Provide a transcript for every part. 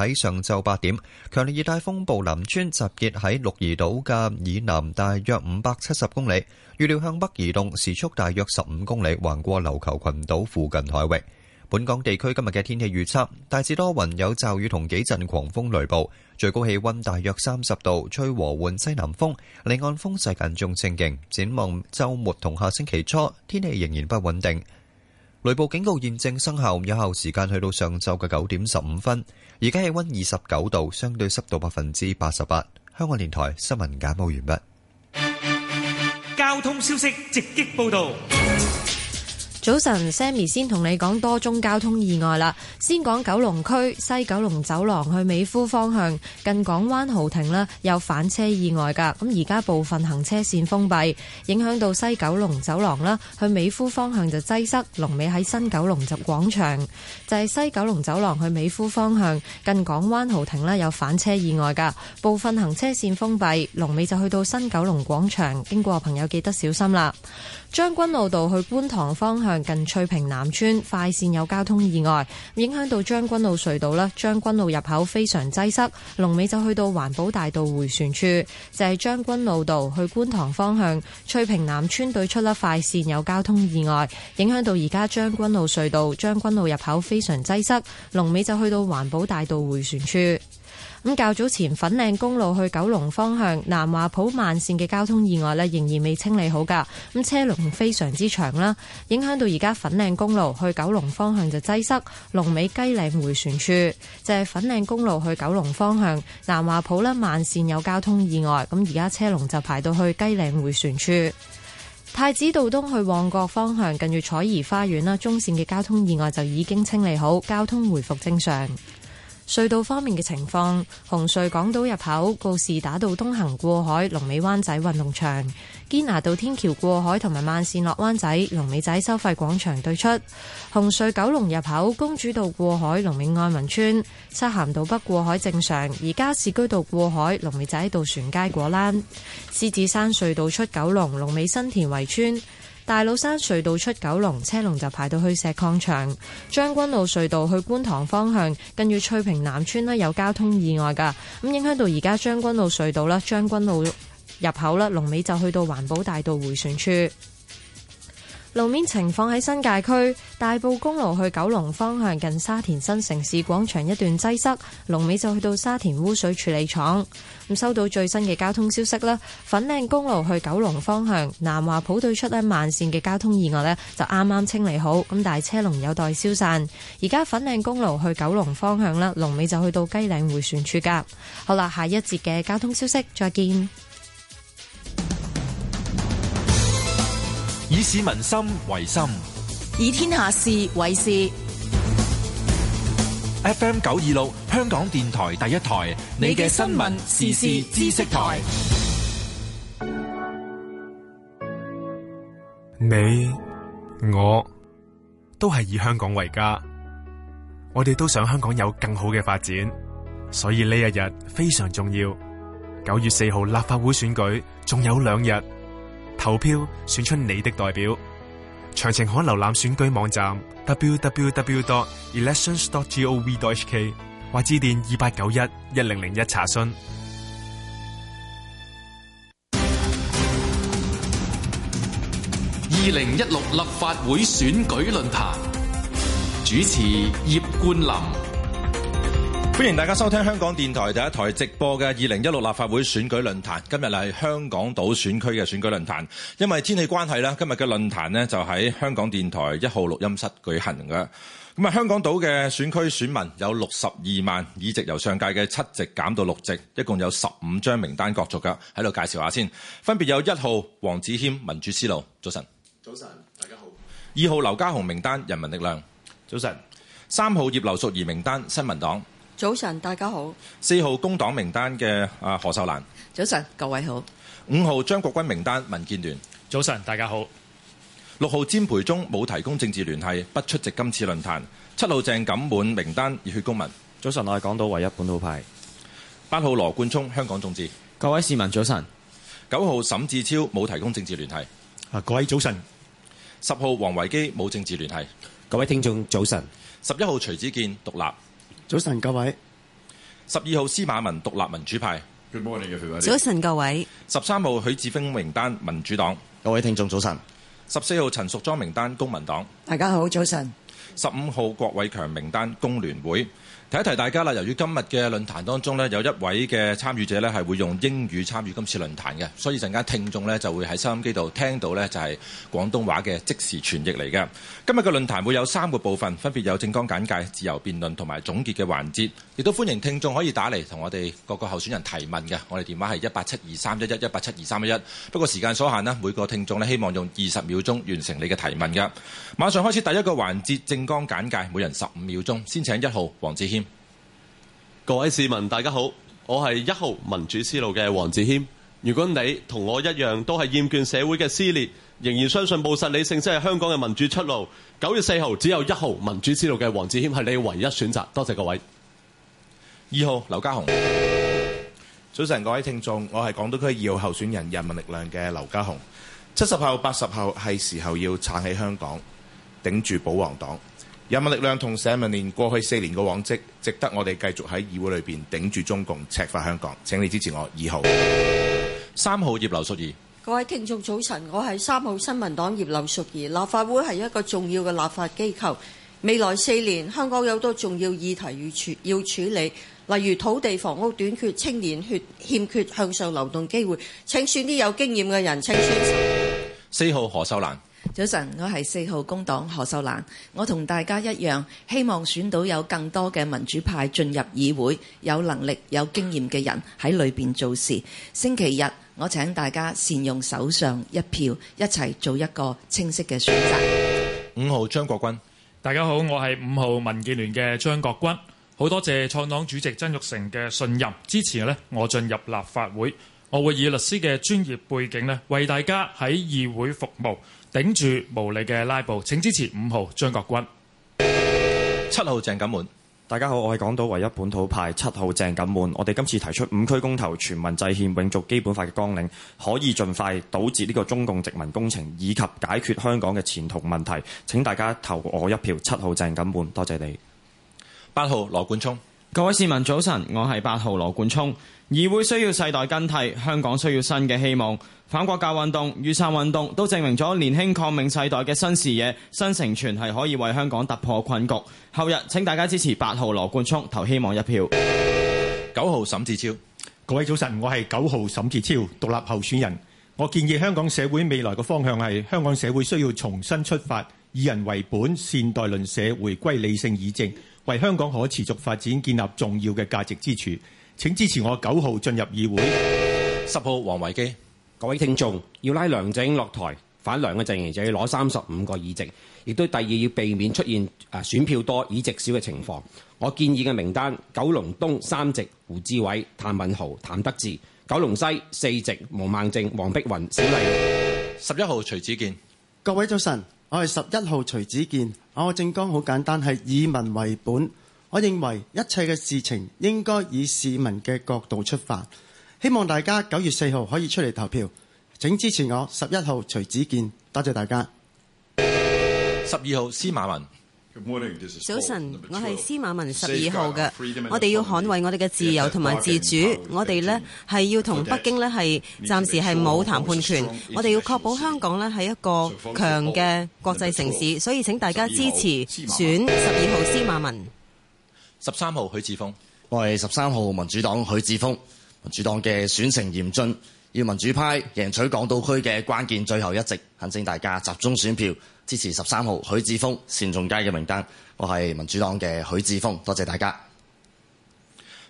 喺上晝八點，強烈熱帶風暴林村集結喺鹿兒島嘅以南大約五百七十公里，預料向北移動，時速大約十五公里，橫過琉球群島附近海域。本港地區今日嘅天氣預測大致多雲，有驟雨同幾陣狂風雷暴，最高氣溫大約三十度，吹和緩西南風，離岸風勢間中清勁。展望周末同下星期初，天氣仍然不穩定。雷暴警告現正生效，有效時間去到上晝嘅九點十五分。而家氣温二十九度，相對濕度百分之八十八。香港電台新聞簡報完畢。交通消息直擊報導。早晨，Sammy 先同你講多宗交通意外啦。先講九龍區西九龍走廊去美孚方向，近港灣豪庭呢，又有反車意外噶。咁而家部分行車線封閉，影響到西九龍走廊啦，去美孚方向就擠塞，龍尾喺新九龍集廣場。就係西九龍走廊去美孚方向，近港灣豪庭呢，又有反車意外噶，部分行車線封閉，龍尾就去到新九龍廣場，經過朋友記得小心啦。將軍路道去觀塘方向，近翠屏南村快線有交通意外，影響到將軍澳隧道啦。將軍路入口非常擠塞，龍尾就去到環保大道回旋處，就係、是、將軍路道去觀塘方向翠屏南村對出嘅快線有交通意外，影響到而家將軍澳隧道，將軍路入口非常擠塞，龍尾就去到環保大道回旋處。咁較早前粉嶺公路去九龍方向南華莆慢線嘅交通意外仍然未清理好噶，咁車龍非常之長啦，影響到而家粉嶺公路去九龍方向就擠塞，龍尾雞嶺回旋處就係、是、粉嶺公路去九龍方向南華莆咧慢線有交通意外，咁而家車龍就排到去雞嶺回旋處。太子道東去旺角方向近住采頤花園啦，中線嘅交通意外就已經清理好，交通回復正常。隧道方面嘅情況，紅隧港島入口告士打道東行過海，龍尾灣仔運動場，堅拿道天橋過海，同埋慢線落灣仔龍尾仔收費廣場對出，紅隧九龍入口公主道過海龍尾愛民村漆咸道北過海正常，而家加士居道過海龍尾仔渡船街果欄，獅子山隧道出九龍龍尾新田圍村。大老山隧道出九龍，車龍就排到去石礦場；將軍澳隧道去觀塘方向，近住翠屏南村有交通意外噶，咁影響到而家將軍澳隧道啦、將軍澳入口啦，龍尾就去到環保大道回旋處。路面情況喺新界區，大埔公路去九龍方向近沙田新城市廣場一段擠塞，龍尾就去到沙田污水處理廠。咁收到最新嘅交通消息啦，粉嶺公路去九龍方向，南華普對出呢慢綫嘅交通意外呢，就啱啱清理好，咁但係車龍有待消散。而家粉嶺公路去九龍方向啦，龍尾就去到雞嶺回旋處㗎。好啦，下一節嘅交通消息再見。以市民心為心，以天下事為事。FM 九二六，香港電台第一台，你嘅新聞時事知識台你。你我都係以香港為家，我哋都想香港有更好嘅發展，所以呢一日非常重要。九月四號立法會選舉，仲有兩日，投票選出你的代表。詳情可瀏覽選舉網站 www.elections.gov.hk 或致電二八九一一零零一查詢。二零一六立法會選舉論壇，主持葉冠林。歡迎大家收聽香港電台第一台直播嘅二零一六立法會選舉論壇。今日係香港島選區嘅選舉論壇，因為天氣關係啦，今日嘅論壇呢就喺香港電台一號錄音室舉行嘅，咁啊，香港島嘅選區選民有六十二萬，議席由上屆嘅七席減到六席，一共有十五張名單角逐噶。喺度介紹下先，分別有一號黃子謙民主思路，早晨，早晨，大家好；二號劉家雄名單人民力量，早晨；三號葉劉淑儀名單新民黨。早晨，大家好。四號工黨名單嘅阿何秀蘭。早晨，各位好。五號張國軍名單，民建聯。早晨，大家好。六號詹培忠冇提供政治聯繫，不出席今次論壇。七號鄭錦滿名單熱血公民。早晨，我係港島唯一本土派。八號羅冠聰，香港眾志。各位市民早晨。九號沈志超冇提供政治聯繫。啊，各位早晨。十號王維基冇政治聯繫。各位聽眾早晨。十一號徐子健獨立。早晨，各位。十二號司馬文獨立民主派。Morning, 早晨，各位。十三號許智峯名單民主黨。各位聽眾早晨。十四號陳淑莊名單公民黨。大家好，早晨。十五號郭偉強名單工聯會。提一提大家啦，由於今日嘅論壇當中呢有一位嘅參與者呢係會用英語參與今次論壇嘅，所以陣間聽眾呢就會喺收音機度聽到呢就係廣東話嘅即時傳譯嚟嘅。今日嘅論壇會有三個部分，分別有政綱簡介、自由辯論同埋總結嘅環節。亦都歡迎聽眾可以打嚟同我哋各個候選人提問嘅，我哋電話係一八七二三一一一八七二三一一。不過時間所限啦，每個聽眾咧希望用二十秒鐘完成你嘅提問嘅。馬上開始第一個環節，政綱簡介，每人十五秒鐘。先請一號黃志謙。各位市民，大家好，我係一號民主思路嘅黃志謙。如果你同我一樣都係厭倦社會嘅撕裂，仍然相信務實理性即係、就是、香港嘅民主出路。九月四號，只有一號民主思路嘅黃志謙係你唯一選擇。多謝各位。二號劉家雄，早晨各位聽眾，我係港島區二號候選人人民力量嘅劉家雄。七十後八十後係時候要撐起香港，頂住保皇黨。人民力量同社民連過去四年嘅往績，值得我哋繼續喺議會裏邊頂住中共，赤化香港。請你支持我二號。三號葉劉淑儀，各位聽眾早晨，我係三號新民黨葉劉淑儀。立法會係一個重要嘅立法機構，未來四年香港有多重要議題要處要處理。例如土地、房屋短缺，青年缺欠缺向上流動機會，請選啲有經驗嘅人。請選。四號何秀蘭。早晨，我係四號工黨何秀蘭，我同大家一樣，希望選到有更多嘅民主派進入議會，有能力、有經驗嘅人喺裏邊做事。星期日，我請大家善用手上一票，一齊做一個清晰嘅選擇。五號張國鈞，大家好，我係五號民建聯嘅張國鈞。好多謝創黨主席曾鈺成嘅信任支持呢我進入立法會，我會以律師嘅專業背景咧，為大家喺議會服務，頂住無理嘅拉布。請支持五號張國鈞，七號鄭錦滿。大家好，我係港島唯一本土派七號鄭錦滿。我哋今次提出五區公投、全民制憲、永續基本法嘅綱領，可以盡快堵截呢個中共殖民工程，以及解決香港嘅前途問題。請大家投我一票。七號鄭錦滿，多謝你。八號羅冠聰，各位市民早晨，我係八號羅冠聰。議會需要世代更替，香港需要新嘅希望。反國教運動、雨傘運動都證明咗年輕抗命世代嘅新視野、新成全係可以為香港突破困局。後日請大家支持八號羅冠聰，投希望一票。九號沈志超，各位早晨，我係九號沈志超，獨立候選人。我建議香港社會未來嘅方向係香港社會需要重新出發，以人為本、善待鄰舍、回歸理性、以正，為香港可持續發展建立重要嘅價值支柱，請支持我九號進入議會，十號王維基。各位聽眾要拉梁振英落台，反梁嘅陣營就要攞三十五個議席，亦都第二要避免出現誒選票多、議席少嘅情況。我建議嘅名單：九龍東三席，胡志偉、譚文豪、譚德志；九龍西四席，毛孟靜、黃碧雲、小麗；十一號徐子見。各位早晨。我係十一號徐子健，我政綱好簡單，係以民為本。我認為一切嘅事情應該以市民嘅角度出發。希望大家九月四號可以出嚟投票，請支持我。十一號徐子健，多謝大家。十二號司馬文。早晨，Good morning, this is 我係司馬文十二號嘅， 我哋要捍衛我哋嘅自由同埋自主， 我哋呢係要同北京呢係暫時係冇談判權， 我哋要確保香港呢係一個強嘅國際城市，所以請大家支持選十二號司馬文，十三號許智峰，我係十三號民主黨許智峰，民主黨嘅選情嚴峻，要民主派贏取港島區嘅關鍵最後一席，懇請大家集中選票。支持十三號許智峯、單仲偕嘅名單。我係民主黨嘅許智峯，多謝大家。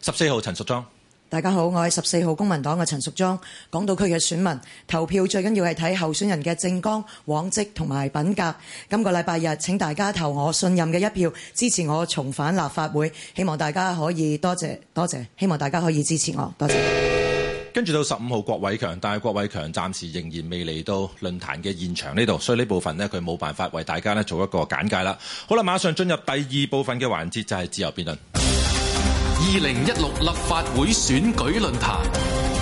十四號陳淑莊，大家好，我係十四號公民黨嘅陳淑莊，港島區嘅選民投票最緊要係睇候選人嘅政綱、往績同埋品格。今個禮拜日請大家投我信任嘅一票，支持我重返立法會。希望大家可以多謝多謝，希望大家可以支持我，多謝。跟住到十五號郭偉強，但係郭偉強暫時仍然未嚟到論壇嘅現場呢度，所以呢部分呢，佢冇辦法為大家呢做一個簡介啦。好啦，馬上進入第二部分嘅環節，就係自由辯論。二零一六立法會選舉論壇。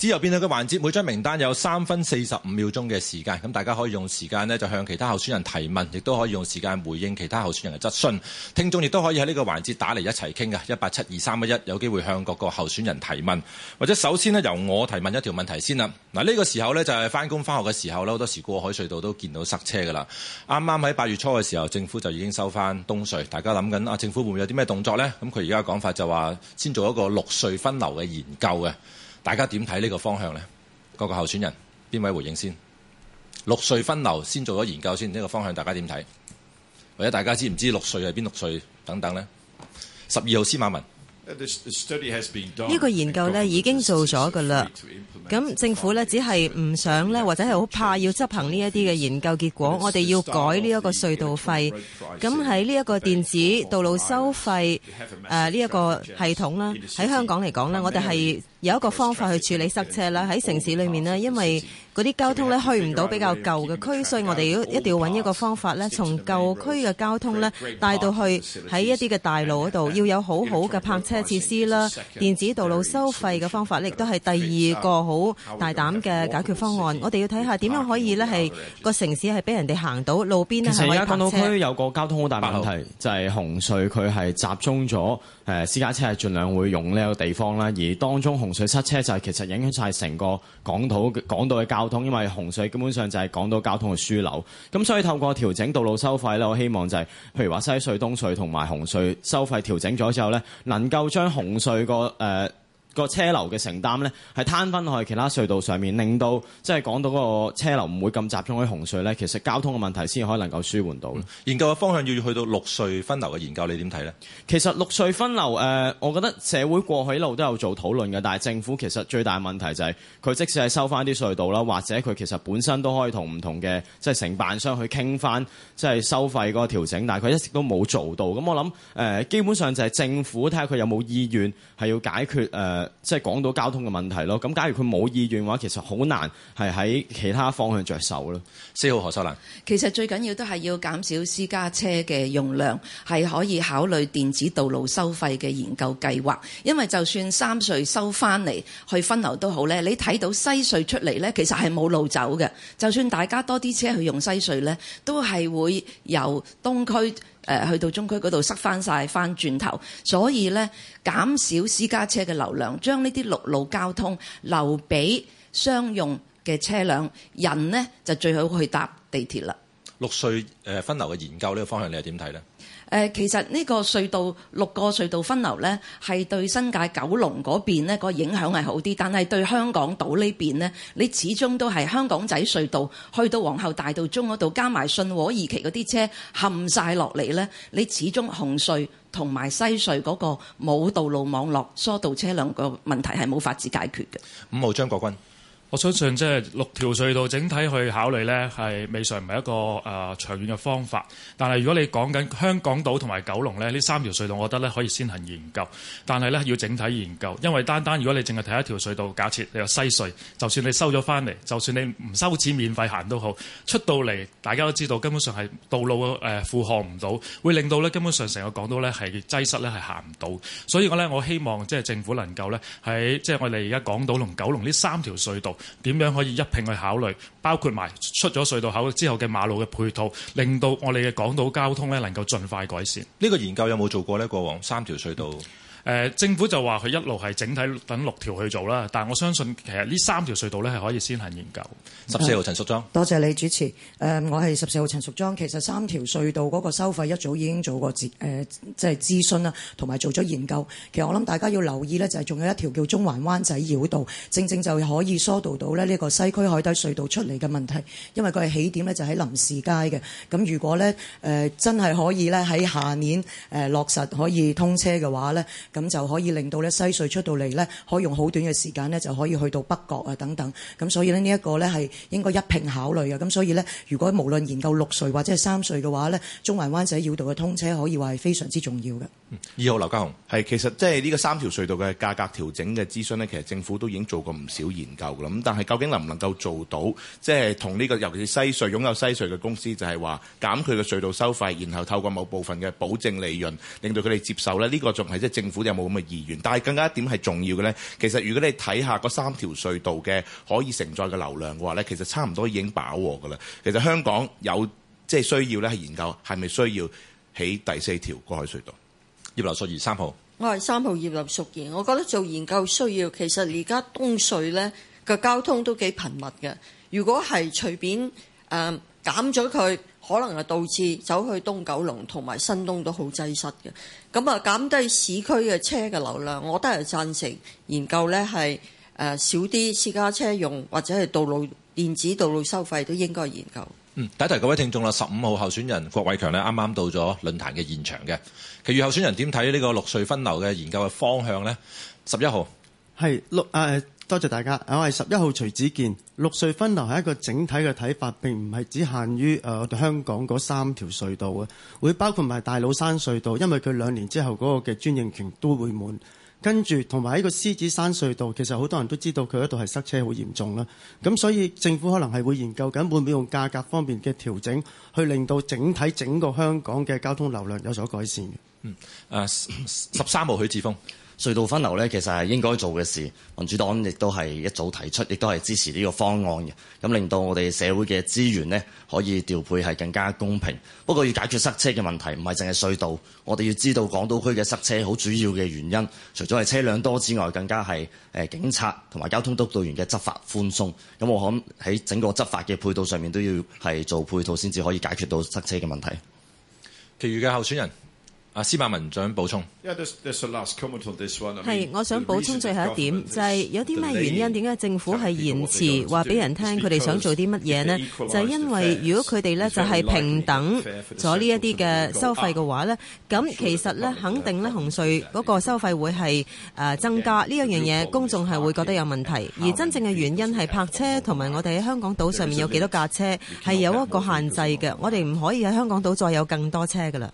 之後變到嘅環節，每張名單有三分四十五秒鐘嘅時間，咁大家可以用時間呢，就向其他候選人提問，亦都可以用時間回應其他候選人嘅質詢。聽眾亦都可以喺呢個環節打嚟一齊傾㗎，一八七二三一一有機會向各個候選人提問。或者首先呢，由我提問一條問題先啦。嗱、這、呢個時候呢，就係翻工翻學嘅時候呢，好多時過海隧道都見到塞車㗎啦。啱啱喺八月初嘅時候，政府就已經收翻東隧，大家諗緊啊，政府會唔會有啲咩動作呢？咁佢而家嘅講法就話，先做一個六稅分流嘅研究嘅。大家點睇呢個方向咧？各個候選人邊位回應先？六歲分流先做咗研究先，呢個方向大家點睇？或者大家知唔知六歲係邊六歲等等咧？十二號司馬文。呢個研究咧已經做咗㗎啦，咁政府咧只係唔想咧，或者係好怕要執行呢一啲嘅研究結果。我哋要改呢一個隧道費，咁喺呢一個電子道路收費誒呢一個系統啦，喺香港嚟講咧，我哋係有一個方法去處理塞車啦。喺城市裡面咧，因為嗰啲交通咧去唔到比較舊嘅區，所以我哋要一定要揾一個方法咧，從舊區嘅交通咧帶到去喺一啲嘅大路嗰度，要有好好嘅泊車設施啦，電子道路收費嘅方法咧，亦都係第二個好大膽嘅解決方案。我哋要睇下點樣可以咧，係個城市係俾人哋行到路邊，咧，係可以泊車。其實而家港島區有個交通好大問題，道就係紅隧佢係集中咗誒私家車係盡量會用呢個地方啦。而當中紅隧塞車就係其實影響晒成個港島港島嘅交通，因為紅隧基本上就係港島交通嘅樞紐，咁所以透過調整道路收費咧，我希望就係、是、譬如話西隧、東隧同埋紅隧收費調整咗之後咧，能夠。後將紅隧個誒。個車流嘅承擔呢，係攤分去其他隧道上面，令到即係講到嗰個車流唔會咁集中喺紅隧呢。其實交通嘅問題先可以能夠舒緩到、嗯、研究嘅方向要去到六隧分流嘅研究，你點睇呢？其實六隧分流誒、呃，我覺得社會過去一路都有做討論嘅，但係政府其實最大問題就係、是、佢即使係收翻啲隧道啦，或者佢其實本身都可以同唔同嘅即係承辦商去傾翻即係收費嗰個調整，但係佢一直都冇做到。咁我諗誒、呃，基本上就係政府睇下佢有冇意願係要解決誒。呃即係講到交通嘅問題咯，咁假如佢冇意願嘅話，其實好難係喺其他方向着手咯。四號何秀蘭，其實最緊要都係要減少私家車嘅用量，係可以考慮電子道路收費嘅研究計劃。因為就算三隧收翻嚟去分流都好呢，你睇到西隧出嚟呢，其實係冇路走嘅。就算大家多啲車去用西隧呢，都係會由東區。誒去到中區嗰度塞翻晒翻轉頭，所以呢，減少私家車嘅流量，將呢啲陸路交通留俾商用嘅車輛，人呢，就最好去搭地鐵啦。六歲分流嘅研究呢個方向，你係點睇呢？誒、呃，其實呢個隧道六個隧道分流呢，係對新界九龍嗰邊呢、呢個影響係好啲，但係對香港島呢邊呢，你始終都係香港仔隧道去到皇后大道中嗰度，加埋信和二期嗰啲車冚晒落嚟呢，你始終紅隧同埋西隧嗰個冇道路網絡疏導車輛個問題係冇法子解決嘅。五號張國軍。我相信即係六條隧道整體去考慮咧，係未嘗唔係一個誒、呃、長遠嘅方法。但係如果你講緊香港島同埋九龍咧，呢三條隧道，我覺得咧可以先行研究，但係咧要整體研究，因為單單如果你淨係睇一條隧道，假設你話，西隧，就算你收咗翻嚟，就算你唔收錢免費行都好，出到嚟大家都知道根本上係道路誒負荷唔到，會令到咧根本上成個港島咧係擠塞咧係行唔到。所以我咧我希望即係政府能夠咧喺即係我哋而家港島同九龍呢三條隧道。點樣可以一併去考慮，包括埋出咗隧道口之後嘅馬路嘅配套，令到我哋嘅港島交通咧能夠盡快改善。呢個研究有冇做過咧？過往三條隧道。嗯誒，政府就話佢一路係整體等六條去做啦，但係我相信其實呢三條隧道呢係可以先行研究。十四號陳淑莊、呃，多謝你主持。誒、呃，我係十四號陳淑莊。其實三條隧道嗰個收費一早已經做過諮即係諮詢啦，同埋做咗研究。其實我諗大家要留意呢，就係仲有一條叫中環灣仔繞道，正正就可以疏導到呢呢個西區海底隧道出嚟嘅問題，因為佢係起點呢就喺林士街嘅。咁如果呢，誒、呃、真係可以呢喺下年誒、呃、落實可以通車嘅話呢。咁就可以令到呢西隧出到嚟呢，可以用好短嘅時間呢，就可以去到北角啊等等。咁所以呢，呢、這、一個呢，係應該一並考慮啊。咁所以呢，如果無論研究六隧或者係三隧嘅話呢，中環灣仔繞道嘅通車可以話係非常之重要嘅。二號劉家雄，係其實即係呢個三條隧道嘅價格調整嘅諮詢呢，其實政府都已經做過唔少研究啦。咁但係究竟能唔能夠做到，即係同呢個尤其是西隧擁有西隧嘅公司就是說，就係話減佢嘅隧道收費，然後透過某部分嘅保證利潤令到佢哋接受呢，呢、這個仲係即係政府。有冇咁嘅意願？但係更加一點係重要嘅咧，其實如果你睇下嗰三條隧道嘅可以承載嘅流量嘅話咧，其實差唔多已經飽和㗎啦。其實香港有即係需要咧，係研究係咪需要起第四條過海隧道？葉劉淑儀三號，我係三號葉劉淑儀。我覺得做研究需要，其實而家東隧咧個交通都幾頻密嘅。如果係隨便誒、呃、減咗佢。可能係導致走去東九龍同埋新東都好擠塞嘅。咁啊減低市區嘅車嘅流量，我都係贊成研究呢係，誒少啲私家車用，或者係道路、電子道路收費都應該研究。嗯，第一題各位聽眾啦，十五號候選人郭偉強呢，啱啱到咗論壇嘅現場嘅，其餘候選人點睇呢個六隧分流嘅研究嘅方向呢？十一號係六誒。多謝大家。我係十一號徐子健。六隧分流係一個整體嘅睇法，並唔係只限於誒我哋香港嗰三條隧道嘅，會包括埋大老山隧道，因為佢兩年之後嗰個嘅專營權都會滿。跟住同埋喺個獅子山隧道，其實好多人都知道佢嗰度係塞車好嚴重啦。咁所以政府可能係會研究緊會唔會用價格方面嘅調整，去令到整體整個香港嘅交通流量有所改善。嗯，誒十三號許智峰。隧道分流呢，其實係應該做嘅事。民主黨亦都係一早提出，亦都係支持呢個方案嘅。咁令到我哋社會嘅資源呢，可以調配係更加公平。不過要解決塞車嘅問題，唔係淨係隧道。我哋要知道港島區嘅塞車好主要嘅原因，除咗係車輛多之外，更加係誒警察同埋交通督導員嘅執法寬鬆，咁我諗喺整個執法嘅配套上面，都要係做配套先至可以解決到塞車嘅問題。其餘嘅候選人。啊，司馬文長補充。係，我想補充最後一點，就係有啲咩原因？點解政府係延遲話俾人聽佢哋想做啲乜嘢呢？就係因為如果佢哋咧就係平等咗呢一啲嘅收費嘅話咧，咁其實咧肯定咧紅隧嗰個收費會係誒增加呢一樣嘢，公眾係會覺得有問題。而真正嘅原因係泊車同埋我哋喺香港島上面有幾多架車係有一個限制嘅，我哋唔可以喺香港島再有更多車㗎啦。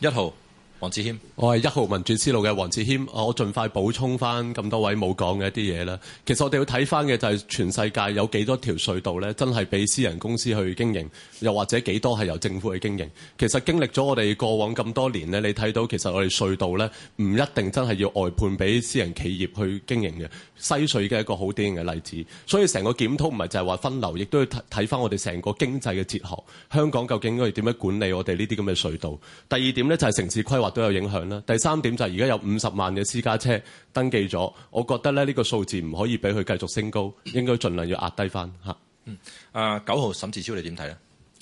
一號。黃志謙，我係一號民主思路嘅黃志謙，我盡快補充翻咁多位冇講嘅一啲嘢啦。其實我哋要睇翻嘅就係全世界有幾多條隧道咧，真係俾私人公司去經營，又或者幾多係由政府去經營。其實經歷咗我哋過往咁多年咧，你睇到其實我哋隧道咧唔一定真係要外判俾私人企業去經營嘅。西隧嘅一個好典型嘅例子，所以成個檢討唔係就係話分流，亦都要睇翻我哋成個經濟嘅哲學。香港究竟應該點樣管理我哋呢啲咁嘅隧道？第二點咧，就係城市規劃。都有影響啦。第三點就係而家有五十萬嘅私家車登記咗，我覺得咧呢個數字唔可以俾佢繼續升高，應該盡量要壓低翻嚇。嗯，啊九號沈志超你點睇咧？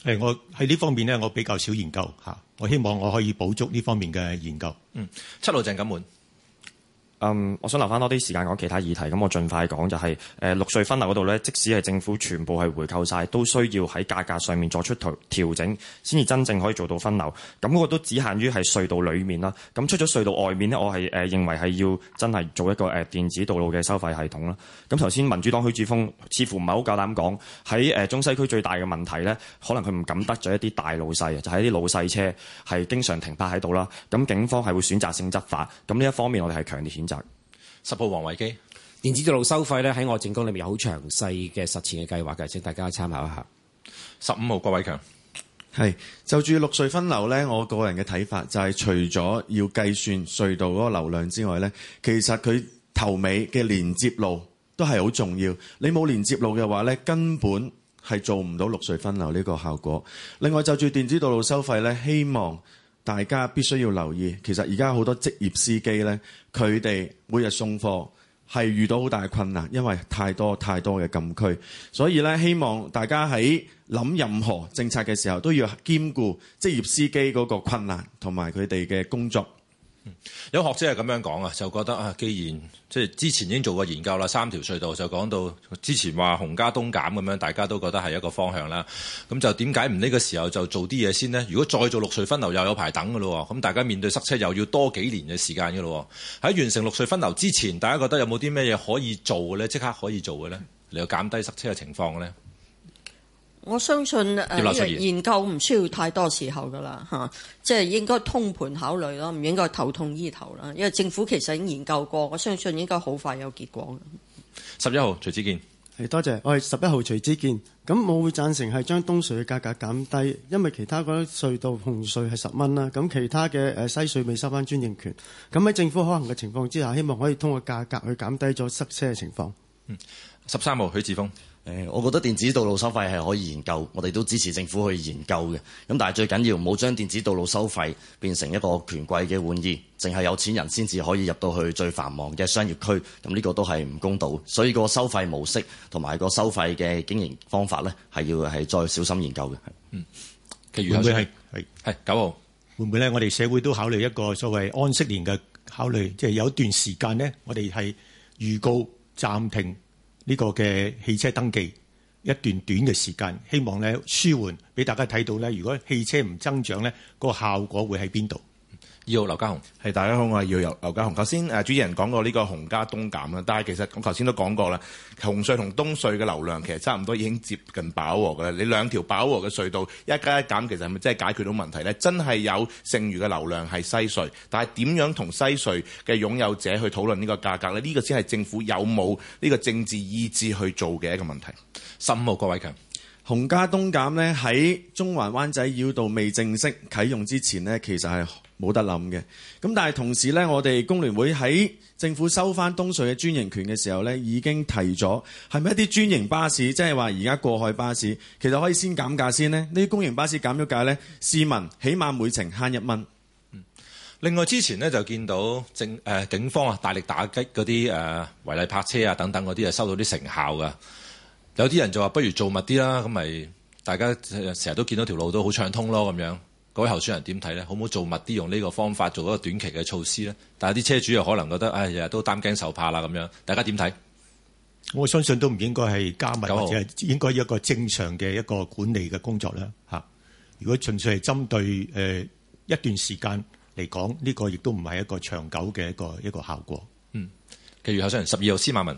誒、欸，我喺呢方面咧，我比較少研究嚇，我希望我可以補足呢方面嘅研究。嗯，七號鄭錦滿。嗯，我想留翻多啲時間講其他議題，咁我盡快講就係、是、誒、呃、六隧分流嗰度呢即使係政府全部係回購晒，都需要喺價格上面作出調整，先至真正可以做到分流。咁嗰個都只限於係隧道裏面啦。咁出咗隧道外面呢我係誒、呃、認為係要真係做一個誒、呃、電子道路嘅收費系統啦。咁頭先民主黨許智峯似乎唔係好夠膽講喺中西區最大嘅問題呢，可能佢唔敢得罪一啲大老細，就係、是、啲老細車係經常停泊喺度啦。咁警方係會選擇性執法。咁呢一方面我哋係強烈譴十號黃維基，電子道路收費咧喺我政綱裏面有好詳細嘅實踐嘅計劃嘅，請、就是、大家參考一下。十五號郭偉強係就住六隧分流呢，我個人嘅睇法就係除咗要計算隧道嗰個流量之外呢，其實佢頭尾嘅連接路都係好重要。你冇連接路嘅話呢，根本係做唔到六隧分流呢個效果。另外就住電子道路收費呢，希望。大家必須要留意，其實而家好多職業司機呢，佢哋每日送貨係遇到好大的困難，因為太多太多嘅禁區，所以呢，希望大家喺諗任何政策嘅時候都要兼顧職業司機嗰個困難同埋佢哋嘅工作。嗯、有學者係咁樣講啊，就覺得啊，既然即係之前已經做過研究啦，三條隧道就講到之前話紅加東減咁樣，大家都覺得係一個方向啦。咁就點解唔呢個時候就做啲嘢先呢？如果再做六隧分流，又有排等噶咯。咁大家面對塞車又要多幾年嘅時間噶咯。喺完成六隧分流之前，大家覺得有冇啲咩嘢可以做嘅呢？即刻可以做嘅呢？嚟有減低塞車嘅情況嘅呢？我相信誒、啊、研究唔需要太多時候噶啦嚇，即、啊、係、就是、應該通盤考慮咯，唔應該頭痛醫頭啦。因為政府其實已經研究過，我相信應該好快有結果嘅。十一號徐子見，係多謝我係十一號徐子見。咁我會贊成係將東隧嘅價格減低，因為其他嗰啲隧道紅隧係十蚊啦。咁其他嘅誒西隧未收翻專營權。咁喺政府可行嘅情況之下，希望可以通過價格去減低咗塞車嘅情況。嗯，十三號許智峰。誒，我覺得電子道路收費係可以研究，我哋都支持政府去研究嘅。咁但係最緊要唔好將電子道路收費變成一個權貴嘅玩意，淨係有錢人先至可以入到去最繁忙嘅商業區。咁、這、呢個都係唔公道。所以個收費模式同埋個收費嘅經營方法呢，係要係再小心研究嘅。嗯，其實係係九號會唔會呢？我哋社會都考慮一個所謂安息年嘅考慮，即、就、係、是、有一段時間呢，我哋係預告暫停。呢個嘅汽車登記一段短嘅時間，希望咧舒緩俾大家睇到咧。如果汽車唔增長咧，個效果會係邊度？二號劉家雄係大家好，我係二號劉家雄。頭先誒，主持人講過呢個紅加東減啦，但係其實我頭先都講過啦，紅隧同東隧嘅流量其實差唔多已經接近飽和噶啦。你兩條飽和嘅隧道一加一減，其實係咪真係解決到問題呢？真係有剩餘嘅流量係西隧，但係點樣同西隧嘅擁有者去討論呢個價格呢？呢個先係政府有冇呢個政治意志去做嘅一個問題。十五號郭偉強，紅加東減呢喺中環灣仔繞道未正式啟用之前呢其實係。冇得諗嘅，咁但係同時呢，我哋工聯會喺政府收翻東隧嘅專營權嘅時候呢，已經提咗係咪一啲專營巴士，即係話而家過海巴士，其實可以先減價先呢。呢啲公營巴士減咗價呢，市民起碼每程慳一蚊。另外之前呢，就見到政誒、呃、警方啊，大力打擊嗰啲誒違例泊車啊等等嗰啲，係收到啲成效噶。有啲人就話不如做密啲啦，咁咪大家成日、呃、都見到條路都好暢通咯，咁樣。各位候選人點睇咧？好唔好做密啲用呢個方法做一個短期嘅措施咧？但係啲車主又可能覺得，哎、日日都擔驚受怕啦咁樣。大家點睇？我相信都唔應該係加密，九號或者應該一個正常嘅一個管理嘅工作啦。吓！如果純粹係針對、呃、一段時間嚟講，呢、呢個亦都唔係一個長久嘅一個一個效果。嗯。其餘候選人，十二號司馬文。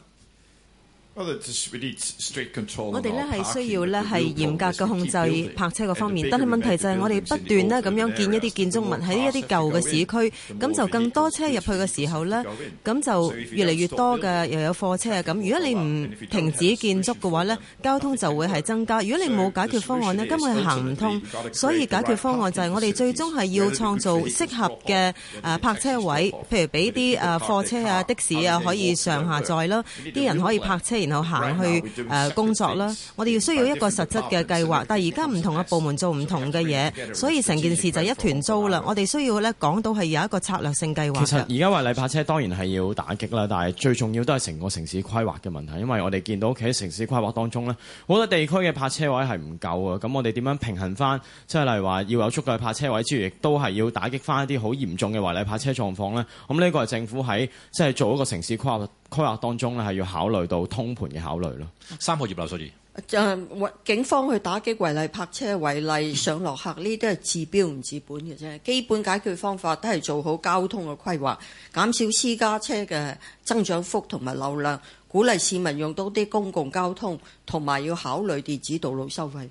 我哋咧係需要咧係嚴格嘅控制泊車嘅方面，但係問題就係我哋不斷咧咁樣建一啲建築物喺一啲舊嘅市區，咁就更多車入去嘅時候咧，咁就越嚟越多嘅又有貨車啊咁。如果你唔停止建築嘅話咧，交通就會係增加。如果你冇解決方案咧，根本行唔通。所以解決方案就係我哋最終係要創造適合嘅誒泊車位，譬如俾啲誒貨車啊、的士啊可以上下載啦，啲人可以泊車。然後行去誒工作啦，我哋要需要一個實質嘅計劃。但係而家唔同嘅部門做唔同嘅嘢，所以成件事就一團糟啦。我哋需要咧講到係有一個策略性計劃。其實而家違例泊車當然係要打擊啦，但係最重要都係成個城市規劃嘅問題，因為我哋見到喺城市規劃當中咧，好多地區嘅泊車位係唔夠啊。咁我哋點樣平衡翻？即係例如話要有足夠嘅泊車位之餘，亦都係要打擊翻一啲好嚴重嘅違例泊車狀況咧。咁呢個係政府喺即係做一個城市規劃規劃當中咧，係要考慮到通盤嘅考慮咯。三號葉劉淑儀，就警方去打擊違例泊車、違例上落客呢啲係治標唔治本嘅啫。基本解決方法都係做好交通嘅規劃，減少私家車嘅增長幅同埋流量，鼓勵市民用多啲公共交通，同埋要考慮電子道路收費。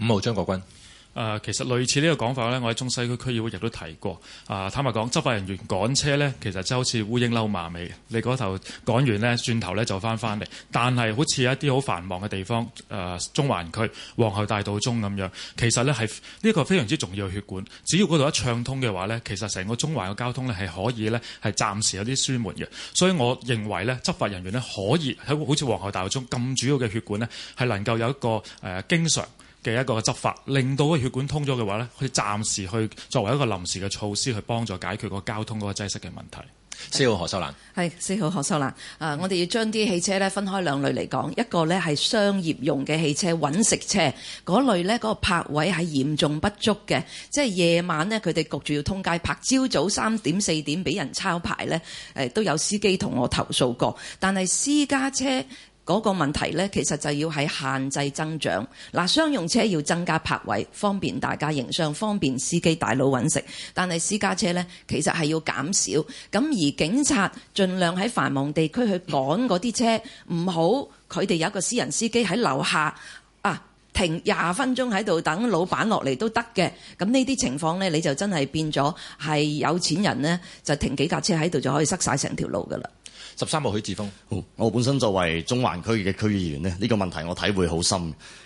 五號張國軍。誒、呃，其實類似呢個講法呢，我喺中西區區議會亦都提過。啊、呃，坦白講，執法人員趕車呢，其實就好似烏蠅溜馬尾，你嗰頭趕完呢，轉頭呢就翻翻嚟。但係好似一啲好繁忙嘅地方，誒、呃、中環區皇后大道中咁樣，其實呢係呢、呢個非常之重要嘅血管。只要嗰度一暢通嘅話呢，其實成個中環嘅交通呢係可以呢，係暫時有啲舒緩嘅。所以我認為呢，執法人員呢可以喺好似皇后大道中咁主要嘅血管呢，係能夠有一個誒、呃、經常。嘅一個執法，令到個血管通咗嘅話呢，可以暫時去作為一個臨時嘅措施，去幫助解決個交通嗰個擠塞嘅問題。是是四號何秀蘭，係四號何秀蘭啊！我哋要將啲汽車呢分開兩類嚟講，一個呢係商業用嘅汽車、揾食車嗰類咧，嗰個泊位係嚴重不足嘅，即係夜晚呢，佢哋焗住要通街泊，朝早三點四點俾人抄牌呢，誒、呃、都有司機同我投訴過，但係私家車。嗰個問題呢，其實就要喺限制增長。嗱，商用車要增加泊位，方便大家營商，方便司機大佬搵食。但係私家車呢，其實係要減少。咁而警察盡量喺繁忙地區去趕嗰啲車，唔好佢哋有一個私人司機喺樓下啊停廿分鐘喺度等老闆落嚟都得嘅。咁呢啲情況呢，你就真係變咗係有錢人呢，就停幾架車喺度就可以塞晒成條路㗎啦。十三號，許智峰。我本身作為中環區域嘅區議員，呢個問題我體會好深。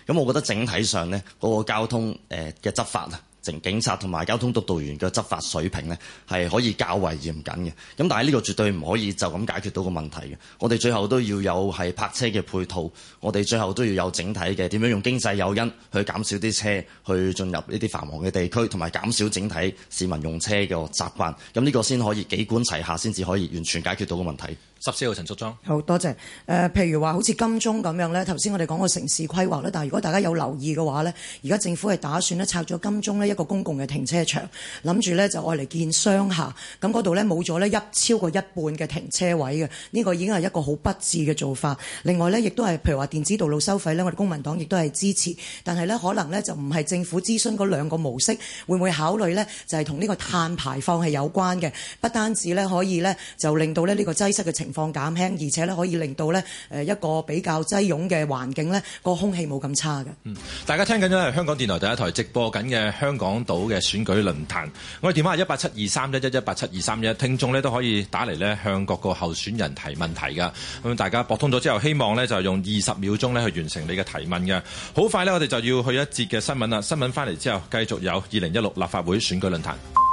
咁我覺得整體上咧，嗰個交通誒嘅執法啊警察同埋交通督導員嘅執法水平呢係可以較為嚴謹嘅。咁但係呢個絕對唔可以就咁解決到個問題嘅。我哋最後都要有係泊車嘅配套，我哋最後都要有整體嘅點樣用經濟誘因去減少啲車去進入呢啲繁忙嘅地區，同埋減少整體市民用車嘅習慣。咁呢個先可以幾管齊下，先至可以完全解決到個問題。十四號陳淑莊，好多謝。誒、呃，譬如話好似金鐘咁樣呢，頭先我哋講過城市規劃咧。但係如果大家有留意嘅話呢，而家政府係打算咧拆咗金鐘呢一個公共嘅停車場，諗住呢就愛嚟建商廈。咁嗰度呢，冇咗呢一超過一半嘅停車位嘅，呢、呢個已經係一個好不智嘅做法。另外呢，亦都係譬如話電子道路收費呢，我哋公民黨亦都係支持。但係呢，可能呢就唔係政府諮詢嗰兩個模式，會唔會考慮呢？就係同呢個碳排放係有關嘅，不單止呢，可以呢，就令到咧呢個擠塞嘅情況。放減輕，而且咧可以令到咧誒一個比較擠擁嘅環境咧個空氣冇咁差嘅。嗯，大家聽緊咗香港電台第一台直播緊嘅香港島嘅選舉論壇。我哋電話係一八七二三一一一八七二三一，聽眾咧都可以打嚟咧向各個候選人提問題㗎。咁大家駁通咗之後，希望咧就用二十秒鐘咧去完成你嘅提問嘅。好快呢，我哋就要去一節嘅新聞啦。新聞返嚟之後，繼續有二零一六立法會選舉論壇。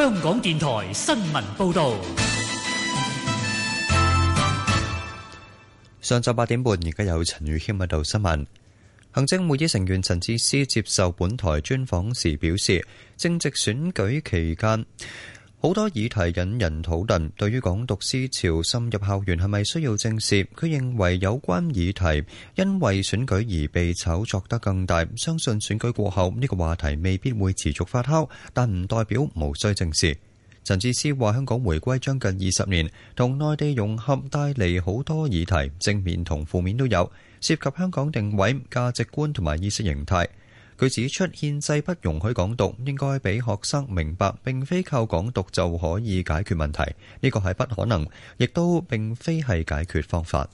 香港電台新聞報道：上晝八點半，而家有陳宇謙報道新聞。行政會議成員陳智思接受本台專訪時表示，正值選舉期間。好多議題引人討論，對於港獨思潮深入校園係咪需要正視？佢認為有關議題因為選舉而被炒作得更大，相信選舉過後呢個話題未必會持續發酵，但唔代表無需正視。陳智思話：香港回歸將近二十年，同內地融合帶嚟好多議題，正面同負面都有，涉及香港定位、價值觀同埋意識形態。佢指出，憲制不容許港獨，應該俾學生明白，並非靠港獨就可以解決問題，呢個係不可能，亦都並非係解決方法。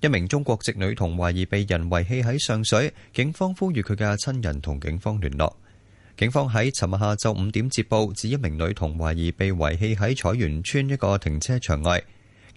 一名中國籍女童懷疑被人遺棄喺上水，警方呼籲佢嘅親人同警方聯絡。警方喺尋日下晝五點接報，指一名女童懷疑被遺棄喺彩園村一個停車場外。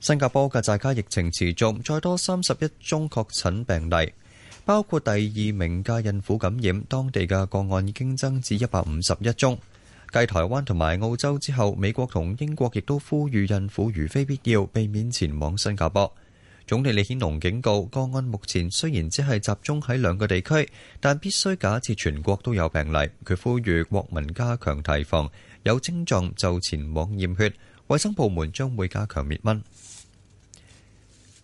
新加坡嘅寨卡疫情持續，再多三十一宗確診病例，包括第二名嘅孕婦感染。當地嘅個案已經增至一百五十一宗。繼台灣同埋澳洲之後，美國同英國亦都呼籲孕婦如非必要，避免前往新加坡。總理李顯龍警告，個案目前雖然只係集中喺兩個地區，但必須假設全國都有病例。佢呼籲國民加強提防，有症狀就前往驗血。衛生部門將會加強滅蚊。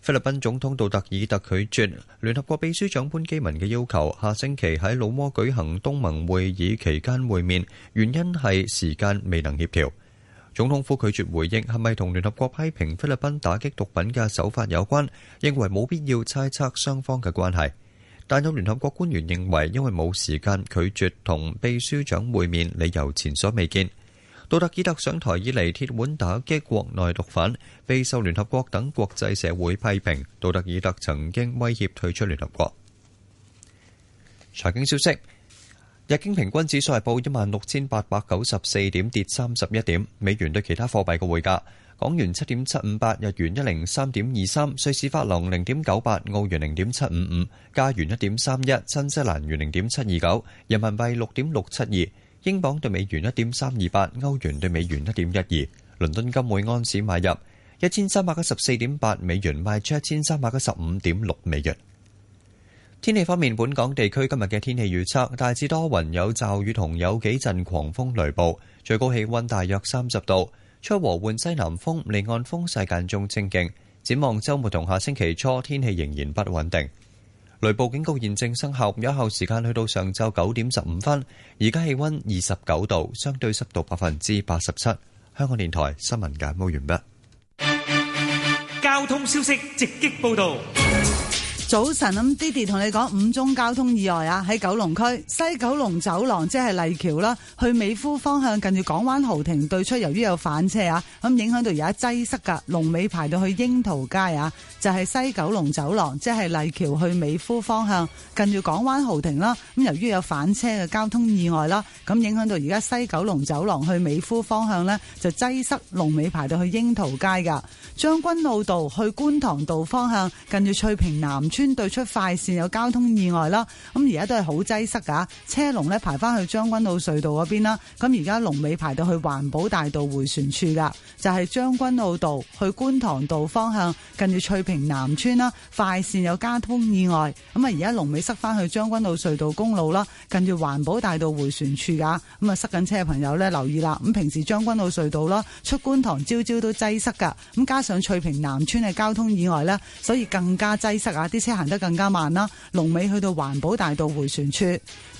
菲律賓總統杜特爾特拒絕聯合國秘書長潘基文嘅要求，下星期喺老撾舉行東盟會議期間會面，原因係時間未能協調。總統府拒絕回應係咪同聯合國批評菲律賓打擊毒品嘅手法有關，認為冇必要猜測雙方嘅關係。但有聯合國官員認為，因為冇時間拒絕同秘書長會面，理由前所未見。杜特爾特上台以嚟，鐵腕打擊國內毒販，備受聯合國等國際社會批評。杜特爾特曾經威脅退出聯合國。財經消息：日經平均指數係報一萬六千八百九十四點，跌三十一點。美元對其他貨幣嘅匯價：港元七點七五八，日元一零三點二三，瑞士法郎零點九八，澳元零點七五五，加元一點三一，新西蘭元零點七二九，人民幣六點六七二。英鎊兌美元一點三二八，歐元兌美元一點一二，倫敦金每安士買入一千三百一十四點八美元，賣出一千三百一十五點六美元。天氣方面，本港地區今日嘅天氣預測大致多雲，有驟雨同有幾陣狂風雷暴，最高氣溫大約三十度，吹和緩西南風，離岸風勢間中清勁。展望周末同下星期初，天氣仍然不穩定。雷暴警告現正生效，有效時間去到上晝九點十五分。而家氣溫二十九度，相對濕度百分之八十七。香港電台新聞簡報完畢。交通消息直擊報導。早晨，咁 Didi 同你講五宗交通意外啊！喺九龍區西九龍走廊，即係荔橋啦，去美孚方向近住港灣豪庭對出，由於有反車啊，咁影響到而家擠塞噶龍尾排到去櫻桃街啊！就係西九龍走廊，即係荔橋去美孚方向近住港灣豪庭啦。咁由於有反車嘅交通意外啦，咁影響到而家西九龍走廊去美孚方向咧就擠塞龍尾排到去櫻桃街噶將軍澳道去觀塘道方向，近住翠屏南村對出快線有交通意外啦，咁而家都係好擠塞噶，車龍呢排翻去將軍澳隧道嗰邊啦。咁而家龍尾排到去環保大道迴旋處噶，就係將軍澳道去觀塘道方向，近住翠屏南村啦。快線有交通意外，咁啊而家龍尾塞翻去將軍澳隧道公路啦，近住環保大道迴旋處噶，咁啊塞緊車嘅朋友呢，留意啦。咁平時將軍澳隧道啦，出觀塘朝朝都擠塞噶，咁加上翠屏南村嘅交通意外呢，所以更加擠塞啊！啲車行得更加慢啦，龍尾去到環保大道回旋處。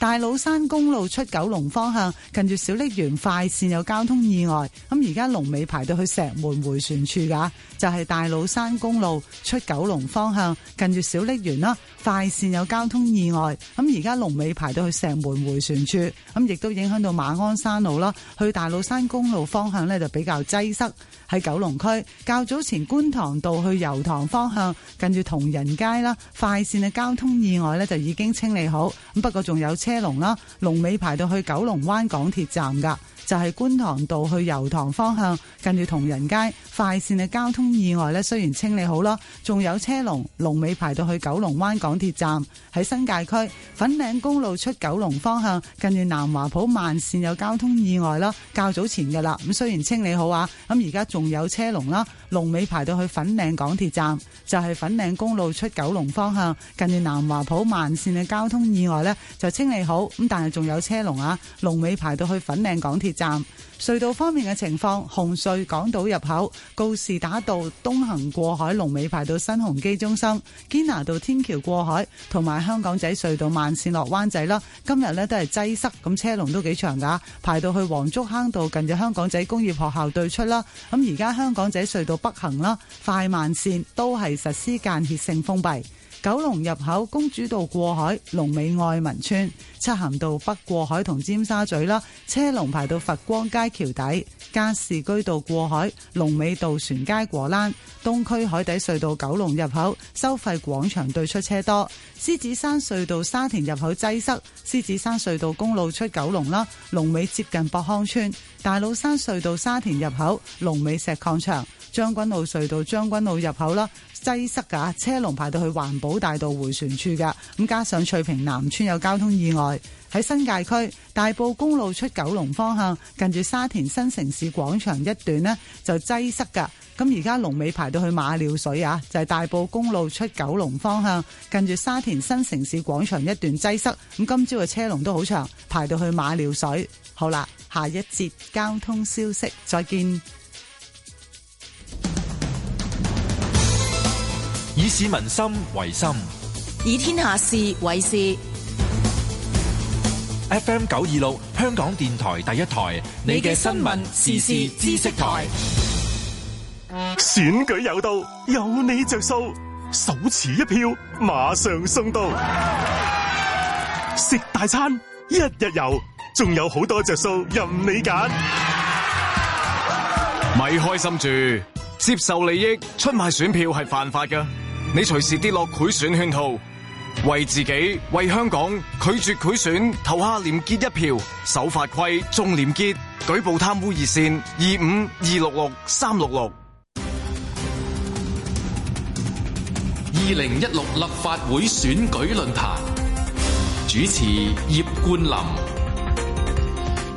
大老山公路出九龍方向，近住小瀝源快綫有交通意外，咁而家龍尾排到去石門回旋處噶，就係、是、大老山公路出九龍方向，近住小瀝源啦，快綫有交通意外，咁而家龍尾排到去石門回旋處，咁亦都影響到馬鞍山路啦，去大老山公路方向咧就比較擠塞，喺九龍區較早前觀塘道去油塘方向，近住同仁街啦，快綫嘅交通意外咧就已經清理好，咁不過仲有車。車龍啦，龍尾排到去九龍灣港鐵站噶。就係觀塘道去油塘方向，跟住，同仁街快線嘅交通意外咧，雖然清理好啦，仲有車龍，龍尾排到去九龍灣港鐵站。喺新界區粉嶺公路出九龍方向，跟住，南華普慢線有交通意外啦，較早前嘅啦，咁雖然清理好啊，咁而家仲有車龍啦，龍尾排到去粉嶺港鐵站，就係粉嶺公路出九龍方向，跟住，南華普慢線嘅交通意外咧，就清理好，咁但係仲有車龍啊，龍尾排到去粉嶺港鐵。站隧道方面嘅情況紅隧港島入口告士打道東行過海，龍尾排到新鴻基中心，堅拿道天橋過海同埋香港仔隧道慢線落灣仔啦。今日咧都係擠塞，咁車龍都幾長噶，排到去黃竹坑道近住香港仔工業學校對出啦。咁而家香港仔隧道北行啦，快慢線都係實施間歇性封閉。九龍入口公主道過海，龍尾愛民村；漆咸道北過海同尖沙咀啦，車龍排到佛光街橋底；加士居道過海，龍尾渡船街果欄；東區海底隧道九龍入口收費廣場對出車多；獅子山隧道沙田入口擠塞；獅子山隧道公路出九龍啦，龍尾接近博康村；大老山隧道沙田入口龍尾石礦場。將軍澳隧道將軍澳入口啦，擠塞噶，車龍排到去環保大道回旋處噶。咁加上翠屏南村有交通意外，喺新界區大埔公路出九龍方向，近住沙田新城市廣場一段呢，就擠塞噶。咁而家龍尾排到去馬料水啊，就係大埔公路出九龍方向，近住沙田新城市廣場一段擠塞。咁今朝嘅車龍都好長，排到去馬料水。好啦，下一節交通消息，再見。以市民心為心，以天下事為事。FM 九二六，香港電台第一台，你嘅新聞時事知識台。選舉有道，有你着數，手持一票，馬上送到。 食大餐，一日遊，仲有好多着數任你揀。咪 開心住，接受利益出賣選票係犯法噶。你隨時跌落賄選圈套，為自己、為香港拒絕賄選，投下廉潔一票，守法規，重廉潔，舉報貪污熱線二五二六六三六六。二零一六立法會選舉論壇主持葉：葉冠林。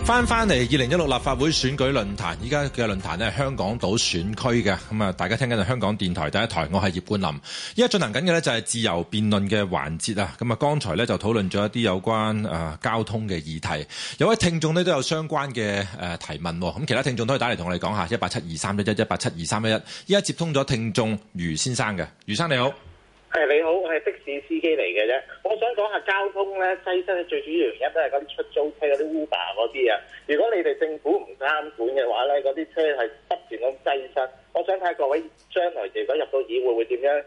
翻翻嚟二零一六立法會選舉論壇，依家嘅論壇呢係香港島選區嘅，咁啊大家聽緊係香港電台第一台，我係葉冠林。依家進行緊嘅呢就係自由辯論嘅環節啊，咁啊剛才呢就討論咗一啲有關交通嘅議題，有位聽眾呢都有相關嘅誒提問，咁其他聽眾都可以打嚟同我哋講下一八七二三一一一八七二三一一，依家接通咗聽眾余先生嘅，余生你好。係你好，我係的士司機嚟嘅啫。我想講下交通咧擠塞，身最主要原因都係嗰啲出租車、嗰啲 Uber 嗰啲啊。如果你哋政府唔監管嘅話咧，嗰啲車係不斷咁擠塞。我想睇下各位將來如果入到議會，會，會點樣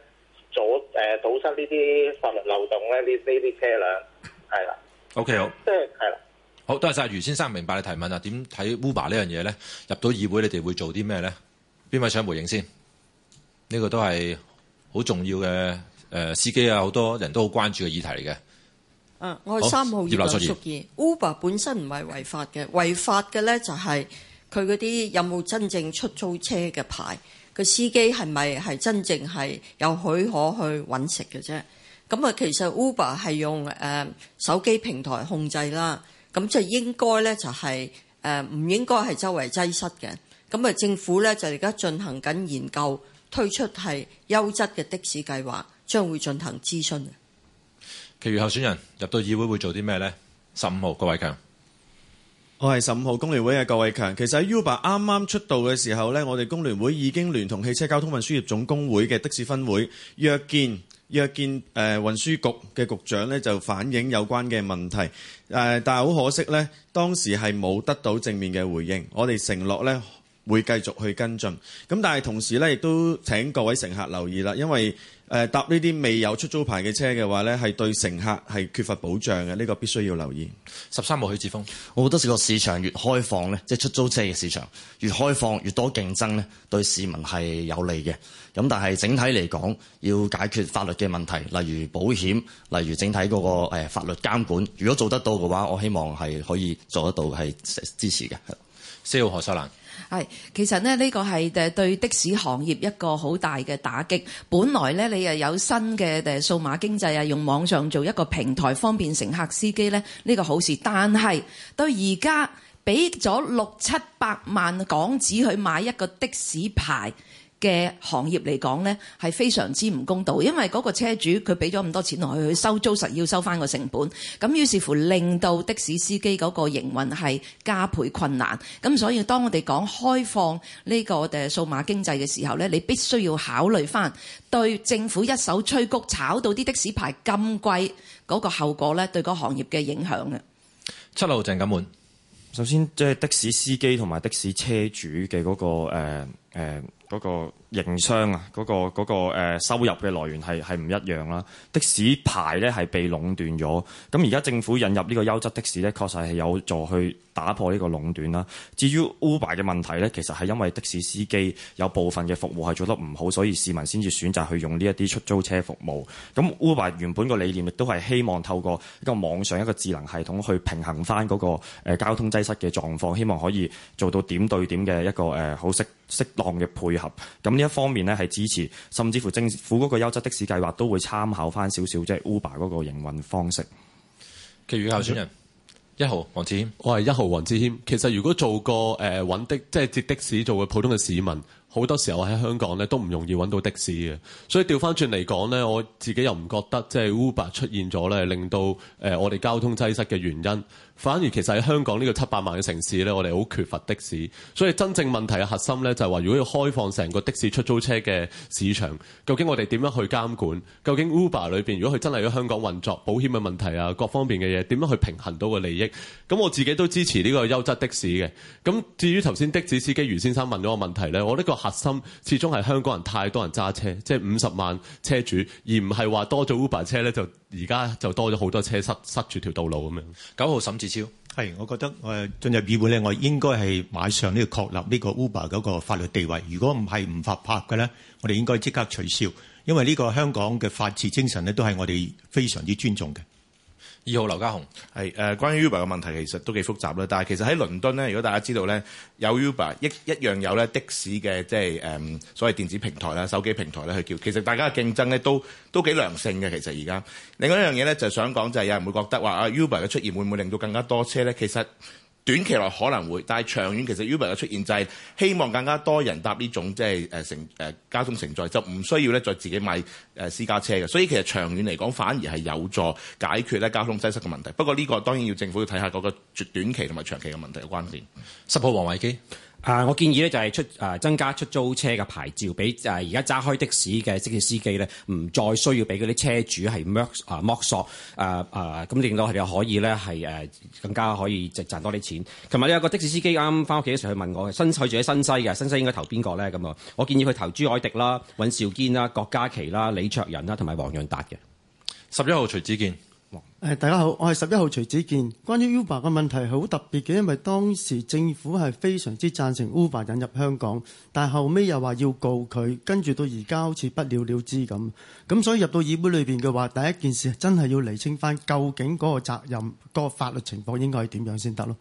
阻誒堵塞呢啲法律漏洞咧？呢呢啲車輛係啦。OK，好，即係係啦。是好，多謝曬余先生明白你提問啊！點睇 Uber 呢樣嘢咧？入到議會，你哋會做啲咩咧？邊位想回應先？呢、這個都係。好重要嘅誒、呃、司機啊！好多人都好關注嘅議題嚟嘅。嗯、啊，我係三號議員。葉劉淑儀，Uber 本身唔係違法嘅，違法嘅咧就係佢嗰啲有冇真正出租車嘅牌，個司機係咪係真正係有許可去揾食嘅啫？咁啊，其實 Uber 係用誒、呃、手機平台控制啦，咁即係應該咧就係誒唔應該係周圍擠塞嘅。咁啊，政府咧就而家進行緊研究。推出係優質嘅的士計劃，將會進行諮詢。其餘候選人入到議會會做啲咩呢？十五號郭偉強，我係十五號工聯會嘅郭偉強。其實喺 Uber 啱啱出道嘅時候呢，我哋工聯會已經聯同汽車交通運輸業總工會嘅的士分會約見約見誒、呃、運輸局嘅局長呢，就反映有關嘅問題。誒、呃，但係好可惜呢，當時係冇得到正面嘅回應。我哋承諾呢。會繼續去跟進咁，但係同時咧，亦都請各位乘客留意啦。因為誒搭呢啲未有出租牌嘅車嘅話咧，係對乘客係缺乏保障嘅。呢個必須要留意。十三號許智峰，我覺得個市場越開放咧，即係出租車嘅市場越開放，越多競爭咧，對市民係有利嘅。咁但係整體嚟講，要解決法律嘅問題，例如保險，例如整體嗰個誒法律監管，如果做得到嘅話，我希望係可以做得到，係支持嘅。四號何秀蘭。係，其實呢個係誒對的士行業一個好大嘅打擊。本來呢你又有新嘅誒數碼經濟啊，用網上做一個平台，方便乘客司機呢，呢個好事，但係到而家俾咗六七百萬港紙去買一個的士牌，嘅行業嚟講咧，係非常之唔公道，因為嗰個車主佢俾咗咁多錢落去去收租，實要收翻個成本。咁於是乎令到的士司機嗰個營運係加倍困難，咁所以當我哋講開放呢個嘅數碼經濟嘅時候咧，你必須要考慮翻對政府一手催谷炒到啲的士牌咁貴嗰個後果咧，對個行業嘅影響嘅。七路鄭家滿，首先即係、就是、的士司機同埋的士車主嘅嗰、那個誒誒。呃呃嗰個營商啊，嗰個嗰個誒呃，收入嘅來源係係唔一樣啦。的士牌咧係被壟斷咗，咁而家政府引入呢個優質的士咧，確實係有助去。打破呢個壟斷啦。至於 Uber 嘅問題呢，其實係因為的士司機有部分嘅服務係做得唔好，所以市民先至選擇去用呢一啲出租車服務。咁 Uber 原本個理念亦都係希望透過一個網上一個智能系統去平衡翻、那、嗰個、呃、交通擠塞嘅狀況，希望可以做到點對點嘅一個好適、呃、適當嘅配合。咁呢一方面呢，係支持，甚至乎政府嗰個優質的士計劃都會參考翻少少，即、就、係、是、Uber 嗰個營運方式。其餘候選人。一號黃志謙，我係一號黃志謙。其實如果做個誒搵的，即係接的士做嘅普通嘅市民，好多時候喺香港咧都唔容易搵到的士嘅。所以調翻轉嚟講咧，我自己又唔覺得即係 Uber 出現咗咧，令到誒、呃、我哋交通擠塞嘅原因。反而其實喺香港呢個七百萬嘅城市呢，我哋好缺乏的士，所以真正問題嘅核心呢，就係話，如果要開放成個的士出租車嘅市場，究竟我哋點樣去監管？究竟 Uber 裏面如果佢真係喺香港運作，保險嘅問題啊，各方面嘅嘢點樣去平衡到個利益？咁我自己都支持呢個優質的士嘅。咁至於頭先的士司機余先生問咗個問題呢，我呢個核心始終係香港人太多人揸車，即係五十萬車主，而唔係話多咗 Uber 車呢就。而家就多咗好多車塞塞住條道路咁樣。九號沈志超係，我覺得誒進入議會咧，我應該係馬上呢個確立呢個 Uber 嗰個法律地位。如果唔係唔合法嘅咧，我哋應該即刻取消，因為呢個香港嘅法治精神咧，都係我哋非常之尊重嘅。二號劉家雄係誒、呃、關於 Uber 嘅問題，其實都幾複雜啦。但係其實喺倫敦咧，如果大家知道咧，有 Uber 一一樣有咧的士嘅，即係誒、嗯、所謂電子平台啦、手機平台咧去叫。其實大家嘅競爭咧都都幾良性嘅。其實而家另外一樣嘢咧，就想講就係有人會覺得話啊 Uber 嘅出現會唔會令到更加多車咧？其實短期內可能會，但係長遠其實 Uber 嘅出現就係希望更加多人搭呢種即係誒乘誒交通乘載，就唔需要咧再自己買誒、呃、私家車嘅。所以其實長遠嚟講，反而係有助解決咧交通擠塞嘅問題。不過呢個當然要政府要睇下嗰個短期同埋長期嘅問題嘅關鍵。嗯、十號，王維基。啊！Uh, 我建議咧就係、是、出啊、呃、增加出租車嘅牌照俾啊而家揸開的士嘅的士司機咧，唔再需要俾嗰啲車主係剝啊剝削啊啊！咁令到佢哋可以咧係誒更加可以賺多啲錢。琴日咧有個的士司機啱翻屋企嘅時候去問我，新佢住喺新西嘅，新西應該投邊個咧？咁啊，我建議佢投朱凱迪啦、尹兆堅啦、郭家麒啦、李卓人啦同埋黃潤達嘅。十一號徐子見。誒，大家好，我係十一號徐子健。關於 Uber 嘅問題好特別嘅，因為當時政府係非常之贊成 Uber 引入香港，但係後尾又話要告佢，跟住到而家好似不了了之咁。咁所以入到議會裏邊嘅話，第一件事真係要釐清翻究竟嗰個責任、嗰個法律情況應該係點樣先得咯。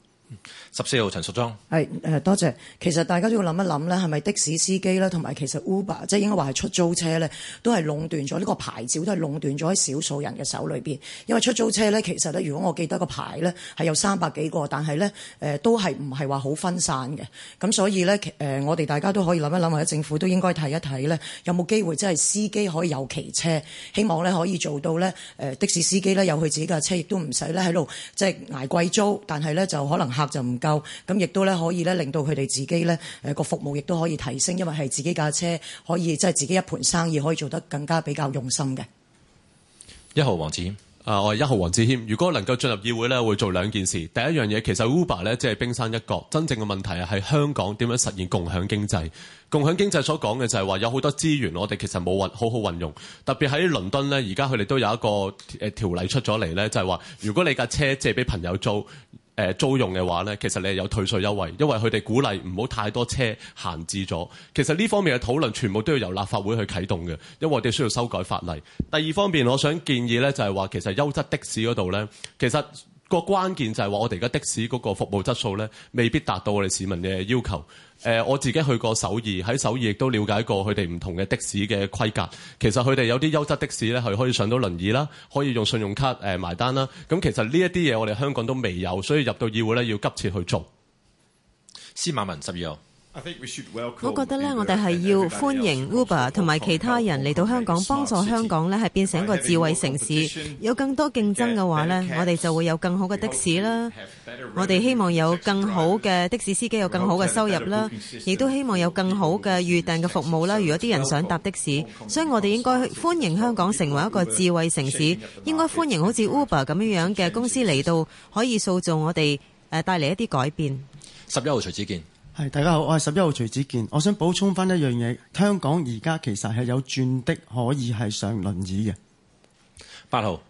十四號陳淑莊係誒，多謝。其實大家都要諗一諗咧，係咪的士司機啦，同埋其實 Uber 即係應該話係出租車咧，都係壟斷咗呢個牌照，都係壟斷咗喺少數人嘅手裏邊。因為出租車咧，其實咧，如果我記得個牌咧係有三百幾個，但係咧誒都係唔係話好分散嘅。咁所以咧，誒、呃、我哋大家都可以諗一諗，或者政府都應該睇一睇咧，有冇機會即係司機可以有騎車，希望咧可以做到咧誒、呃、的士司機咧有佢自己架車不用在，亦都唔使咧喺度即係捱貴租，但係咧就可能。就唔夠，咁亦都咧可以咧令到佢哋自己咧誒個服務亦都可以提升，因為係自己架車可以即係自己一盤生意可以做得更加比較用心嘅。一號黃子謙，啊，我係一號黃子謙。如果能夠進入議會咧，會做兩件事。第一樣嘢其實 Uber 咧即係冰山一角，真正嘅問題啊係香港點樣實現共享經濟？共享經濟所講嘅就係話有好多資源，我哋其實冇運好好運用。特別喺倫敦呢，而家佢哋都有一個誒條例出咗嚟呢，就係話如果你架車借俾朋友租。誒租用嘅話呢，其實你係有退稅優惠，因為佢哋鼓勵唔好太多車閒置咗。其實呢方面嘅討論全部都要由立法會去啟動嘅，因為我哋需要修改法例。第二方面，我想建議呢就係話其實優質的士嗰度呢，其實。個關鍵就係話，我哋而家的士嗰個服務質素呢，未必達到我哋市民嘅要求。誒，我自己去過首爾，喺首爾亦都了解過佢哋唔同嘅的，的士嘅規格。其實佢哋有啲優質的士呢，係可以上到輪椅啦，可以用信用卡誒埋單啦。咁其實呢一啲嘢，我哋香港都未有，所以入到議會呢，要急切去做。司馬文十二號。我覺得呢，我哋係要歡迎 Uber 同埋其他人嚟到香港，幫助香港呢係變成一個智慧城市。有更多競爭嘅話呢，我哋就會有更好嘅的士啦。我哋希望有更好嘅的士司機有更好嘅收入啦，亦都希望有更好嘅預訂嘅服務啦。如果啲人想搭的士，所以我哋應該歡迎香港成為一個智慧城市。應該歡迎好似 Uber 咁樣樣嘅公司嚟到，可以塑造我哋誒帶嚟一啲改變。十一號徐子健。係，大家好，我係十一號徐子健，我想補充翻一樣嘢，香港而家其實係有轉的可以係上輪椅嘅。八號，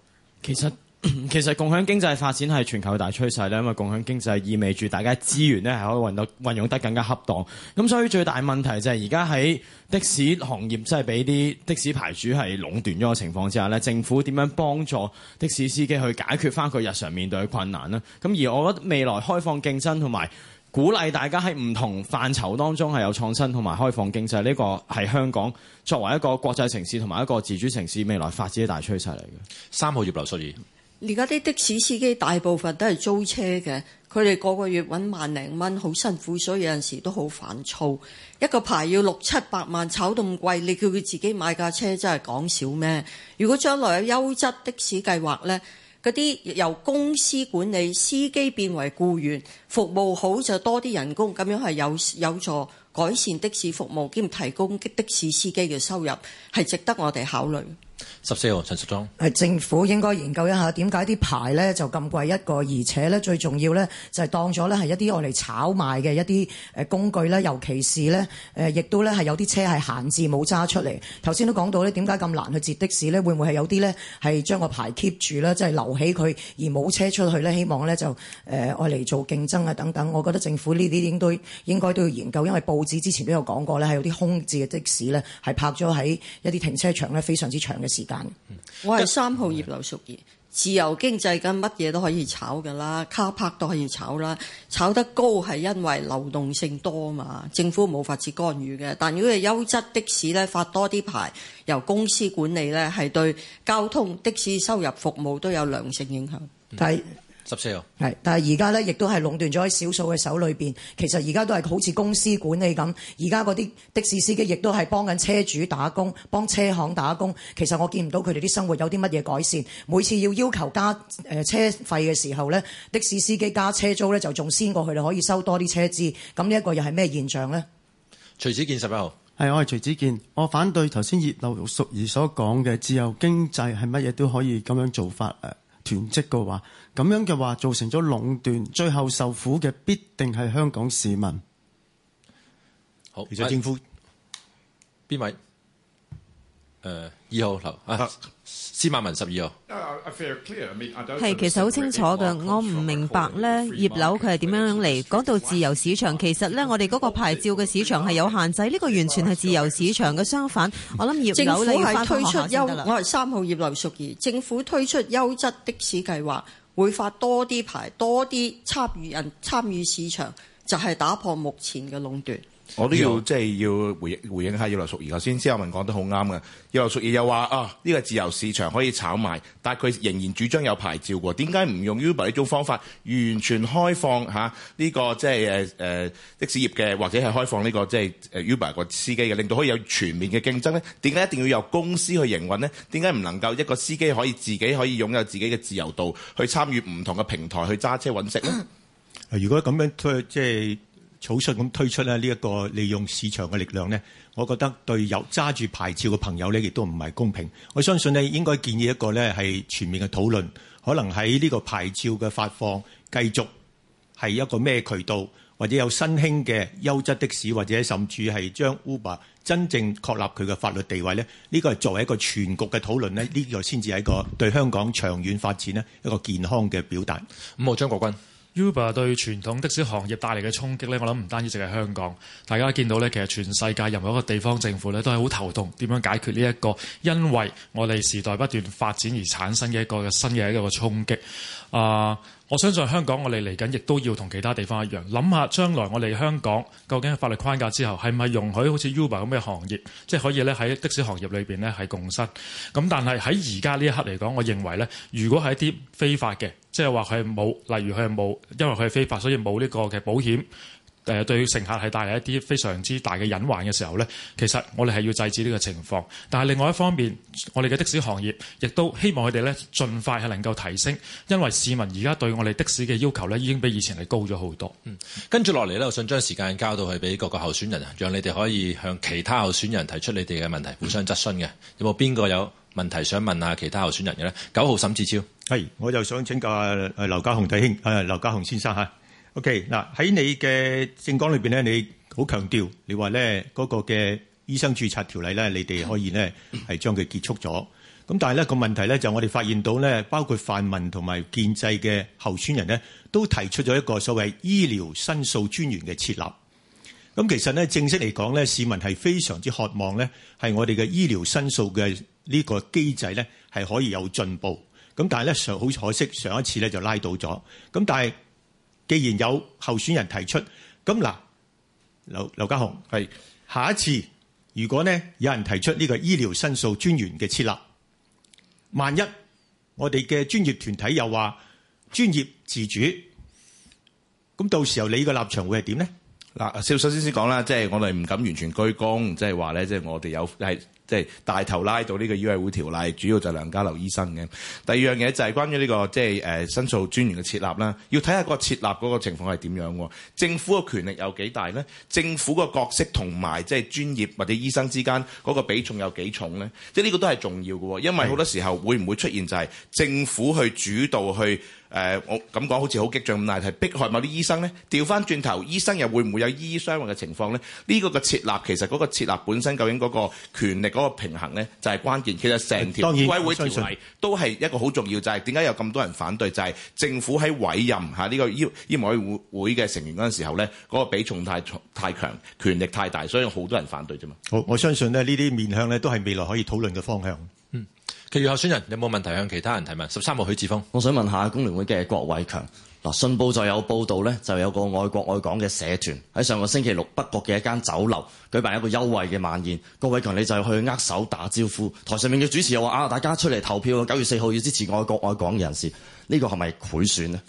其實其實共享經濟發展係全球大趨勢咧，因為共享經濟意味住大家資源咧係可以運到運用得更加恰當。咁所以最大問題就係而家喺的士行業真係俾啲的士牌主係壟斷咗嘅情況之下咧，政府點樣幫助的士司機去解決翻佢日常面對嘅困難咧？咁而我覺得未來開放競爭同埋，鼓勵大家喺唔同範疇當中係有創新同埋開放經濟，呢個係香港作為一個國際城市同埋一個自主城市未來發展嘅大趨勢嚟嘅。三號葉劉淑儀，而家啲的士司機大部分都係租車嘅，佢哋個個月揾萬零蚊，好辛苦，所以有陣時都好煩躁。一個牌要六七百萬炒咁貴，你叫佢自己買架車真係講少咩？如果將來有優質的士計劃呢？嗰啲由公司管理，司機變為僱員，服務好就多啲人工，咁樣係有有助改善的士服務兼提供的士司機嘅收入，係值得我哋考慮。十四號陳淑莊，誒政府應該研究一下點解啲牌咧就咁貴一個，而且咧最重要咧就係當咗咧係一啲愛嚟炒賣嘅一啲誒工具咧，尤其是咧誒亦都咧係有啲車係閒置冇揸出嚟。頭先都講到咧點解咁難去截的士咧，會唔會係有啲咧係將個牌 keep 住啦，即係留起佢而冇車出去咧？希望咧就誒愛嚟做競爭啊等等。我覺得政府呢啲應該應該都要研究，因為報紙之前都有講過咧，係有啲空置嘅的，的，的士咧係泊咗喺一啲停車場咧，非常之長嘅時時間，我係三號葉劉淑儀。嗯、自由經濟咁乜嘢都可以炒噶啦，卡拍都可以炒啦，炒得高係因為流動性多嘛，政府冇法子干預嘅，但如果係優質的士呢，發多啲牌，由公司管理呢，係對交通的士收入服務都有良性影響。嗯睇十四號係，但係而家咧，亦都係壟斷咗喺少數嘅手裏邊。其實而家都係好似公司管理咁。而家嗰啲的士司機亦都係幫緊車主打工，幫車行打工。其實我見唔到佢哋啲生活有啲乜嘢改善。每次要要求加誒、呃、車費嘅時候咧，的士司機加車租咧就仲先過佢哋可以收多啲車資。咁呢一個又係咩現象呢？徐子健，十一號係，我係徐子健，我反對頭先葉劉淑儀所講嘅自由經濟係乜嘢都可以咁樣做法誒。囤積嘅話，咁樣嘅話造成咗壟斷，最後受苦嘅必定係香港市民。好，而家政府邊位？誒。二號樓啊，司馬文十二號係其實好清楚嘅，我唔明白咧，葉劉佢係點樣嚟講到自由市場？其實咧，我哋嗰個牌照嘅市場係有限制，呢個完全係自由市場嘅相反。我諗葉劉政府係推出優，我係三號葉劉淑儀。政府推出優質的士計劃，會發多啲牌，多啲參與人參與市場，就係打破目前嘅壟斷。我都要 Yeah. 即係要回應回應一下，葉劉淑儀頭先，施亞文講得好啱嘅。葉劉淑儀又話啊，呢、哦這個自由市場可以炒賣，但佢仍然主張有牌照嘅。點解唔用 Uber 呢種方法，完全開放嚇呢、啊這個即係誒誒的士業嘅，或者係開放呢、這個即係、就是呃、Uber 個司機嘅，令到可以有全面嘅競爭呢？點解一定要由公司去營運呢？點解唔能夠一個司機可以自己可以擁有自己嘅自由度，去參與唔同嘅平台去揸車揾食呢？如果咁樣推即係。草率咁推出呢一個利用市場嘅力量呢，我覺得對有揸住牌照嘅朋友呢，亦都唔係公平。我相信呢，應該建議一個呢，係全面嘅討論，可能喺呢個牌照嘅發放繼續係一個咩渠道，或者有新興嘅優質的士，或者甚至係將 Uber 真正確立佢嘅法律地位呢，呢個係作為一個全局嘅討論呢，呢個先至係一個對香港長遠發展呢一個健康嘅表達。五號張國軍。Uber 對傳統的士行業帶嚟嘅衝擊呢，我諗唔單止淨係香港，大家見到呢，其實全世界任何一個地方政府呢都係好頭痛，點樣解決呢、這、一個因為我哋時代不斷發展而產生嘅一個新嘅一個衝擊啊！Uh, 我相信香港我哋嚟緊亦都要同其他地方一樣，諗下將來我哋香港究竟法律框架之後係唔係容許好似 Uber 咁嘅行業，即係可以咧喺的士行業裏面咧係共生。咁但係喺而家呢一刻嚟講，我認為呢，如果係一啲非法嘅，即係話佢係冇，例如佢係冇，因為佢係非法，所以冇呢個嘅保險。誒、呃、對乘客係帶嚟一啲非常之大嘅隱患嘅時候呢，其實我哋係要制止呢個情況。但係另外一方面，我哋嘅的士行業亦都希望佢哋呢盡快係能夠提升，因為市民而家對我哋的士嘅要求呢已經比以前係高咗好多。嗯，跟住落嚟呢，我想將時間交到去俾各個候選人，讓你哋可以向其他候選人提出你哋嘅問題，互相質詢嘅。有冇邊個有問題想問下其他候選人嘅呢？九號沈志超，係，我就想請教劉家雄弟兄，阿劉家雄先生吓。OK，嗱喺你嘅政綱裏邊咧，你好強調，你話咧嗰個嘅醫生註冊條例咧，你哋可以呢係 將佢結束咗。咁但係呢個問題咧就我哋發現到呢，包括泛民同埋建制嘅候選人呢，都提出咗一個所謂醫療申訴專員嘅設立。咁其實呢，正式嚟講呢，市民係非常之渴望呢，係我哋嘅醫療申訴嘅呢個機制呢，係可以有進步。咁但係咧上好可惜，上一次呢就拉倒咗。咁但係。既然有候選人提出，咁嗱，劉劉家雄係是下一次，如果咧有人提出呢個醫療申訴專員嘅設立，萬一我哋嘅專業團體又話專業自主，咁到時候你個立場會係點咧？嗱，少生先生講啦，即係我哋唔敢完全居功，即係話咧，即係我哋有係。即係即係大頭拉到呢個醫委會條例，主要就係梁家騮醫生嘅。第二樣嘢就係關於呢、這個即係誒申訴專員嘅設立啦，要睇下個設立嗰個情況係點樣喎？政府嘅權力有幾大呢？政府個角色同埋即係專業或者醫生之間嗰個比重有幾重呢？即係呢個都係重要嘅，因為好多時候會唔會出現就係政府去主導去。誒、呃，我咁講好似好激進咁，但係迫害某啲醫生咧。調翻轉頭，醫生又會唔會有醫醫相衛嘅情況咧？呢、這個嘅設立其實嗰個設立本身究竟嗰個權力嗰個平衡咧，就係、是、關鍵。其實成條醫委然會條例都係一個好重要，就係點解有咁多人反對？就係、是、政府喺委任吓呢、啊這個醫醫委會嘅成員嗰陣時候咧，嗰、那個比重太太強，權力太大，所以好多人反對啫嘛。好，我相信咧呢啲面向咧都係未來可以討論嘅方向。嗯。其餘候選人有冇問題向其他人提問？十三號許智峰，我想問下工聯會嘅郭偉強嗱，信報就有報道呢，就有個愛國愛港嘅社團喺上個星期六北角嘅一間酒樓舉辦一個優惠嘅晚宴。郭偉強你就去握手打招呼，台上面嘅主持又話啊，大家出嚟投票，九月四號要支持愛國愛港人士，呢個係咪賄選呢？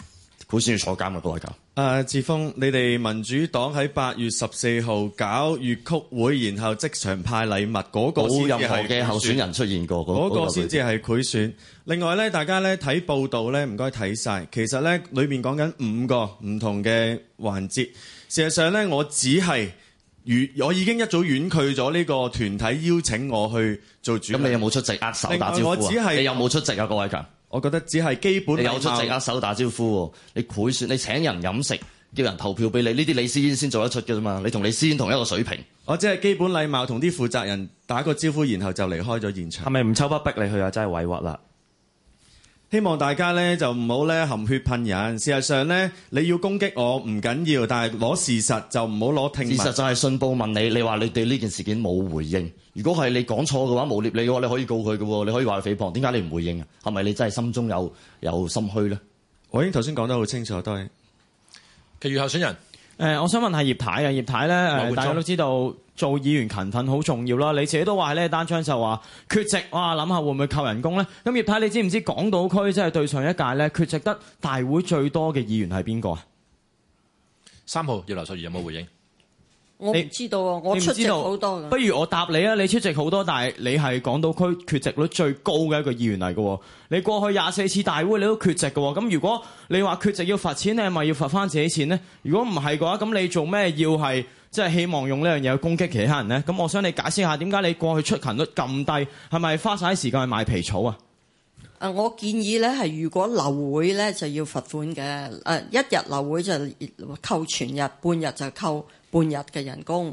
好，先坐監啊，各位講。誒志峰，你哋民主黨喺八月十四號搞粵曲會，然後即場派禮物，嗰、那個先至係冇任何嘅候選人出現過。嗰個先至係賄選。另外咧，大家咧睇報道咧，唔該睇晒。其實咧裏面講緊五個唔同嘅環節。事實上咧，我只係婉，我已經一早婉拒咗呢個團體邀請我去做主。咁你有冇出席握手打招呼啊？我只係你有冇出席啊？各位講。我覺得只係基本你有出席，握手打招呼喎，你會説你請人飲食，叫人投票俾你，呢啲李思先做得出嘅啫嘛，你同李思煙同一個水平。我只係基本禮貌，同啲負責人打個招呼，然後就離開咗現場。係咪唔抽不逼你去啊？真係委屈啦。希望大家咧就唔好咧含血噴人。事實上咧，你要攻擊我唔緊要，但係攞事實就唔好攞聽聞。事實就係信報問你，你話你對呢件事件冇回應。如果係你講錯嘅話，誣衊你嘅話，你可以告佢嘅喎，你可以話佢誹謗。點解你唔回應啊？係咪你真係心中有有心虛咧？我已經頭先講得好清楚，多謝。其餘候選人。誒、呃，我想問下葉太啊，葉太咧，初大家都知道做議員勤奮好重要啦。你自己都話咧，單槍就話缺席，哇，諗下會唔會扣人工咧？咁葉太，你知唔知港島區即係對上一屆咧缺席得大會最多嘅議員係邊個啊？三號葉劉淑儀有冇回應？嗯我唔知道啊，你我出席好多不。不如我答你啊，你出席好多，但係你係港島區缺席率最高嘅一個議員嚟嘅。你過去廿四次大會你都缺席嘅。咁如果你話缺席要罰錢咧，你係咪要罰翻自己錢呢？如果唔係嘅話，咁你做咩要係即係希望用呢樣嘢去攻擊其他人呢？咁我想你解釋下點解你過去出勤率咁低，係咪花晒啲時間去買皮草啊？誒，我建議咧係如果留會咧就要罰款嘅。誒，一日留會就扣全日，半日就扣。半日嘅人工，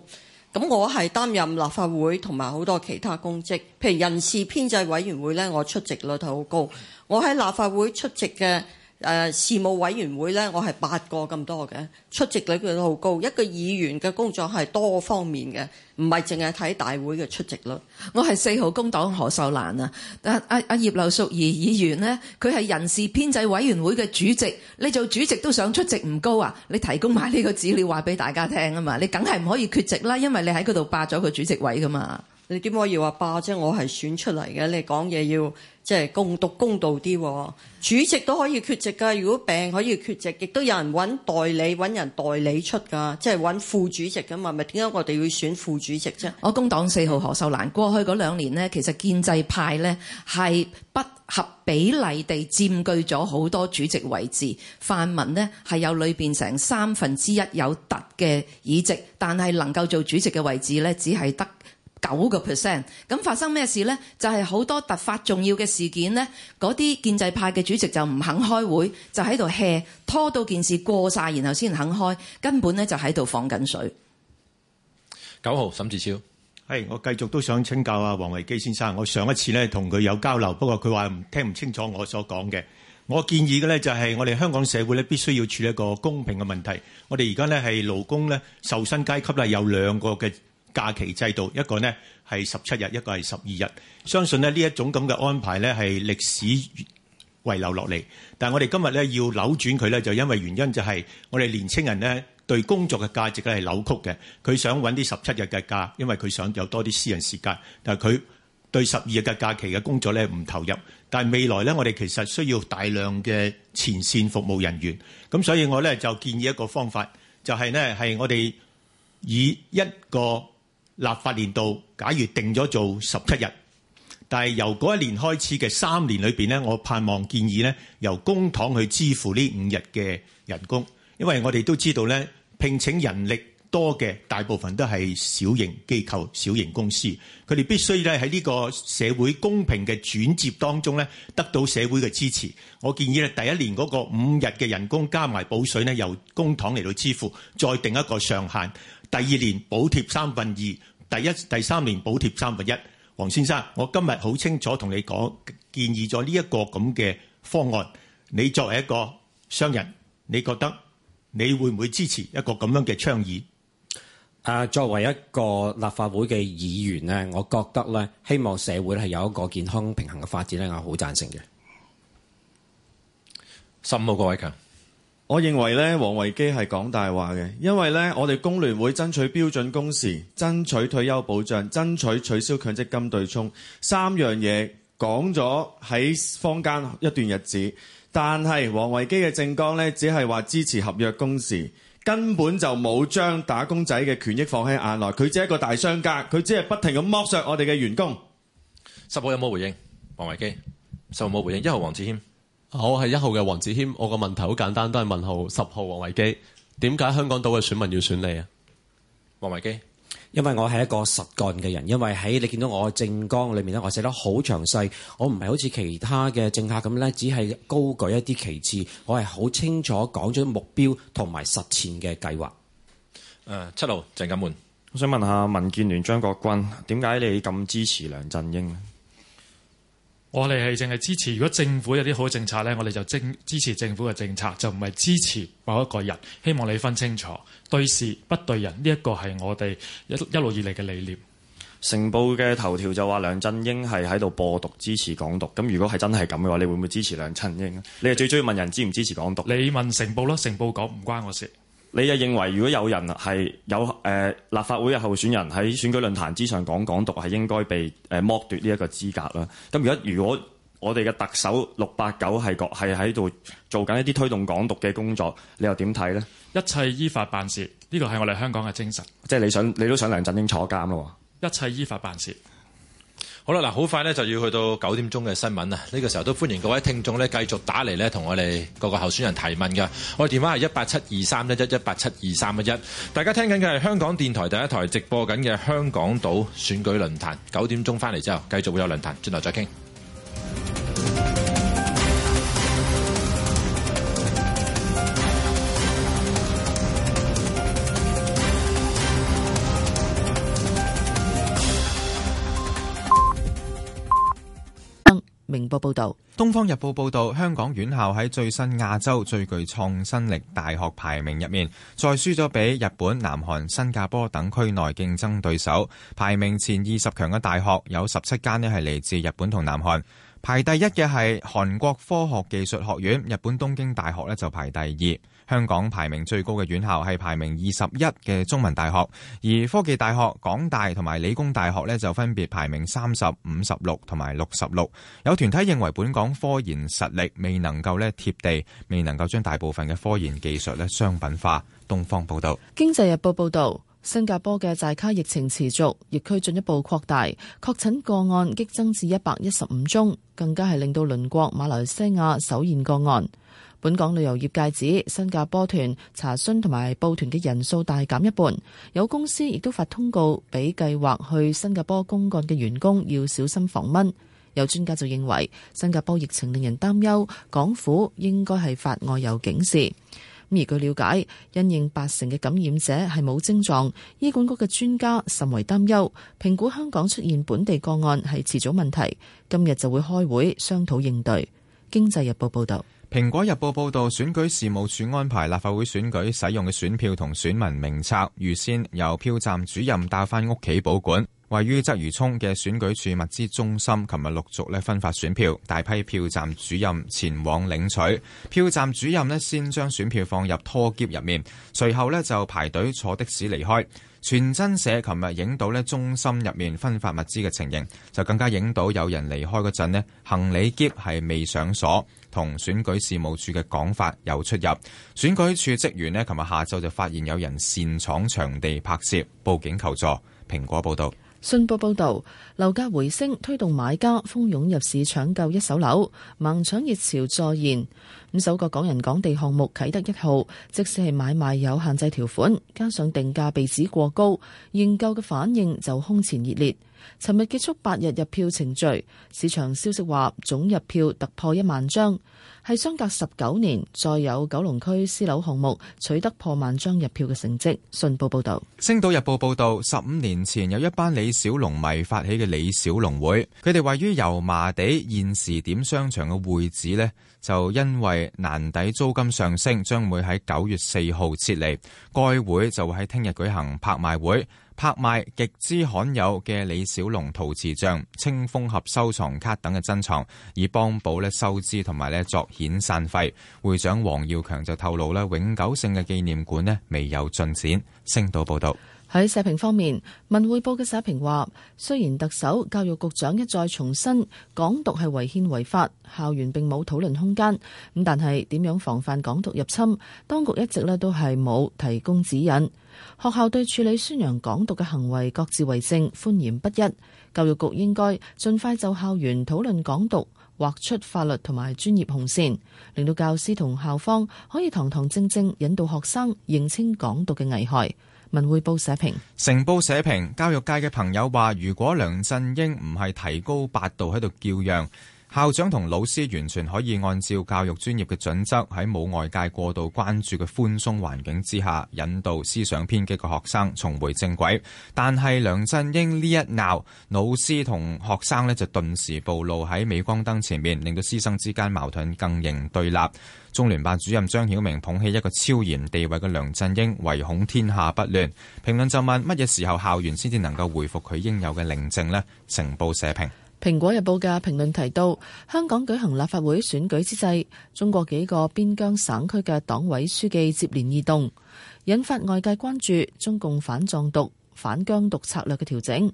咁我係擔任立法會同埋好多其他公職，譬如人事編制委員會呢，我出席率就好高。我喺立法會出席嘅。誒、呃、事務委員會咧，我係八個咁多嘅出席率佢都好高。一個議員嘅工作係多方面嘅，唔係淨係睇大會嘅出席率。我係四號工黨何秀蘭啊，但阿阿葉劉淑儀議員呢，佢係人事編制委員會嘅主席。你做主席都想出席唔高啊？你提供埋呢個資料話俾大家聽啊嘛，你梗係唔可以缺席啦，因為你喺嗰度霸咗個主席位噶嘛。你點可以話霸啫？我係選出嚟嘅。你講嘢要即係公道，公道啲。主席都可以缺席噶。如果病可以缺席，亦都有人揾代理，揾人代理出噶，即係揾副主席噶嘛？咪點解我哋會選副主席啫？我工黨四號何秀蘭過去嗰兩年呢，其實建制派咧係不合比例地佔據咗好多主席位置。泛民呢係有裏邊成三分之一有突嘅議席，但係能夠做主席嘅位置咧，只係得。九個 percent，咁發生咩事呢？就係好多突發重要嘅事件呢。嗰啲建制派嘅主席就唔肯開會，就喺度 hea，拖到件事過晒，然後先肯開，根本呢就喺度放緊水。九號沈志超，係、hey, 我繼續都想請教啊，黃維基先生，我上一次呢同佢有交流，不過佢話聽唔清楚我所講嘅。我建議嘅呢就係我哋香港社會呢必須要處理一個公平嘅問題。我哋而家呢係勞工呢，受薪階級呢有兩個嘅。假期制度一個呢，係十七日，一個係十二日。相信咧，呢一種咁嘅安排呢，係歷史遺留落嚟，但係我哋今日呢，要扭轉佢呢，就因為原因就係我哋年青人呢，對工作嘅價值咧係扭曲嘅。佢想揾啲十七日嘅假，因為佢想有多啲私人時間，但係佢對十二日嘅假期嘅工作呢，唔投入。但係未來呢，我哋其實需要大量嘅前線服務人員。咁所以我呢，就建議一個方法，就係呢，係我哋以一個。立法年度假如定咗做十七日，但係由嗰一年開始嘅三年裏邊咧，我盼望建議咧，由公帑去支付呢五日嘅人工，因為我哋都知道咧，聘請人力多嘅大部分都係小型機構、小型公司，佢哋必須咧喺呢個社會公平嘅轉接當中咧，得到社會嘅支持。我建議咧，第一年嗰個五日嘅人工加埋補水咧，由公帑嚟到支付，再定一個上限。第二年補貼三分二，第一第三年補貼三分一。黃先生，我今日好清楚同你講，建議咗呢一個咁嘅方案，你作為一個商人，你覺得你會唔會支持一個咁樣嘅倡議？啊，作為一個立法會嘅議員咧，我覺得咧，希望社會咧係有一個健康平衡嘅發展咧，我好贊成嘅。深奧，各位強。我認為咧，王維基係講大話嘅，因為咧，我哋工聯會爭取標準工時、爭取退休保障、爭取取消強積金對沖三樣嘢講咗喺坊間一段日子，但係王維基嘅政綱呢只係話支持合約工時，根本就冇將打工仔嘅權益放喺眼內，佢只係一個大商家，佢只係不停咁剝削我哋嘅員工。十號有冇回應？王維基，十號冇回應。一號黃志謙。好，我係一號嘅黃梓謙，我個問題好簡單，都係問號十號王維基，點解香港島嘅選民要選你啊？王維基，因為我係一個實幹嘅人，因為喺你見到我嘅政綱裏面咧，我寫得好詳細，我唔係好似其他嘅政客咁咧，只係高舉一啲旗幟，我係好清楚講咗目標同埋實踐嘅計劃。誒、呃，七號鄭錦滿，我想問下民建聯張國鈞，點解你咁支持梁振英咧？我哋係淨係支持，如果政府有啲好政策呢，我哋就政支持政府嘅政策，就唔係支持某一個人。希望你分清楚，對事不對人，呢、這個、一個係我哋一一路以嚟嘅理念。成報嘅頭條就話梁振英係喺度播毒支持港獨，咁如果係真係咁嘅話，你會唔會支持梁振英？你係最鍾意問人支唔支持港獨？你問成報囉，成報講唔關我事。你又認為，如果有人係有誒、呃、立法會嘅候選人喺選舉論壇之上講港獨，係應該被誒、呃、剝奪呢一個資格啦？咁而家如果我哋嘅特首六八九係講係喺度做緊一啲推動港獨嘅工作，你又點睇呢？一切依法辦事，呢個係我哋香港嘅精神。即係你想，你都想梁振英坐監咯？一切依法辦事。好啦，嗱，好快咧，就要去到九點鐘嘅新聞啊！呢個時候都歡迎各位聽眾咧，繼續打嚟咧，同我哋各個候選人提問噶。我嘅電話係一八七二三一一一八七二三一一。大家聽緊嘅係香港電台第一台直播緊嘅香港島選舉論壇。九點鐘翻嚟之後，繼續會有論壇，轉頭再傾。明報報道，《東方日報》報道，香港院校喺最新亞洲最具創新力大學排名入面，再輸咗俾日本、南韓、新加坡等區內競爭對手。排名前二十強嘅大學有十七間呢，係嚟自日本同南韓，排第一嘅係韓國科學技術學院，日本東京大學呢，就排第二。香港排名最高嘅院校係排名二十一嘅中文大學，而科技大學、港大同埋理工大學咧就分別排名三十五、十六同埋六十六。有團體認為本港科研實力未能夠咧貼地，未能夠將大部分嘅科研技術咧商品化。東方報道，《經濟日報》報道，新加坡嘅寨卡疫情持續，疫區進一步擴大，確診個案激增至一百一十五宗，更加係令到鄰國馬來西亞首現個案。本港旅遊業界指，新加坡團查詢同埋報團嘅人數大減一半，有公司亦都發通告俾計劃去新加坡公幹嘅員工，要小心防蚊。有專家就認為，新加坡疫情令人擔憂，港府應該係發外遊警示。而據了解，因應八成嘅感染者係冇症狀，醫管局嘅專家甚為擔憂，評估香港出現本地個案係遲早問題。今日就會開會商討應對。經濟日報報道。《蘋果日報》報道，選舉事務處安排立法會選舉使用嘅選票同選民名冊預先由票站主任帶翻屋企保管。位於鰂魚涌嘅選舉處物資中心，琴日陸續咧分發選票，大批票站主任前往領取。票站主任咧先將選票放入拖篋入面，隨後咧就排隊坐的士離開。傳真社琴日影到咧中心入面分發物資嘅情形，就更加影到有人離開嗰陣咧行李篋係未上鎖。同選舉事務處嘅講法有出入。選舉處職員呢，琴日下晝就發現有人擅闖場地拍攝，報警求助。蘋果報道，信報報導樓價回升推動買家蜂擁入市搶購一手樓，盲搶熱潮再現。咁首個港人港地項目啟德一號，即使係買賣有限制條款，加上定價被指過高，研究嘅反應就空前熱烈。尋日結束八日入票程序，市場消息話總入票突破一萬張，係相隔十九年再有九龍區私樓項目取得破萬張入票嘅成績。信報報道，《星島日報》報道，十五年前有一班李小龍迷發起嘅李小龍會，佢哋位於油麻地現時點商場嘅會址呢就因為難抵租金上升，將會喺九月四號撤離。該會就會喺聽日舉行拍賣會。拍賣極之罕有嘅李小龍陶瓷像、青蜂俠收藏卡等嘅珍藏，以幫補咧收支同埋咧作遣散費。會長黃耀強就透露咧，永久性嘅紀念館咧未有進展。星島報道。喺社評方面，文匯報嘅社評話：雖然特首教育局長一再重申港獨係違憲違法，校園並冇討論空間咁，但係點樣防範港獨入侵，當局一直咧都係冇提供指引。學校對處理宣揚港獨嘅行為各自為政，寬嚴不一。教育局應該盡快就校園討論港獨劃出法律同埋專業紅線，令到教師同校方可以堂堂正正引導學生認清港獨嘅危害。文匯報社評，成報社評，教育界嘅朋友話：如果梁振英唔係提高八度喺度叫嚷，校長同老師完全可以按照教育專業嘅準則，喺冇外界過度關注嘅寬鬆環境之下，引導思想偏激嘅學生重回正軌。但係梁振英呢一鬧，老師同學生呢就頓時暴露喺鎂光燈前面，令到師生之間矛盾更形對立。中聯辦主任張曉明捧起一個超然地位嘅梁振英，唯恐天下不亂。評論就問乜嘢時候校園先至能夠回復佢應有嘅寧靜呢？」成報社評。《蘋果日報》嘅評論提到，香港舉行立法會選舉之際，中國幾個邊疆省區嘅黨委書記接連異動，引發外界關注中共反藏獨、反疆獨策略嘅調整。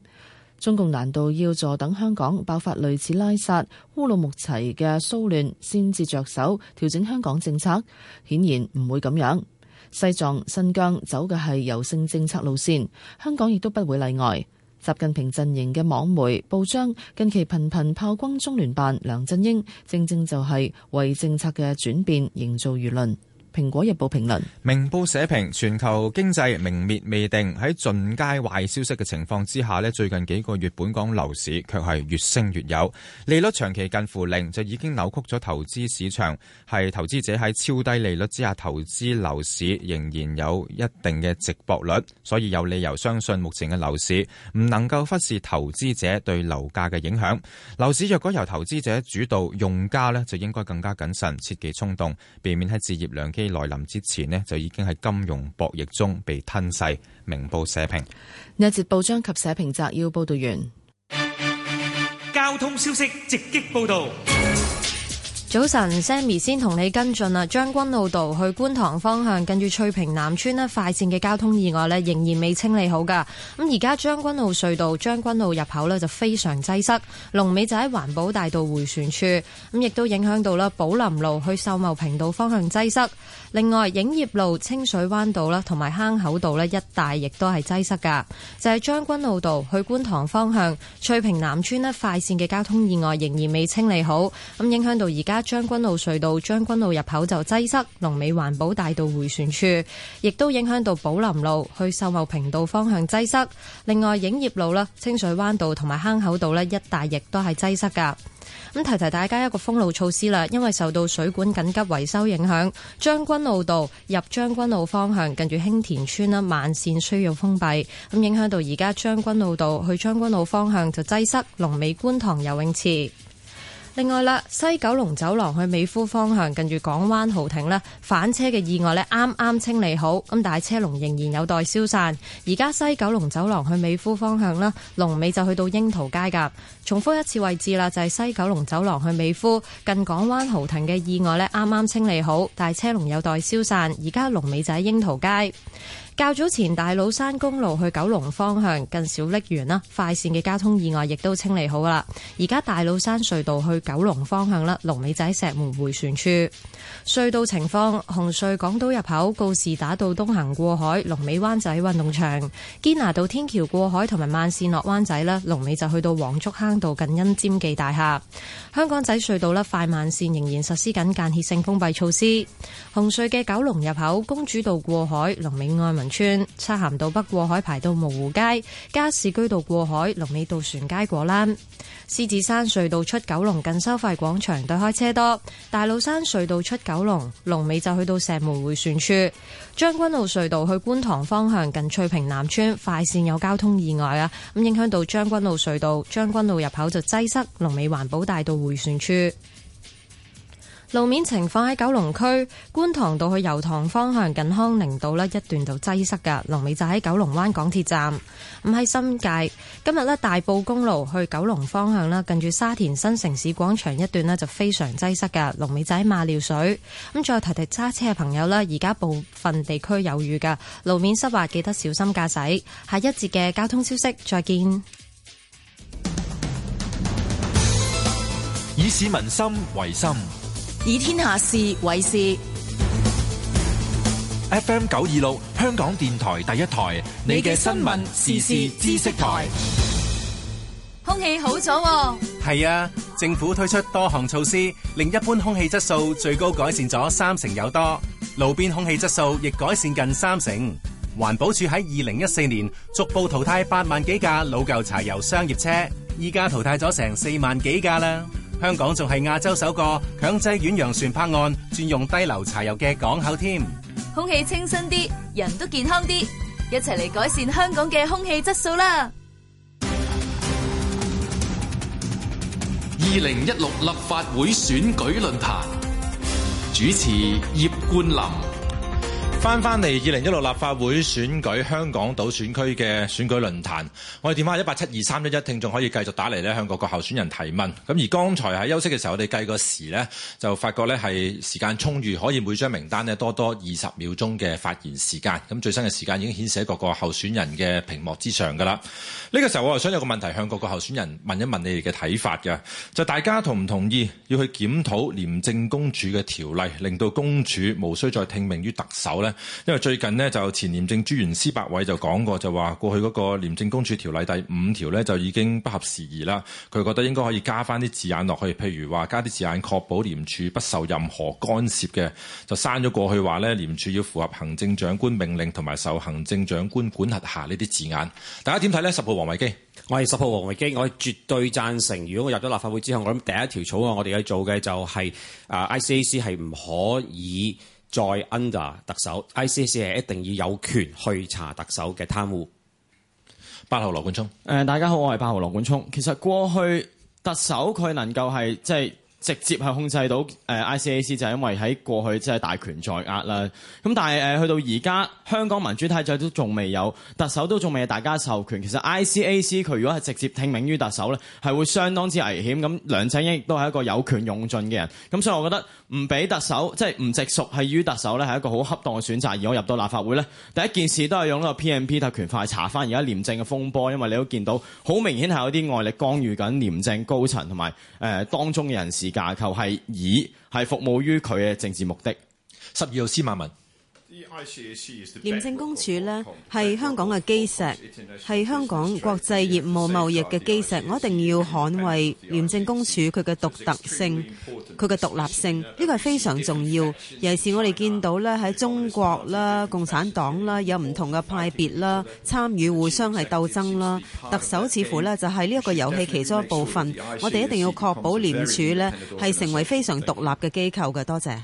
中共難道要坐等香港爆發類似拉薩、烏魯木齊嘅騷亂先至着手調整香港政策？顯然唔會咁樣。西藏、新疆走嘅係柔性政策路線，香港亦都不會例外。習近平陣營嘅網媒報章近期頻頻炮轟中聯辦梁振英，正正就係為政策嘅轉變營造輿論。《蘋果日報》評論，《明報》社評：全球經濟明滅未定，喺盡皆壞消息嘅情況之下呢，最近幾個月本港樓市卻係越升越有。利率長期近乎零，就已經扭曲咗投資市場，係投資者喺超低利率之下投資樓市，仍然有一定嘅值博率。所以有理由相信，目前嘅樓市唔能夠忽視投資者對樓價嘅影響。樓市若果由投資者主導，用家呢就應該更加謹慎，切忌衝動，避免喺置業良機來臨之前呢，就已經喺金融博弈中被吞噬。明報社評：呢一節報章及社評摘要報道完。交通消息直擊報道。早晨，Sammy 先同你跟進啦。將軍澳道去觀塘方向，近住翠屏南村呢快線嘅交通意外呢，仍然未清理好噶。咁而家將軍澳隧道將軍澳入口呢，就非常擠塞，龍尾就喺環保大道回旋處，咁亦都影響到啦寶林路去秀茂坪道方向擠塞。另外，影業路、清水灣道啦，同埋坑口道呢一帶亦都係擠塞噶。就係、是、將軍澳道去觀塘方向翠屏南村快線嘅交通意外仍然未清理好，咁影響到而家將軍澳隧道將軍澳入口就擠塞。龍尾，環保大道迴旋處，亦都影響到寶林路去秀茂坪道方向擠塞。另外，影業路啦、清水灣道同埋坑口道呢一帶亦都係擠塞噶。咁提提大家一個封路措施啦，因為受到水管緊急維修影響，將軍澳道入將軍澳方向近住興田村啦，慢線需要封閉，咁影響到而家將軍澳道去將軍澳方向就擠塞，龍尾觀塘游泳池。另外啦，西九龍走廊去美孚方向，近住港灣豪庭咧，反車嘅意外呢啱啱清理好，咁但係車龍仍然有待消散。而家西九龍走廊去美孚方向啦，龍尾就去到櫻桃街噶。重複一次位置啦，就係西九龍走廊去美孚近港灣豪庭嘅意外呢啱啱清理好，但係車龍有待消散。而家龍尾就喺櫻桃街。較早前大老山公路去九龍方向近小瀝源啦，快線嘅交通意外亦都清理好噶啦。而家大老山隧道去九龍方向啦，龍尾仔石門回旋處隧道情況。紅隧港島入口告士打道東行過海，龍尾灣仔運動場堅拿道天橋過海同埋慢線落灣仔啦，龍尾就去到黃竹坑道近恩尖記大廈。香港仔隧道啦，快慢線仍然實施緊間歇性封閉措施。紅隧嘅九龍入口公主道過海龍尾愛民村、漆咸道北過海，排到蕪湖街；加士居道過海，龍尾渡船街果欄。獅子山隧道出九龍近收費廣場對開車多，大老山隧道出九龍龍尾就去到石門迴旋處。將軍澳隧道去觀塘方向近翠屏南村快綫有交通意外啊，咁影響到將軍澳隧道，將軍澳入口就擠塞，龍尾環保大道迴旋處。路面情況喺九龍區觀塘道去油塘方向近康寧道咧一段就擠塞噶，龍尾就喺九龍灣港鐵站，唔喺新界。今日咧大埔公路去九龍方向啦，近住沙田新城市廣場一段咧就非常擠塞噶，龍尾就喺馬料水。咁、嗯、再提提揸車嘅朋友啦，而家部分地區有雨噶，路面濕滑，記得小心駕駛。下一節嘅交通消息，再見。以市民心為心。以天下事為事。FM 九二六，香港電台第一台，你嘅新聞時事知識台。空氣好咗，啊，係啊！政府推出多項措施，令一般空氣質素最高改善咗三成有多，路邊空氣質素亦改善近三成。環保署喺二零一四年逐步淘汰八萬幾架老舊柴油商業車，依家淘汰咗成四萬幾架啦。香港仲係亞洲首個強制遠洋船泊岸，轉用低硫柴油嘅港口。添空氣清新啲，人都健康啲，一齊嚟改善香港嘅空氣質素啦！二零一六立法會選舉論壇主持葉霖：葉冠林。翻翻嚟二零一六立法會選舉香港島選區嘅選舉論壇，我哋電話一八七二三一一，聽眾可以繼續打嚟向各個候選人提問。咁而剛才喺休息嘅時候，我哋計個時呢，就發覺呢係時間充裕，可以每張名單呢多多二十秒鐘嘅發言時間。咁最新嘅時間已經顯示喺各個候選人嘅屏幕之上噶啦。呢個時候我又想有個問題向各個候選人問一問你哋嘅睇法嘅，就大家同唔同意要去檢討廉政公署嘅條例，令到公署無需再聽命於特首呢？因為最近呢，就前廉政專員司百偉就講過，就話過去嗰個廉政公署條例第五條呢，就已經不合時宜啦。佢覺得應該可以加翻啲字眼落去，譬如話加啲字眼確保廉署不受任何干涉嘅，就刪咗過去話呢，廉署要符合行政長官命令同埋受行政長官管轄下呢啲字眼。大家點睇呢？十號黃維基，基，我係十號黃維基，我係絕對贊成。如果我入咗立法會之後，我諗第一條草案我哋要做嘅就係、是、啊、呃、，ICAC 係唔可以。再 under 特首 ICAC 係一定要有權去查特首嘅貪污。八號羅冠聰，誒、呃、大家好，我係八號羅冠聰，其實過去特首佢能夠係即係。就是直接係控制到 ICAC 就係因為喺過去即係大權在握啦。咁但係、呃、去到而家香港民主體制都仲未有，特首都仲未係大家授權，其實 ICAC 佢如果係直接聽命於特首咧，係會相當之危險，咁梁振英亦都係一個有權用盡嘅人。咁所以我覺得唔俾特首即係唔直屬係於特首咧，係一個好恰當嘅選擇。而我入到立法會咧，第一件事都係用呢個 PMP 特權法去查翻而家廉政嘅風波，因為你都見到好明顯係有啲外力干預緊廉政高層同埋誒當中嘅人士。架構係以係服務於佢嘅政治目的。十二號司馬文。廉政公署呢，係香港嘅基石，係香港國際業務貿易嘅基石。我一定要捍衛廉政公署佢嘅獨特性、佢嘅獨立性，呢個係非常重要。尤其是我哋見到咧喺中國啦、共產黨啦有唔同嘅派別啦參與互相係鬥爭啦，特首似乎呢，就係呢一個遊戲其中一部分。我哋一定要確保廉署呢，係成為非常獨立嘅機構嘅。多謝。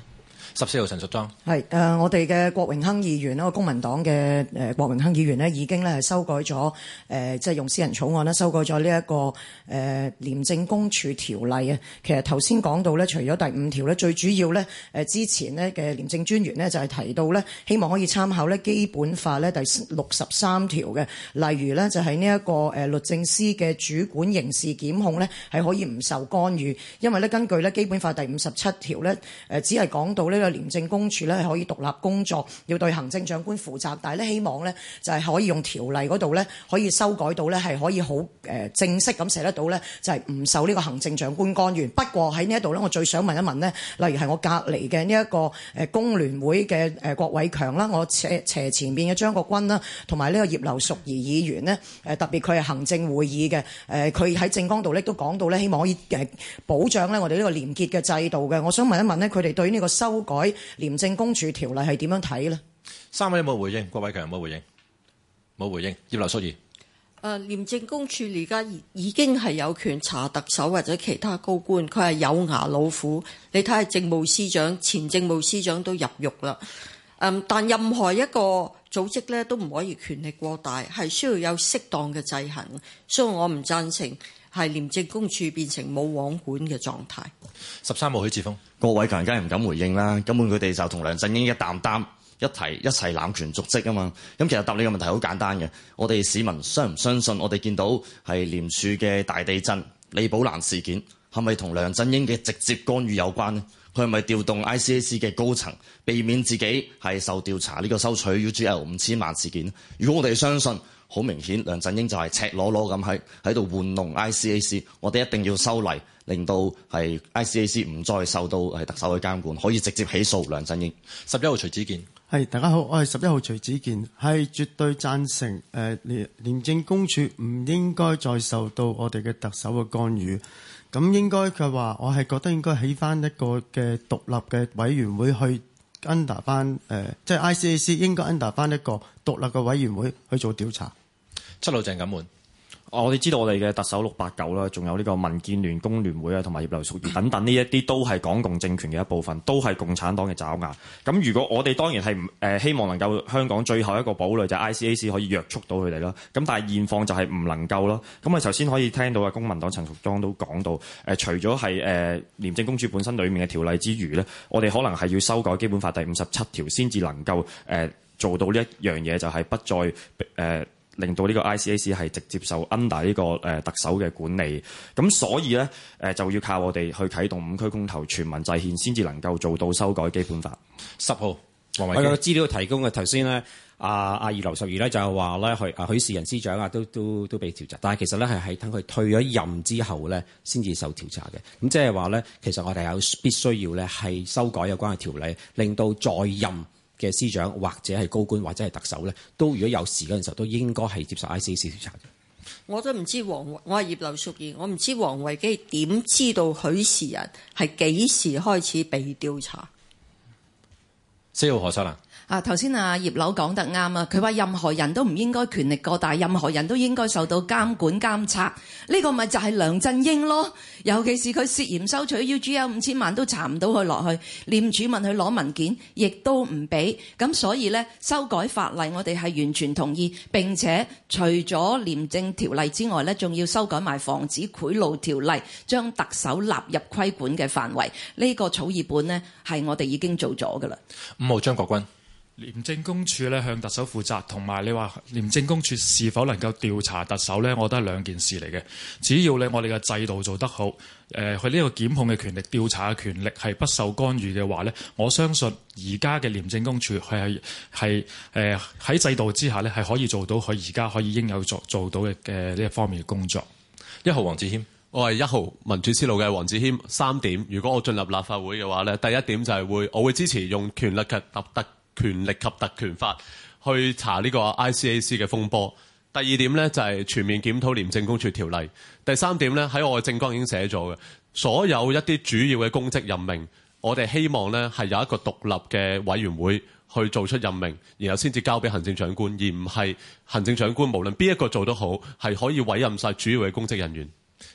十四號陳淑莊，係誒、呃、我哋嘅郭榮鏗議員啦，公民黨嘅誒、呃、郭榮鏗議員咧已經咧係修改咗誒、呃，即係用私人草案咧修改咗呢一個誒、呃、廉政公署條例啊。其實頭先講到咧，除咗第五條咧，最主要咧誒之前咧嘅廉政專員咧就係提到咧，希望可以參考咧基本法咧第六十三條嘅，例如咧就係呢一個誒律政司嘅主管刑事檢控咧係可以唔受干預，因為咧根據咧基本法第五十七條咧誒、呃、只係講到咧。呢個廉政公署咧係可以獨立工作，要對行政長官負責，但係咧希望咧就係可以用條例嗰度咧可以修改到咧係可以好誒正式咁寫得到咧，就係唔受呢個行政長官干預。不過喺呢一度咧，我最想問一問咧，例如係我隔離嘅呢一個誒工聯會嘅誒郭偉強啦，我斜斜前邊嘅張國軍啦，同埋呢個葉劉淑儀議員咧，誒特別佢係行政會議嘅，誒佢喺政綱度咧都講到咧，希望可以誒保障咧我哋呢個廉潔嘅制度嘅。我想問一問咧，佢哋對於呢個修改廉政公署條例係點樣睇呢？三位有冇回應？郭偉強有冇回應？冇回應。葉劉淑儀。啊，廉政公署而家已經係有權查特首或者其他高官，佢係有牙老虎。你睇下政務司長、前政務司長都入獄啦。嗯，但任何一個組織咧都唔可以權力過大，係需要有適當嘅制衡。所以我唔贊成係廉政公署變成冇王管嘅狀態。十三號許智峰。各位強人梗係唔敢回應啦，根本佢哋就同梁振英一擔擔一提一齊攬權瀆職啊嘛！咁其實答你個問題好簡單嘅，我哋市民相唔相信我哋見到係廉署嘅大地震李寶蘭事件係咪同梁振英嘅直接干預有關呢？佢係咪調動 ICAC 嘅高層避免自己係受調查呢個收取 UGL 五千萬事件？如果我哋相信，好明顯梁振英就係赤裸裸咁喺喺度玩弄 ICAC，我哋一定要修例。令到係 ICAC 唔再受到係特首嘅監管，可以直接起訴梁振英。十一號徐子見，係大家好，我係十一號徐子見，係絕對贊成誒廉廉政公署唔應該再受到我哋嘅特首嘅干預，咁應該佢話我係覺得應該起翻一個嘅獨立嘅委員會去 under 翻誒，即係 ICAC 應該 under 翻一個獨立嘅委員會去做調查。七號鄭錦滿。我哋知道我哋嘅特首六八九啦，仲有呢個民建聯、工聯會啊，同埋葉劉淑儀等等呢一啲，都係港共政權嘅一部分，都係共產黨嘅爪牙。咁如果我哋當然係唔希望能夠香港最後一個堡壘就係 ICAC 可以約束到佢哋啦。咁但係現況就係唔能夠咯。咁啊，頭先可以聽到啊，公民黨陳淑莊都講到、呃、除咗係誒廉政公署本身裏面嘅條例之餘呢，我哋可能係要修改基本法第五十七條，先至能夠誒、呃、做到呢一樣嘢，就係、是、不再誒。呃令到呢個 ICAC 係直接受 under 呢個誒特首嘅管理，咁所以咧就要靠我哋去啟動五區公投、全民制憲，先至能夠做到修改基本法。十號日，我有個資料提供嘅，頭先咧，阿阿、啊、二樓十二咧就係話咧許啊許仕仁司長啊都都都被調查，但係其實咧係喺等佢退咗任之後咧先至受調查嘅，咁即係話咧其實我哋有必須要咧係修改有關嘅條例，令到再任。嘅司長或者係高官或者係特首咧，都如果有事嗰陣時候，都應該係接受 ICC 調查嘅。我都唔知王，我係葉劉淑儀，我唔知王維基點知道許仕仁係幾時開始被調查。四號何生啊？啊！頭先啊，葉劉講得啱啊。佢話任何人都唔應該權力過大，任何人都應該受到監管監察。呢個咪就係梁振英咯。尤其是佢涉嫌收取 UGL 五千萬都查唔到佢落去，廉署問佢攞文件，亦都唔俾。咁所以呢，修改法例我哋係完全同意。並且除咗廉政條例之外呢，仲要修改埋防止賄賂條例，將特首納入規管嘅範圍。呢個草擬本呢，係我哋已經做咗噶啦。五號張國軍。廉政公署咧向特首負責，同埋你話廉政公署是否能夠調查特首呢？我覺得係兩件事嚟嘅。只要咧我哋嘅制度做得好，誒佢呢個檢控嘅權力、調查嘅權力係不受干預嘅話呢，我相信而家嘅廉政公署係喺、呃、制度之下呢係可以做到佢而家可以應有做做到嘅嘅呢一方面嘅工作。一號黃子謙，我係一號民主思路嘅黃子謙。三點，如果我進入立法會嘅話呢，第一點就係會我會支持用權力嘅特特。權力及特權法去查呢個 ICAC 嘅風波。第二點呢，就係全面檢討廉政公署條例。第三點呢，喺我嘅政綱已經寫咗嘅，所有一啲主要嘅公職任命，我哋希望呢係有一個獨立嘅委員會去做出任命，然後先至交俾行政長官，而唔係行政長官無論邊一個做都好，係可以委任晒主要嘅公職人員。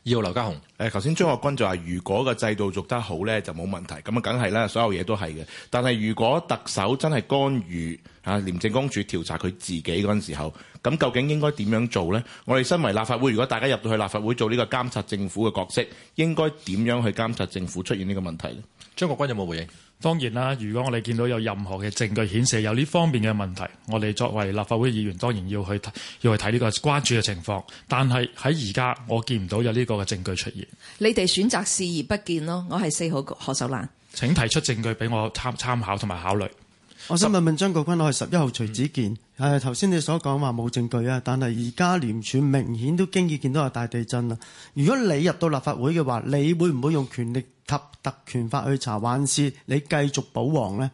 二號劉家雄。誒，頭先張國軍就話，如果個制度做得好呢，就冇問題。咁啊，梗係啦，所有嘢都係嘅。但係如果特首真係干預啊，廉政公署調查佢自己嗰陣時候，咁究竟應該點樣做呢？我哋身為立法會，如果大家入到去立法會做呢個監察政府嘅角色，應該點樣去監察政府出現呢個問題呢？張國軍有冇回應？當然啦，如果我哋見到有任何嘅證據顯示有呢方面嘅問題，我哋作為立法會議員，當然要去睇要去睇呢個關注嘅情況。但係喺而家，我見唔到有呢個嘅證據出現。你哋選擇視而不見咯。我係四號何秀蘭。請提出證據俾我參,參考同埋考慮。我想問問張國軍，我係十一號徐子健。係頭先你所講話冇證據啊，但係而家廉署明顯都經已見到有大地震啦。如果你入到立法會嘅話，你會唔會用權力？及特，特權法去查，還是你繼續保皇咧？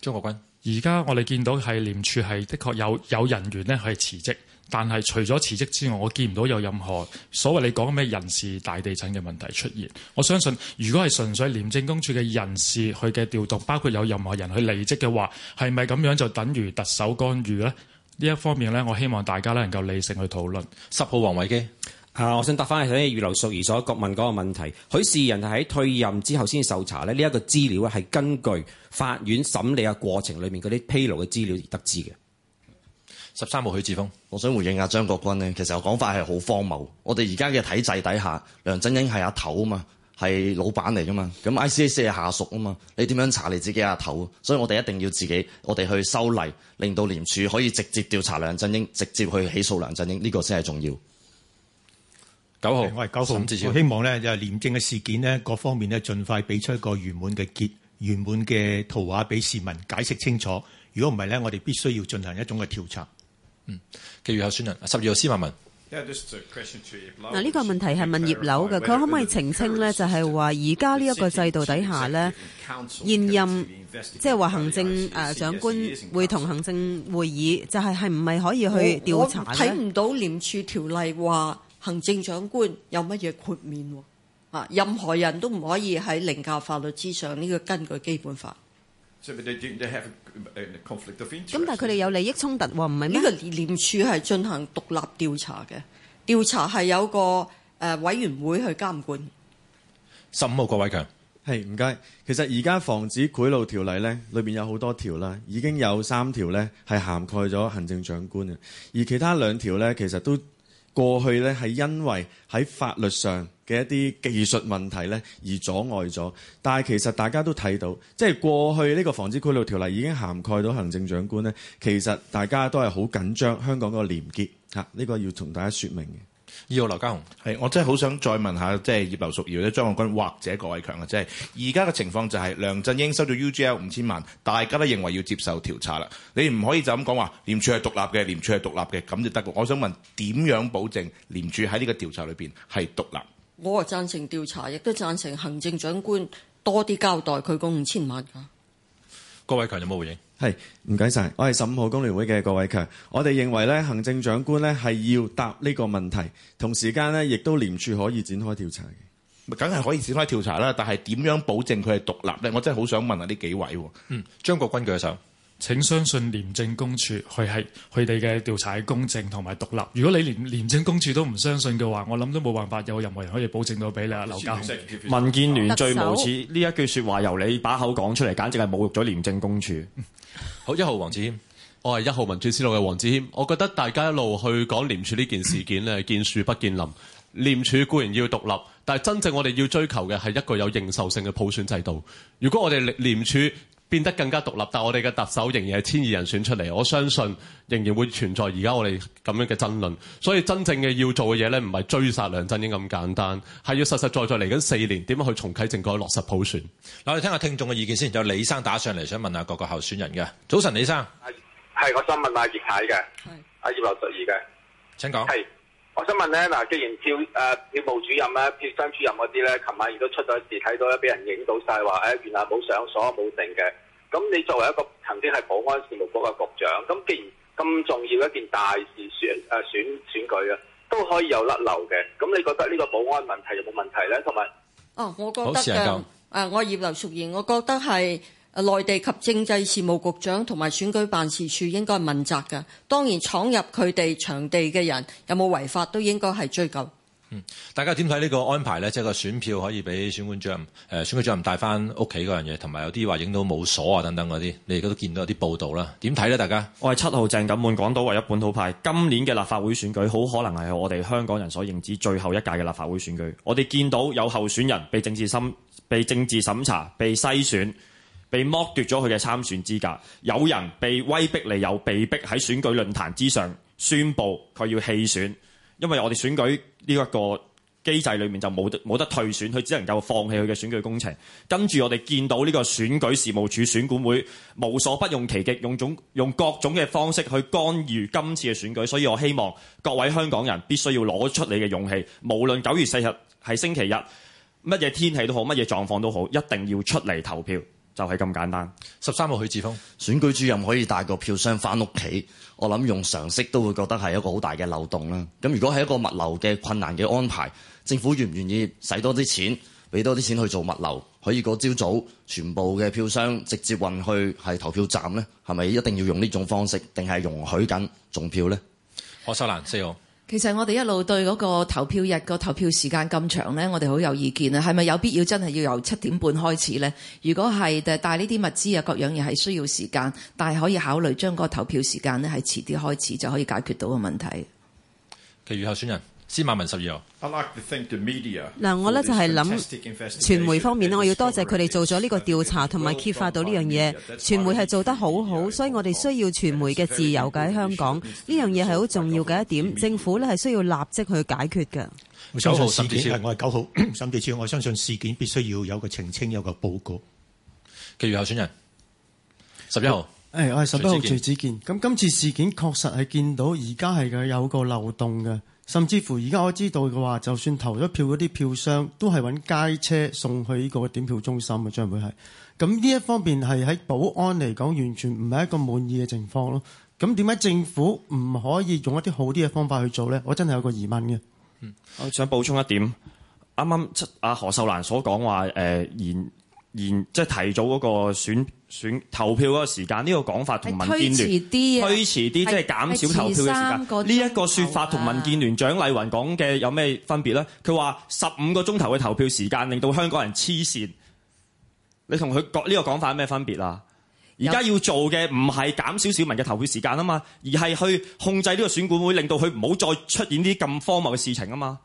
張國軍，而家我哋見到係廉署係的確有有人員咧係辭職，但係除咗辭職之外，我見唔到有任何所謂你講咩人事大地震嘅問題出現。我相信，如果係純粹廉政公署嘅人事佢嘅調動，包括有任何人去離職嘅話，係咪咁樣就等於特首干預呢？呢一方面呢，我希望大家咧能夠理性去討論。十號王維基。啊、嗯！我想答翻你睇下葉劉淑儀所問嗰個問題，許仕仁係喺退任之後先受查咧。呢一個資料咧係根據法院審理嘅過程裏面嗰啲披露嘅資料而得知嘅。十三號許智峰，我想回應下張國鈞呢。其實我講法係好荒謬。我哋而家嘅體制底下，梁振英係阿頭啊嘛，係老闆嚟噶嘛。咁 I C A C 係下屬啊嘛。你點樣查你自己阿頭？所以我哋一定要自己，我哋去修例，令到廉署可以直接調查梁振英，直接去起訴梁振英。呢、這個先係重要。九號，我係九號，至少我希望呢就廉政嘅事件呢各方面呢盡快俾出一個圓滿嘅結，圓滿嘅圖畫俾市民解釋清楚。如果唔係呢，我哋必須要進行一種嘅調查。嗯，其餘候選人，十二號司馬文。嗱，呢個問題係問葉劉嘅，佢可唔可以澄清呢？就係話而家呢一個制度底下呢，現任即係話行政誒、呃、長官會同行政會議，就係係唔係可以去調查呢？我睇唔到廉署條例話。行政長官有乜嘢豁免啊？任何人都唔可以喺凌駕法律之上，呢個根據基本法。咁但係佢哋有利益衝突，話唔係呢個廉廉署係進行獨立調查嘅，調查係有個誒委員會去監管。十五號郭偉強係，唔該，其實而家防止賄賂條例呢裏邊有好多條啦，已經有三條呢係涵蓋咗行政長官嘅，而其他兩條呢其實都。過去咧係因為喺法律上嘅一啲技術問題咧而阻礙咗，但係其實大家都睇到，即係過去呢個《防止賄賂條例》已經涵蓋到行政長官咧。其實大家都係好緊張香港嗰個廉潔。呢個要同大家說明嘅。二號，劉家雄，係我真係好想再問下，即係葉劉淑儀、張學軍或者郭偉強啊！即係而家嘅情況就係、是、梁振英收咗 UGL 五千萬，大家都認為要接受調查啦。你唔可以就咁講話，廉署係獨立嘅，廉署係獨立嘅，咁就得咯。我想問點樣保證廉署喺呢個調查裏邊係獨立？我啊贊成調查，亦都贊成行政長官多啲交代佢嗰五千萬㗎。郭偉強有冇回應？係唔該晒，我係十五號工聯會嘅郭偉強，我哋認為咧，行政長官咧係要答呢個問題，同時間咧亦都廉署可以展開調查，嘅梗係可以展開調查啦。但係點樣保證佢係獨立咧？我真係好想問下呢幾位。嗯，張國軍舉手。請相信廉政公署，佢係佢哋嘅調查公正同埋獨立。如果你連廉政公署都唔相信嘅話，我諗都冇辦法有任何人可以保證到俾你啊，劉家雄。民建聯最無恥呢一句說話由你把口講出嚟，簡直係侮辱咗廉政公署。好，一號黃子謙，我係一號民主思路嘅黃子謙。我覺得大家一路去講廉署呢件事件呢見見樹不見林。廉署固然要獨立，但係真正我哋要追求嘅係一個有認受性嘅普選制度。如果我哋廉署，變得更加獨立，但我哋嘅特首仍然係千二人選出嚟，我相信仍然會存在而家我哋咁樣嘅爭論。所以真正嘅要做嘅嘢咧，唔係追殺梁振英咁簡單，係要實實在在嚟緊四年，點樣去重啟政改、落實普選。嗱，我哋聽下聽眾嘅意見先。有李生打上嚟，想問下各個候選人嘅。早晨，李生，係我想問下葉太嘅，係阿是葉劉淑儀嘅，請講說。我想問咧，嗱，既然票誒、呃、票務主任咧、票站主任嗰啲咧，琴晚亦都出咗事，睇到咧俾人影到晒話誒原來冇上鎖冇證嘅。咁你作為一個曾經係保安事務局嘅局長，咁既然咁重要一件大事選誒、呃、選選舉啊，都可以有甩漏嘅，咁你覺得呢個保安問題有冇問題咧？同埋，哦，我覺得誒，uh, 我葉劉淑儀，我覺得係。誒，內地及政制事務局長同埋選舉辦事處應該問責嘅。當然，闖入佢哋場地嘅人有冇違法，都應該係追究。嗯，大家點睇呢個安排呢？即係個選票可以俾選管主任誒，選舉主任帶翻屋企嗰樣嘢，同埋有啲話影到冇鎖啊等等嗰啲，你而家都見到有啲報道啦。點睇呢？大家，我係七號鄭錦滿，港島唯一本土派。今年嘅立法會選舉好可能係我哋香港人所認知最後一屆嘅立法會選舉。我哋見到有候選人被政治審被政治審查被篩選。被剝奪咗佢嘅參選資格，有人被威逼利誘，又被逼喺選舉論壇之上宣佈佢要棄選，因為我哋選舉呢一個機制裏面就冇冇得退選，佢只能夠放棄佢嘅選舉工程。跟住我哋見到呢個選舉事務處選管會無所不用其極，用種用各種嘅方式去干預今次嘅選舉，所以我希望各位香港人必須要攞出你嘅勇氣，無論九月四日係星期日，乜嘢天氣都好，乜嘢狀況都好，一定要出嚟投票。就係咁簡單。十三號許智峰，選舉主任可以帶個票箱翻屋企，我諗用常識都會覺得係一個好大嘅漏洞啦。咁如果係一個物流嘅困難嘅安排，政府願唔願意使多啲錢，俾多啲錢去做物流，可以嗰朝早全部嘅票箱直接運去係投票站呢？係咪一定要用呢種方式，定係容許緊中票呢？何秀蘭四號其實我哋一路對嗰個投票日個投票時間咁長呢，我哋好有意見是係咪有必要真係要由七點半開始呢？如果係，帶這呢啲物資啊，各樣嘢係需要時間，但係可以考慮將個投票時間呢係遲啲開始就可以解決到嘅問題。其餘候選人。司馬文十二號。嗱、啊，我咧就係、是、諗傳媒方面咧，我要多謝佢哋做咗呢個調查同埋揭發到呢樣嘢，傳媒係做得好好，所以我哋需要傳媒嘅自由嘅喺香港，呢樣嘢係好重要嘅一點。政府咧係需要立即去解決嘅。我係九號 我相信事件必須要有個澄清，有個報告。其餘候選人十一號，誒、哎，我係十一號徐子健。咁今次事件確實係見到而家係有個漏洞嘅。甚至乎而家我知道嘅話，就算投咗票嗰啲票箱都係揾街車送去呢個點票中心啊，將會係咁呢，一方面係喺保安嚟講完全唔係一個滿意嘅情況咯。咁點解政府唔可以用一啲好啲嘅方法去做咧？我真係有個疑問嘅。嗯、我想補充一點，啱啱阿何秀蘭所講話誒。言、呃。現延即係提早嗰個選選投票嗰個時間，呢、呢個講法同民建聯推遲啲、啊，推遲啲即係減少投票嘅時間。呢一個説法、啊、同民建聯蔣麗芸講嘅有咩分別呢？佢話十五個鐘頭嘅投票時間令到香港人黐線，你同佢講呢個講法有咩分別啊？而家要做嘅唔係減少小民嘅投票時間啊嘛，而係去控制呢個選管會，令到佢唔好再出現啲咁荒謬嘅事情啊嘛。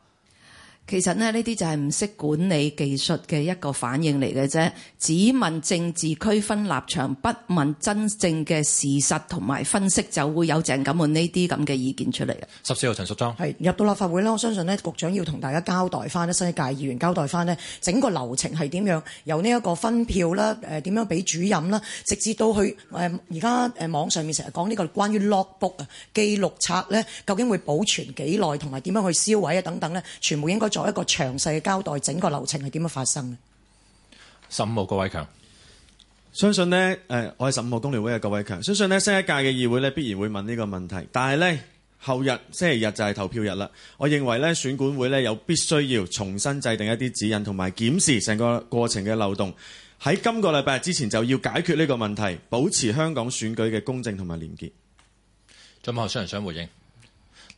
其實呢呢啲就係唔識管理技術嘅一個反應嚟嘅啫。只問政治區分立場，不問真正嘅事實同埋分析，就會有鄭錦滿呢啲咁嘅意見出嚟嘅。十四號陳淑莊，係入到立法會啦，我相信呢局長要同大家交代翻呢新一屆議員交代翻呢整個流程係點樣，由呢一個分票啦，誒點樣俾主任啦，直至到去誒而家誒網上面成日講呢個關於 logbook 啊記錄冊呢，究竟會保存幾耐同埋點樣去銷毀啊等等呢，全部應該。做一個詳細嘅交代，整個流程係點樣發生嘅？十五號郭偉強，強相信呢，誒，我係十五號工聯會嘅郭偉強，相信呢，新一屆嘅議會呢，必然會問呢個問題。但係呢，後日星期日就係投票日啦。我認為呢，選管會呢，有必須要重新制定一啲指引同埋檢視成個過程嘅漏洞，喺今個禮拜日之前就要解決呢個問題，保持香港選舉嘅公正同埋廉潔。最後，商人想回應？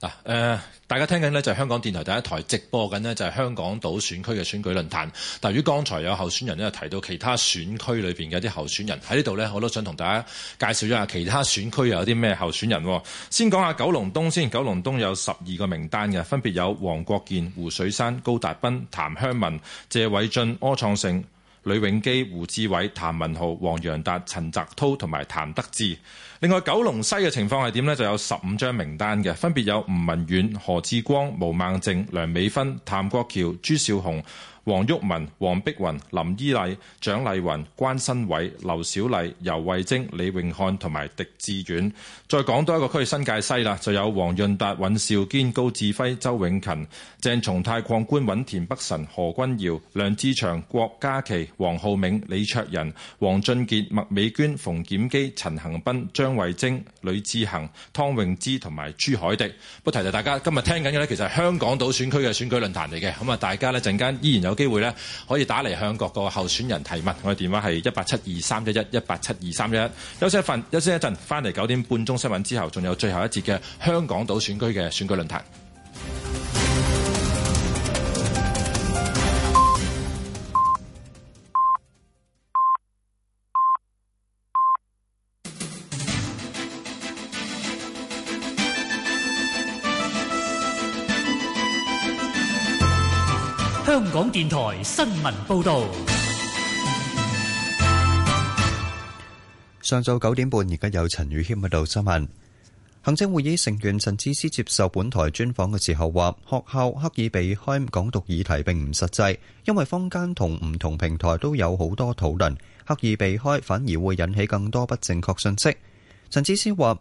嗱、呃，大家聽緊呢就係、是、香港電台第一台直播緊呢就係、是、香港島選區嘅選舉論壇。但由於剛才有候選人呢，提到其他選區裏面嘅啲候選人喺呢度呢，我都想同大家介紹一下其他選區有啲咩候選人、哦。先講下九龍東先，九龍東有十二個名單嘅，分別有黃國健、胡水山、高達斌、譚香文、謝偉俊、柯創盛。呂永基、胡志偉、譚文豪、黃洋達、陳澤濤同埋譚德志。另外，九龍西嘅情況係點呢？就有十五張名單嘅，分別有吳文遠、何志光、毛孟靜、梁美芬、譚國僑、朱少紅。黃毓民、黃碧雲、林依麗、蔣麗芸、關新偉、劉小麗、游蕙禎、李泳漢同埋狄志遠。再講多一個區，新界西啦，就有黃潤達、尹兆堅、高志輝、周永勤、鄭松泰、鄺官穩、田北辰、何君堯、梁志祥、郭家麒、黃浩銘、李卓人、黃俊傑、麥美娟、馮檢基、陳恒鑌、張慧晶、呂智恆、湯詠芝同埋朱凱廸。不過提提大家，今日聽緊嘅呢，其實係香港島選區嘅選舉論壇嚟嘅。咁啊，大家呢陣間依然有機會可以打嚟向各個候選人提問，我嘅電話係一八七二三一一一八七二三一一。休息一休息一陣，翻嚟九點半鐘新聞之後，仲有最後一節嘅香港島選區嘅選舉論壇。港電台新聞報道，上晝九點半，而家有陳宇謙報道新聞。行政會議成員陳志思接受本台專訪嘅時候話，學校刻意避開港獨議題，並唔實際，因為坊間同唔同平台都有好多討論，刻意避開反而會引起更多不正確信息。陳志思話。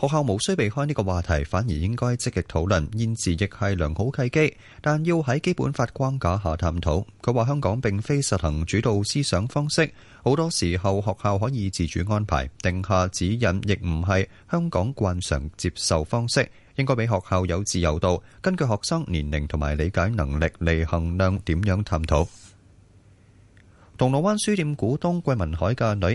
學校無需避開呢個話題，反而應該積極討論。現時亦係良好契機，但要喺基本法框架下探討。佢話香港並非實行主導思想方式，好多時候學校可以自主安排，定下指引，亦唔係香港慣常接受方式。應該俾學校有自由度，根據學生年齡同埋理解能力嚟衡量點樣探討。銅鑼灣書店股東桂民海嘅女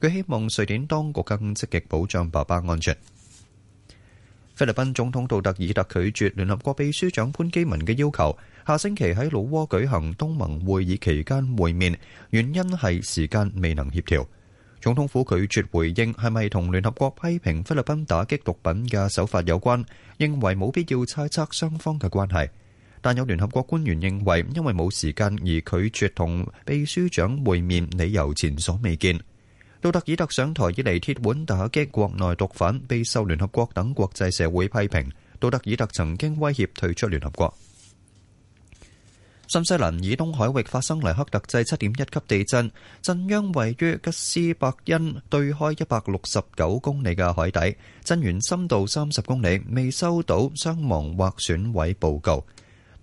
佢希望瑞典當局更積極保障爸爸安全。菲律賓總統杜特爾特拒絕聯合國秘書長潘基文嘅要求，下星期喺老撾舉行東盟會議期間會面，原因係時間未能協調。總統府拒絕回應係咪同聯合國批評菲律賓打擊毒品嘅手法有關，認為冇必要猜測雙方嘅關係。但有聯合國官員認為，因為冇時間而拒絕同秘書長會面，理由前所未見。杜特爾特上台以嚟，鐵腕打擊國內毒販，備受聯合國等國際社會批評。杜特爾特曾經威脅退出聯合國。新西蘭以東海域發生黎克特制七點一級地震，震央位於吉斯伯恩對開一百六十九公里嘅海底，震源深度三十公里，未收到傷亡或損毀報告。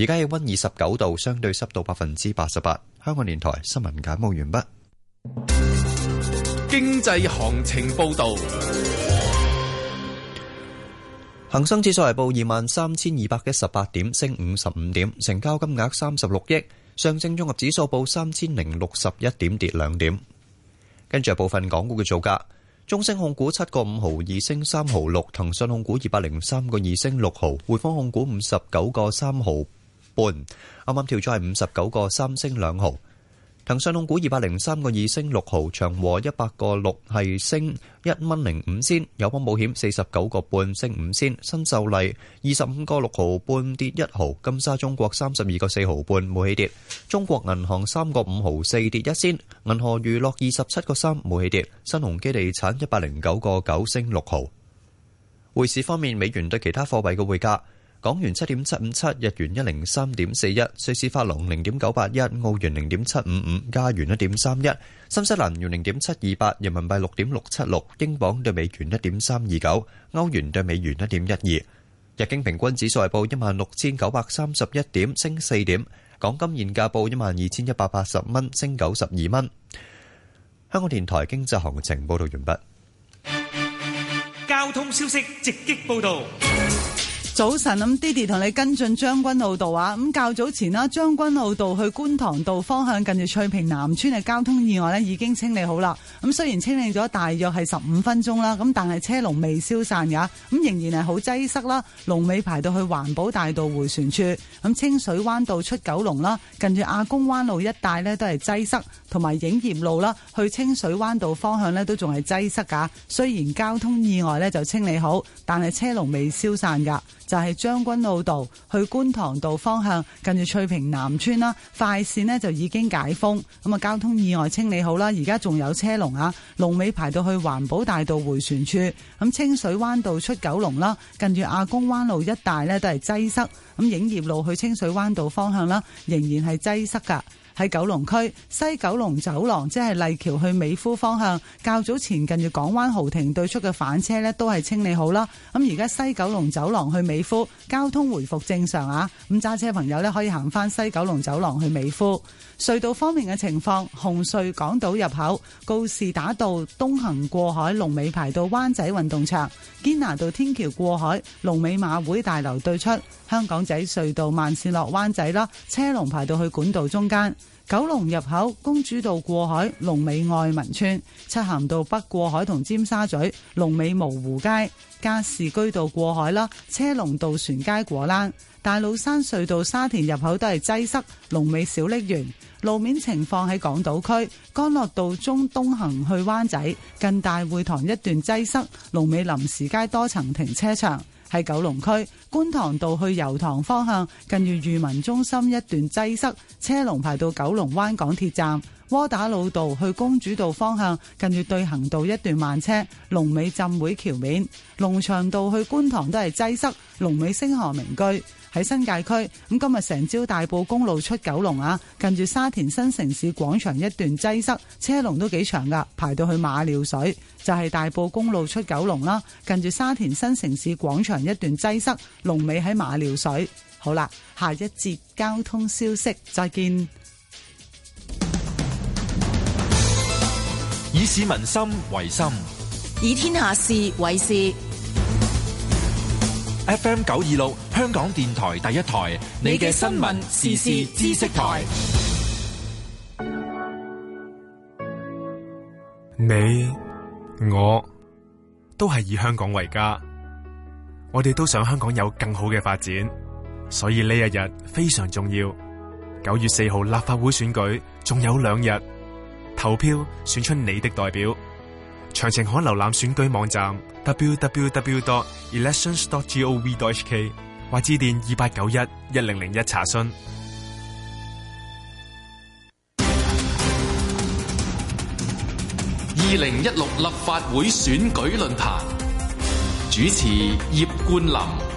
而家氣溫二十九度，相對濕度百分之八十八。香港電台新聞簡報完畢。經濟行情報道，恒生指數係報二萬三千二百一十八點，升五十五點，成交金額三十六億。上證綜合指數報三千零六十一點，跌兩點。跟住係部分港股嘅造價，中升控股七個五毫二升三毫六，騰訊控股二百零三個二升六毫，匯豐控股五十九個三毫。半啱啱調咗係五十九個三升兩毫，騰訊控股二百零三個二升六毫，長和一百個六係升一蚊零五仙，友邦保險四十九個半升五仙，新秀麗二十五個六毫半跌一毫，金沙中國三十二個四毫半冇起跌，中國銀行三個五毫四跌一仙，銀河娛樂二十七個三冇起跌，新鴻基地產一百零九個九升六毫，匯市方面美元對其他貨幣嘅匯價。港元七點七五七，日元一零三點四一，瑞士法郎零點九八一，澳元零點七五五，加元一點三一，新西蘭元零點七二八，人民幣六點六七六，英鎊兌美元一點三二九，歐元兌美元一點一二。日經平均指數係報一萬六千九百三十一點，升四點。港金現價報一萬二千一百八十蚊，升九十二蚊。香港電台經濟行情報道完畢。交通消息直擊報道。早晨，咁 Didi 同你跟進將軍澳道啊！咁較早前啦，將軍澳道去觀塘道方向近住翠屏南村嘅交通意外呢已經清理好啦。咁雖然清理咗，大約係十五分鐘啦，咁但係車龍未消散噶，咁仍然係好擠塞啦。龍尾排到去環保大道回旋處，咁清水灣道出九龍啦，近住亞公灣路一帶呢都係擠塞，同埋影業路啦去清水灣道方向呢都仲係擠塞噶。雖然交通意外呢就清理好，但係車龍未消散噶。就係將軍澳道去觀塘道方向，近住翠屏南村啦，快綫呢就已經解封，咁啊交通意外清理好啦，而家仲有車龍啊，龍尾排到去環保大道回旋處，咁清水灣道出九龍啦，近住亞公灣路一帶呢都係擠塞，咁影業路去清水灣道方向啦，仍然係擠塞噶。喺九龍區西九龍走廊，即係麗橋去美孚方向，較早前近住港灣豪庭對出嘅反車呢都係清理好啦。咁而家西九龍走廊去美孚交通回復正常啊！咁揸車朋友呢可以行翻西九龍走廊去美孚。隧道方面嘅情況，紅隧港島入口告士打道東行過海龍尾排到灣仔運動場，堅拿道天橋過海龍尾馬會大樓對出香港仔隧道慢線落灣仔啦，車龍排到去管道中間。九龍入口公主道過海龍尾愛民邨、漆咸道北過海同尖沙咀龍尾蕪湖街加士居道過海啦，車龍到渡船街果欄。大老山隧道沙田入口都係擠塞，龍尾小瀝源。路面情況，喺港島區干諾道中東行去灣仔近大會堂一段擠塞，龍尾臨時街多層停車場。喺九龍區觀塘道去油塘方向近住裕民中心一段擠塞，車龍排到九龍灣港鐵站，窩打老道去公主道方向近住對行道一段慢車，龍尾浸會橋面。龍翔道去觀塘都係擠塞，龍尾星河名居。喺新界區，咁今日成朝大埔公路出九龍啊，近住沙田新城市廣場一段擠塞，車龍都幾長噶，排到去馬料水，就係大埔公路出九龍啦，近住沙田新城市廣場一段擠塞，龍尾喺馬料水。好啦，下一節交通消息，再見。以市民心為心，以天下事為事。FM 九二六，香港電台第一台，你嘅新聞時事知識台你。你我都係以香港為家，我哋都想香港有更好嘅發展，所以呢一日非常重要。九月四號立法會選舉仲有兩日，投票選出你的代表。詳情可瀏覽選舉網站 www.elections.gov.hk 或致電二八九一一零零一查詢。二零一六立法會選舉論壇主持葉冠林。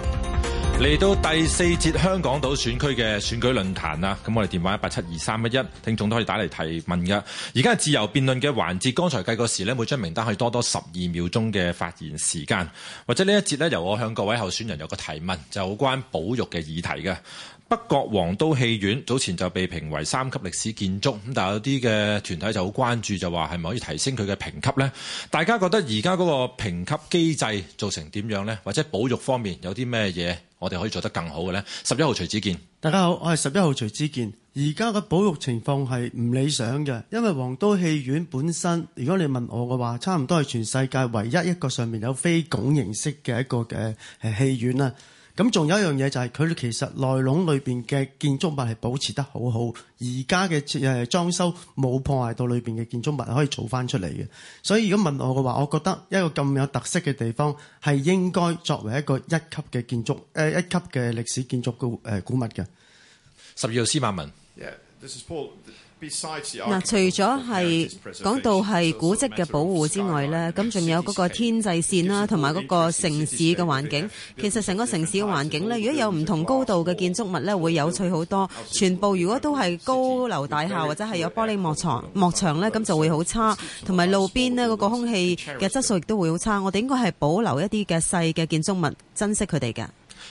嚟到第四節香港島選區嘅選舉論壇啊！咁我哋電話一八七二三一一，聽眾都可以打嚟提問噶。而家自由辯論嘅環節，剛才計過時呢，每張名單可以多多十二秒鐘嘅發言時間，或者呢一節呢，由我向各位候選人有個提問，就有關保育嘅議題嘅。北角皇都戲院早前就被評為三級歷史建築，咁但係有啲嘅團體就好關注，就話係咪可以提升佢嘅評級呢？大家覺得而家嗰個評級機制造成點樣呢？或者保育方面有啲咩嘢？我哋可以做得更好嘅咧，十一號徐子健。大家好，我係十一號徐子健。而家嘅保育情況係唔理想嘅，因為皇都戲院本身，如果你問我嘅話，差唔多係全世界唯一一個上面有非拱形式嘅一個嘅戲院啦。咁仲有一樣嘢就係佢其實內籠裏邊嘅建築物係保持得好好，而家嘅誒裝修冇破壞到裏邊嘅建築物，可以做翻出嚟嘅。所以如果問我嘅話，我覺得一個咁有特色嘅地方係應該作為一個一級嘅建築誒一級嘅歷史建築嘅誒古物嘅。十二號司馬文。Yeah, this is 嗱，除咗係講到係古蹟嘅保護之外呢，咁仲有嗰個天際線啦，同埋嗰個城市嘅環境。其實成個城市嘅環境呢，如果有唔同高度嘅建築物呢，會有趣好多。全部如果都係高樓大廈或者係有玻璃幕牆，幕牆呢咁就會好差。同埋路邊呢嗰個空氣嘅質素亦都會好差。我哋應該係保留一啲嘅細嘅建築物，珍惜佢哋嘅。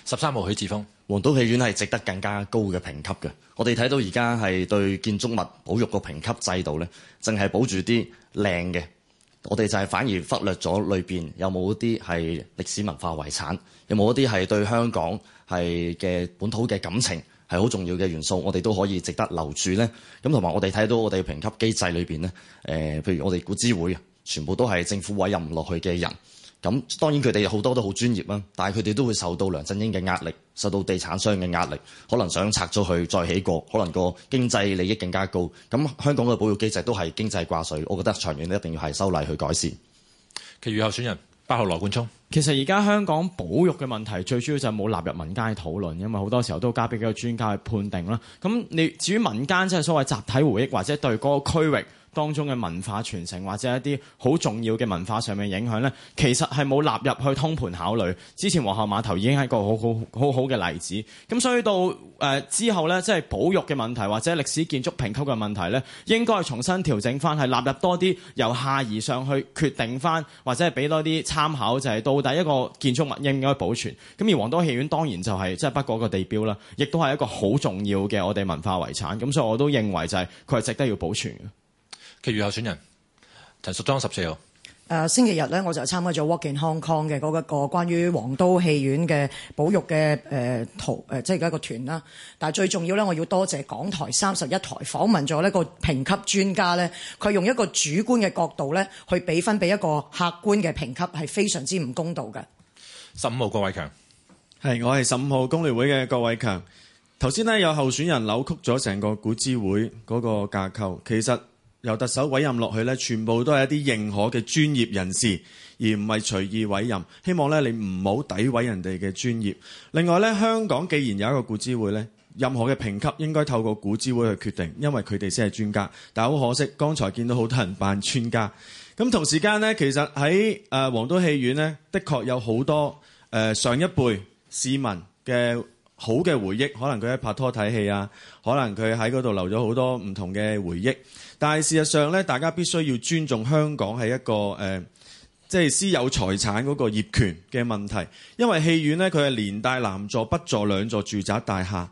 十三號許智峰。皇都戲院係值得更加高嘅評級嘅。我哋睇到而家係對建築物保育個評級制度咧，淨係保住啲靚嘅。我哋就係反而忽略咗裏邊有冇一啲係歷史文化遺產，有冇一啲係對香港係嘅本土嘅感情係好重要嘅元素，我哋都可以值得留住咧。咁同埋我哋睇到我哋評級機制裏邊咧，誒、呃，譬如我哋古諮會啊，全部都係政府委任唔落去嘅人。咁當然佢哋好多都好專業啦，但係佢哋都會受到梁振英嘅壓力。受到地產商嘅壓力，可能想拆咗佢再起過，可能個經濟利益更加高。咁香港嘅保育機制都係經濟掛水，我覺得長遠一定要係修例去改善。其餘候選人，八號羅冠聰，其實而家香港保育嘅問題最主要就冇納入民間去討論，因為好多時候都交俾幾個專家去判定啦。咁你至於民間即係所謂集體回憶或者對嗰個區域當中嘅文化傳承或者一啲好重要嘅文化上面影響呢，其實係冇納入去通盤考慮。之前皇后碼頭已經係一個好好好好嘅例子。咁所以到誒、呃、之後呢，即係保育嘅問題或者歷史建築評級嘅問題呢，應該是重新調整翻，係納入多啲由下而上去決定翻，或者係俾多啲參考，就係到底一個建築物應該保存。咁而皇都戲院當然就係即係北角個地標啦，亦都係一個好重要嘅我哋文化遺產。咁所以我都認為就係佢係值得要保存。其餘候選人陳淑莊十四號。誒，uh, 星期日咧，我就參加咗 Walk in Hong Kong 嘅嗰個關於黃都戲院嘅保育嘅，誒、呃、圖誒、呃，即係一個團啦。但係最重要咧，我要多謝港台三十一台訪問咗呢個評級專家咧，佢用一個主觀嘅角度咧去俾分俾一個客觀嘅評級，係非常之唔公道嘅。十五號郭偉強係我係十五號工聯會嘅郭偉強。頭先呢，有候選人扭曲咗成個古諮會嗰個架構，其實。由特首委任落去呢，全部都係一啲認可嘅專業人士，而唔係隨意委任。希望咧，你唔好詆毀人哋嘅專業。另外咧，香港既然有一個古諮會呢，任何嘅評級應該透過古諮會去決定，因為佢哋先係專家。但係好可惜，剛才見到好多人扮專家。咁同時間呢，其實喺誒、呃、黃都戲院呢，的確有好多誒、呃、上一輩市民嘅好嘅回憶，可能佢喺拍拖睇戲啊，可能佢喺嗰度留咗好多唔同嘅回憶。但係事實上咧，大家必須要尊重香港係一個誒、呃，即係私有財產嗰個業權嘅問題。因為戲院呢，佢係連帶南座、北座兩座住宅大廈。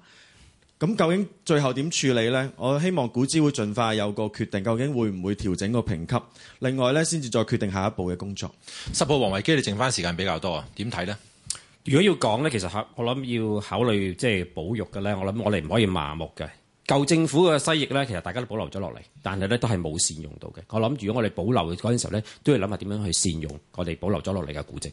咁究竟最後點處理呢？我希望古諮會盡快有個決定，究竟會唔會調整個評級？另外呢，先至再決定下一步嘅工作。十號王維基，你剩翻時間比較多啊？點睇呢？如果要講呢，其實我諗要考慮即係保育嘅呢。我諗我哋唔可以麻木嘅。舊政府嘅西翼呢，其實大家都保留咗落嚟，但係呢都係冇善用到嘅。我諗，如果我哋保留嗰陣時候呢，都要諗下點樣去善用我哋保留咗落嚟嘅古蹟。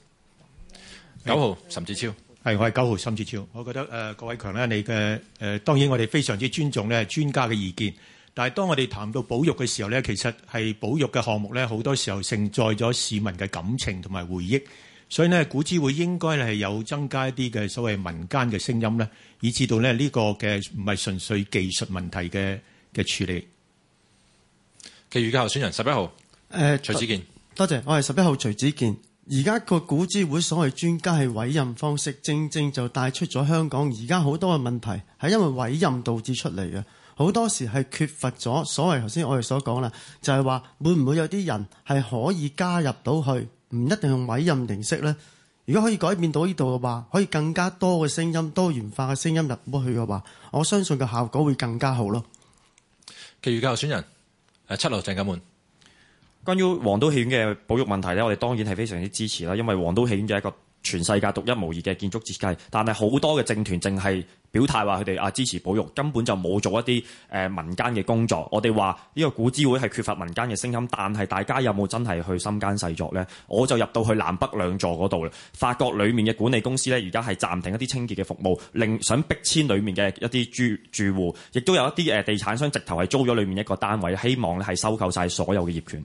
九是號岑志超，係我係九號岑志超。我覺得誒，郭、呃、偉強呢，你嘅誒、呃，當然我哋非常之尊重呢專家嘅意見，但係當我哋談到保育嘅時候呢，其實係保育嘅項目呢，好多時候承載咗市民嘅感情同埋回憶。所以呢，古諮會應該咧係有增加一啲嘅所謂民間嘅聲音咧，以致到呢呢個嘅唔係純粹技術問題嘅嘅處理。其餘嘅候選人，十一號，誒、欸，徐子健，多謝，我係十一號徐子健。而家個古諮會所謂專家係委任方式，正正就帶出咗香港而家好多嘅問題，係因為委任導致出嚟嘅。好多時係缺乏咗所謂頭先我哋所講啦，就係話會唔會有啲人係可以加入到去？唔一定用委任形式咧，如果可以改變到呢度嘅話，可以更加多嘅聲音、多元化嘅聲音入去嘅話，我相信個效果會更加好咯。其餘嘅候選人，誒，七樓鄭家滿，關於黃都戲院嘅保育問題咧，我哋當然係非常之支持啦，因為黃都戲院就係一個。全世界獨一無二嘅建築設計，但係好多嘅政團淨係表態話佢哋啊支持保育，根本就冇做一啲誒民間嘅工作。我哋話呢個古諮會係缺乏民間嘅聲音，但係大家有冇真係去深間細作呢？我就入到去南北兩座嗰度咧，發覺裡面嘅管理公司呢，而家係暫停一啲清潔嘅服務，令想逼遷裡面嘅一啲住住戶，亦都有一啲誒地產商直頭係租咗裡面一個單位，希望咧係收購晒所有嘅業權。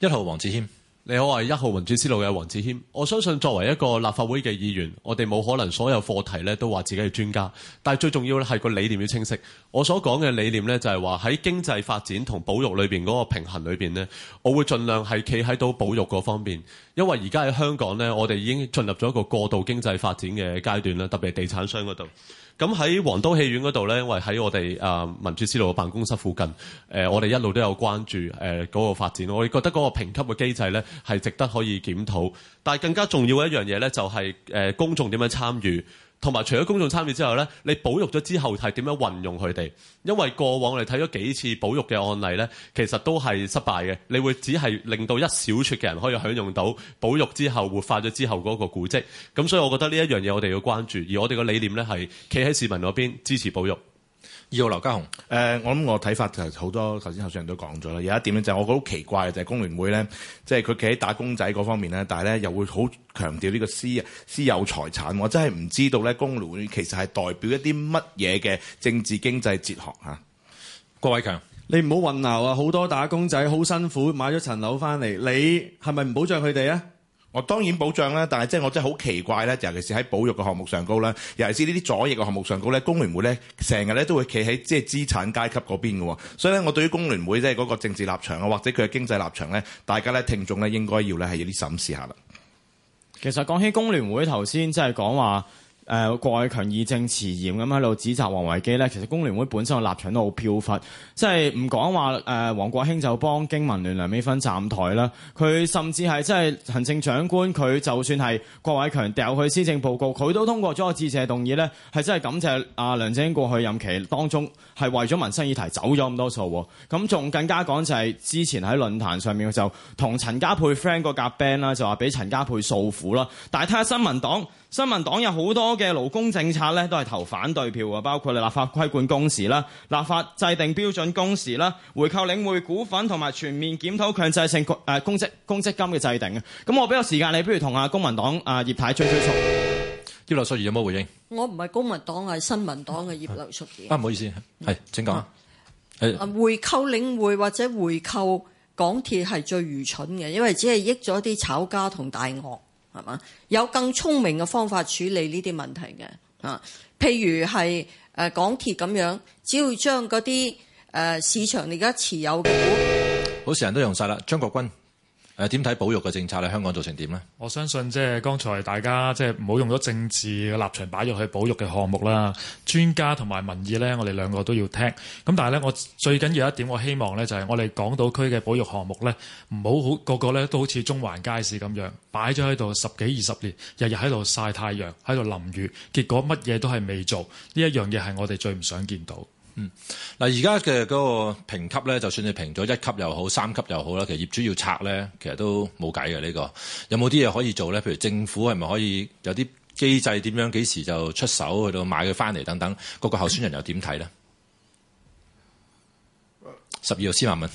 一號黃志謙。你好，我係一號民主思路嘅黃志謙。我相信作為一個立法會嘅議員，我哋冇可能所有課題咧都話自己係專家，但係最重要咧係個理念要清晰。我所講嘅理念咧就係話喺經濟發展同保育裏面嗰個平衡裏面咧，我會盡量係企喺到保育嗰方面，因為而家喺香港咧，我哋已經進入咗一個過度經濟發展嘅階段啦，特別係地產商嗰度。咁喺皇都戲院嗰度咧，因為喺我哋啊民主思路嘅辦公室附近，誒我哋一路都有關注誒嗰個發展。我哋覺得嗰個評級嘅機制咧係值得可以檢討，但係更加重要嘅一樣嘢咧就係誒公眾點樣參與。同埋除咗公眾參與之後呢，你保育咗之後係點樣運用佢哋？因為過往我哋睇咗幾次保育嘅案例呢，其實都係失敗嘅。你會只係令到一小撮嘅人可以享用到保育之後活化咗之後嗰個古蹟。咁所以我覺得呢一樣嘢我哋要關注，而我哋個理念呢，係企喺市民嗰邊支持保育。二號劉家雄、呃、我諗我睇法就好多頭先頭先人都講咗啦。有一點咧，就我覺得好奇怪嘅就係、是、工聯會咧，即係佢企喺打工仔嗰方面咧，但係咧又會好強調呢個私私有財產。我真係唔知道咧，工聯會其實係代表一啲乜嘢嘅政治經濟哲學啊？郭偉強，你唔好混淆啊！好多打工仔好辛苦買咗層樓翻嚟，你係咪唔保障佢哋啊？我當然保障啦，但係即係我真係好奇怪咧，尤其是喺保育嘅項目上高啦，尤其是呢啲左翼嘅項目上高咧，工聯會咧成日咧都會企喺即係資產階級嗰邊嘅喎，所以咧我對於工聯會即係嗰個政治立場啊，或者佢嘅經濟立場咧，大家咧聽眾咧應該要咧係有啲審視下啦。其實講起工聯會頭先即係講話。誒郭偉強義正辭嚴咁喺度指責黃維基呢。其實工聯會本身嘅立場都好飄忽，即係唔講話誒黃國興就幫經民聯梁美芬站台啦。佢甚至係即係行政長官，佢就算係郭偉強掉去施政報告，佢都通過咗個致謝動議呢。係真係感謝阿、啊、梁振英過去任期當中係為咗民生議題走咗咁多數。咁仲更加講就係之前喺論壇上面就同陳家佩 friend 個夾 band 啦，就話俾陳家佩訴苦啦。但係睇下新聞黨。新民黨有好多嘅勞工政策咧，都係投反對票嘅，包括立法規管工時啦、立法制定標準工時啦、回購領匯股份同埋全面檢討強制性公積公積金嘅制定嘅。咁我俾個時間你，不如同啊公民黨啊葉太追追訴葉劉淑儀有冇回應？我唔係公民黨，係新民黨嘅葉劉淑儀。啊唔好意思，係請講。啊、是回購領匯或者回購港鐵係最愚蠢嘅，因為只係益咗啲炒家同大鱷。係嘛？有更聰明嘅方法處理呢啲問題嘅啊，譬如係誒、呃、港鐵咁樣，只要將嗰啲誒市場你而家持有嘅股，好時人都用晒啦，張國軍。誒點睇保育嘅政策咧？香港做成點呢？我相信即係剛才大家即係唔好用咗政治嘅立場擺入去保育嘅項目啦。專家同埋民意咧，我哋兩個都要聽。咁但係咧，我最緊要一點，我希望咧就係我哋港島區嘅保育項目咧，唔好好個個咧都好似中環街市咁樣擺咗喺度十幾二十年，日日喺度曬太陽，喺度淋雨，結果乜嘢都係未做。呢一樣嘢係我哋最唔想見到。嗯，嗱而家嘅嗰個評級咧，就算你評咗一級又好，三級又好啦，其實業主要拆咧，其實都冇計嘅呢個。有冇啲嘢可以做咧？譬如政府係咪可以有啲機制點樣幾時就出手去到買佢翻嚟等等？嗰個候選人又點睇咧？十二號先萬蚊。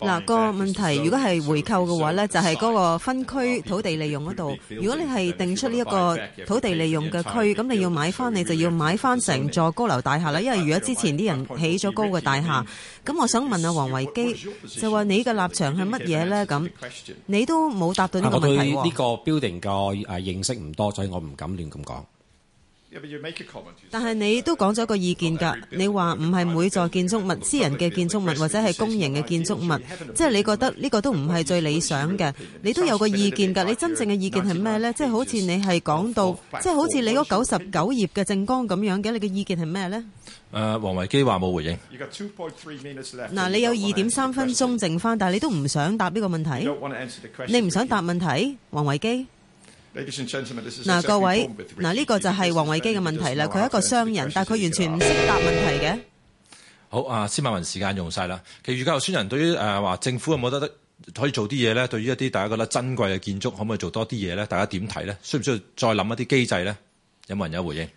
嗱個問題，如果係回購嘅話呢，就係、是、嗰個分區土地利用嗰度。如果你係定出呢一個土地利用嘅區，咁你要買翻，你就要買翻成座高樓大廈啦。因為如果之前啲人起咗高嘅大廈，咁我想問啊，王維基就話你嘅立場係乜嘢呢？咁你都冇答到呢個問題。我對呢個 building 嘅誒認識唔多，所以我唔敢亂咁講。但係你都講咗個意見㗎，你話唔係每座建築物、私人嘅建築物或者係公營嘅建築物，即係你覺得呢個都唔係最理想嘅，你都有個意見㗎。你真正嘅意見係咩呢？即係好似你係講到，即係好似你嗰九十九頁嘅政綱咁樣嘅，你嘅意見係咩呢？誒，黃維基話冇回應。嗱，你有二點三分鐘剩返，但係你都唔想答呢個問題？你唔想答問題，黃維基？嗱，各位，嗱、這、呢個就係黃維基嘅問題啦。佢係一個商人，但係佢完全唔識答問題嘅。好啊，司馬文時間用晒啦。其餘嘅候選人對於誒話政府有冇得得可以做啲嘢咧？對於一啲大家覺得珍貴嘅建築，可唔可以做多啲嘢咧？大家點睇咧？需唔需要再諗一啲機制咧？有冇人有回應？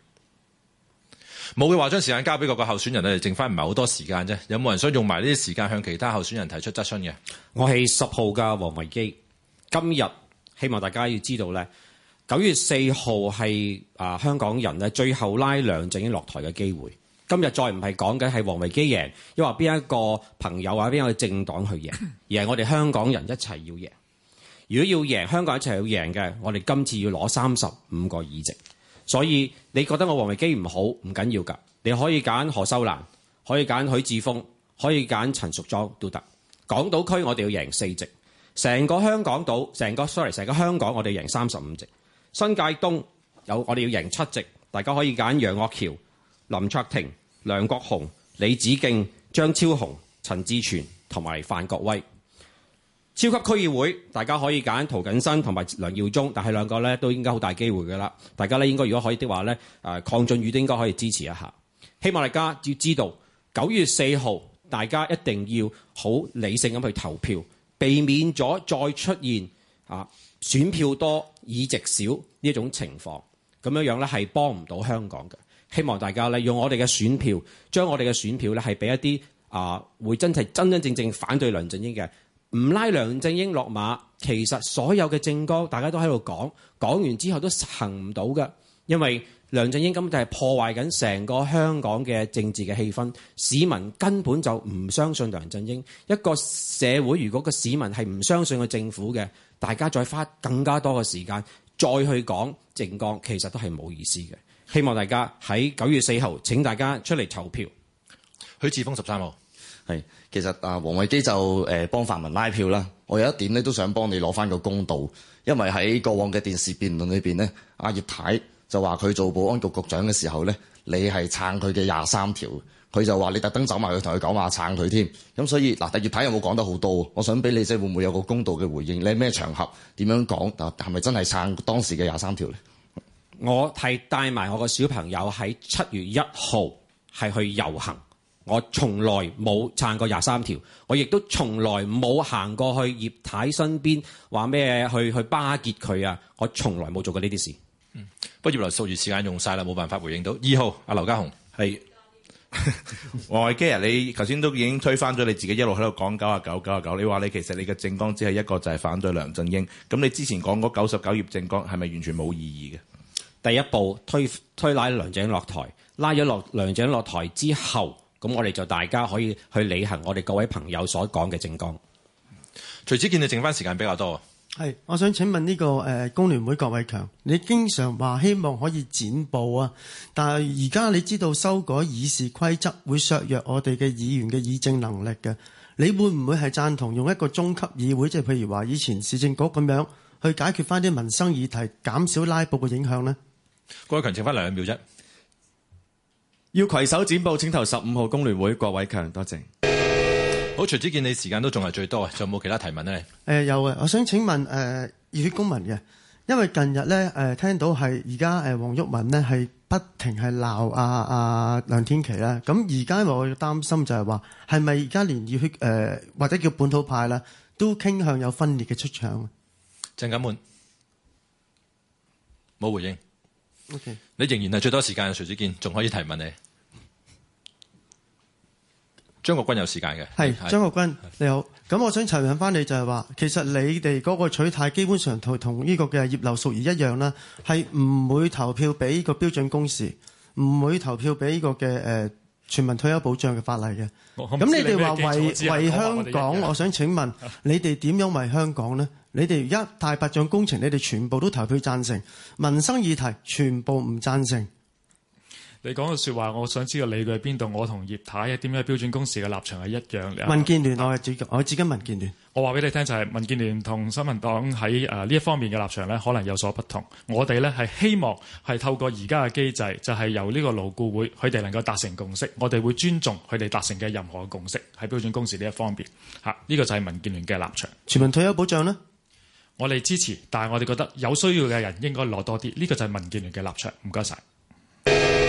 冇嘅話，將時間交俾各個候選人啊！剩翻唔係好多時間啫。有冇人想用埋呢啲時間向其他候選人提出質詢嘅？我係十號嘅黃維基。今日希望大家要知道咧。九月四號係啊香港人咧最後拉梁振英落台嘅機會。今日再唔係講緊係王維基贏，又話邊一個朋友或者邊一個政黨去贏，而係我哋香港人一齊要贏。如果要贏，香港一齊要贏嘅，我哋今次要攞三十五個議席。所以你覺得我王維基唔好唔緊要㗎，你可以揀何秀蘭，可以揀許智峰，可以揀陳淑莊都得。可以港島區我哋要贏四席，成個香港島，成個，成個 sorry，成個香港我哋贏三十五席。新界東有我哋要贏七席，大家可以揀楊岳橋、林卓廷、梁國雄、李梓敬、張超雄、陳志全同埋范國威。超級區議會大家可以揀涂謹申同埋梁耀忠，但係兩個咧都應該好大機會噶啦。大家咧應該如果可以的話咧，誒，鄺俊宇都應該可以支持一下。希望大家要知道，九月四號大家一定要好理性咁去投票，避免咗再出現選票多，議席少呢種情況，咁樣樣咧係幫唔到香港嘅。希望大家咧用我哋嘅選票，將我哋嘅選票咧係俾一啲啊會真係真真正正反對梁振英嘅，唔拉梁振英落馬。其實所有嘅政綱大家都喺度講，講完之後都行唔到㗎，因為梁振英根本就係破壞緊成個香港嘅政治嘅氣氛，市民根本就唔相信梁振英。一個社會如果個市民係唔相信個政府嘅。大家再花更加多嘅時間再去講政綱，其實都係冇意思嘅。希望大家喺九月四號請大家出嚟投票。許智峰十三號係其實啊，黃偉基就誒幫泛民拉票啦。我有一點咧都想幫你攞翻個公道，因為喺過往嘅電視辯論裏邊咧，阿葉太就話佢做保安局局長嘅時候咧，你係撐佢嘅廿三條。佢就話：你特登走埋去同佢講話撐佢添。咁所以嗱，但葉太，太有冇講得好多？我想俾你姐會唔會有個公道嘅回應？你係咩場合點樣講？啊，係咪真係撐當時嘅廿三條咧？我係帶埋我個小朋友喺七月一號係去遊行，我從來冇撐過廿三條，我亦都從來冇行過去葉太身邊話咩去去巴結佢啊！我從來冇做過呢啲事。嗯，不過葉劉數住時間用晒啦，冇辦法回應到。二號阿劉家雄係。我 王維基啊！你頭先都已經推翻咗你自己一路喺度講九啊九九啊九，你話你其實你嘅政綱只係一個就係反對梁振英。咁你之前講嗰九十九頁政綱係咪完全冇意義嘅？第一步推推拉梁振英落台，拉咗落梁振英落台之後，咁我哋就大家可以去履行我哋各位朋友所講嘅政綱。徐子見，你剩翻時間比較多。係，我想請問呢個，呃，工聯會郭偉強，你經常話希望可以展報啊，但係而家你知道修改議事規則會削弱我哋嘅議員嘅議政能力嘅，你會唔會係贊同用一個中級議會，即係譬如話以前市政局咁樣去解決翻啲民生議題，減少拉布嘅影響呢？郭偉強，請翻嚟兩秒一。要攜手展報，請投十五號工聯會郭偉強，多謝。好，徐子見，你時間都仲係最多啊！仲有冇其他提問呢？誒、呃、有啊！我想請問誒、呃、熱血公民嘅，因為近日咧誒、呃、聽到係而家誒黃毓民呢係不停係鬧阿阿梁天琦啦，咁而家我嘅擔心就係話係咪而家連熱血誒、呃、或者叫本土派啦，都傾向有分裂嘅出場啊！鄭錦滿冇回應。OK，你仍然係最多時間，徐子見仲可以提問你。張國軍有時間嘅，係是是張國軍，是你好，咁我想查問翻你就，就係話其實你哋嗰個取態基本上同同呢個嘅葉劉淑儀一樣啦，係唔會投票俾呢個標準工時，唔會投票俾呢、這個嘅誒、呃、全民退休保障嘅法例嘅。咁你哋話為，為香港，我想請問你哋點樣為香港咧？你哋一大白象工程，你哋全部都投票贊成，民生議題全部唔贊成。你講個説話，我想知道你佢喺邊度。我同葉太嘅點樣標準工時嘅立場係一樣嘅。民建聯我係主，我自己民建聯。我話俾你聽就係、是、民建聯同新民黨喺誒呢一方面嘅立場咧，可能有所不同。我哋咧係希望係透過而家嘅機制，就係、是、由呢個勞顧會佢哋能夠達成共識，我哋會尊重佢哋達成嘅任何共識喺標準工時呢一方面。嚇、啊，呢、這個就係民建聯嘅立場。全民退休保障呢，我哋支持，但係我哋覺得有需要嘅人應該攞多啲。呢、這個就係民建聯嘅立場。唔該晒。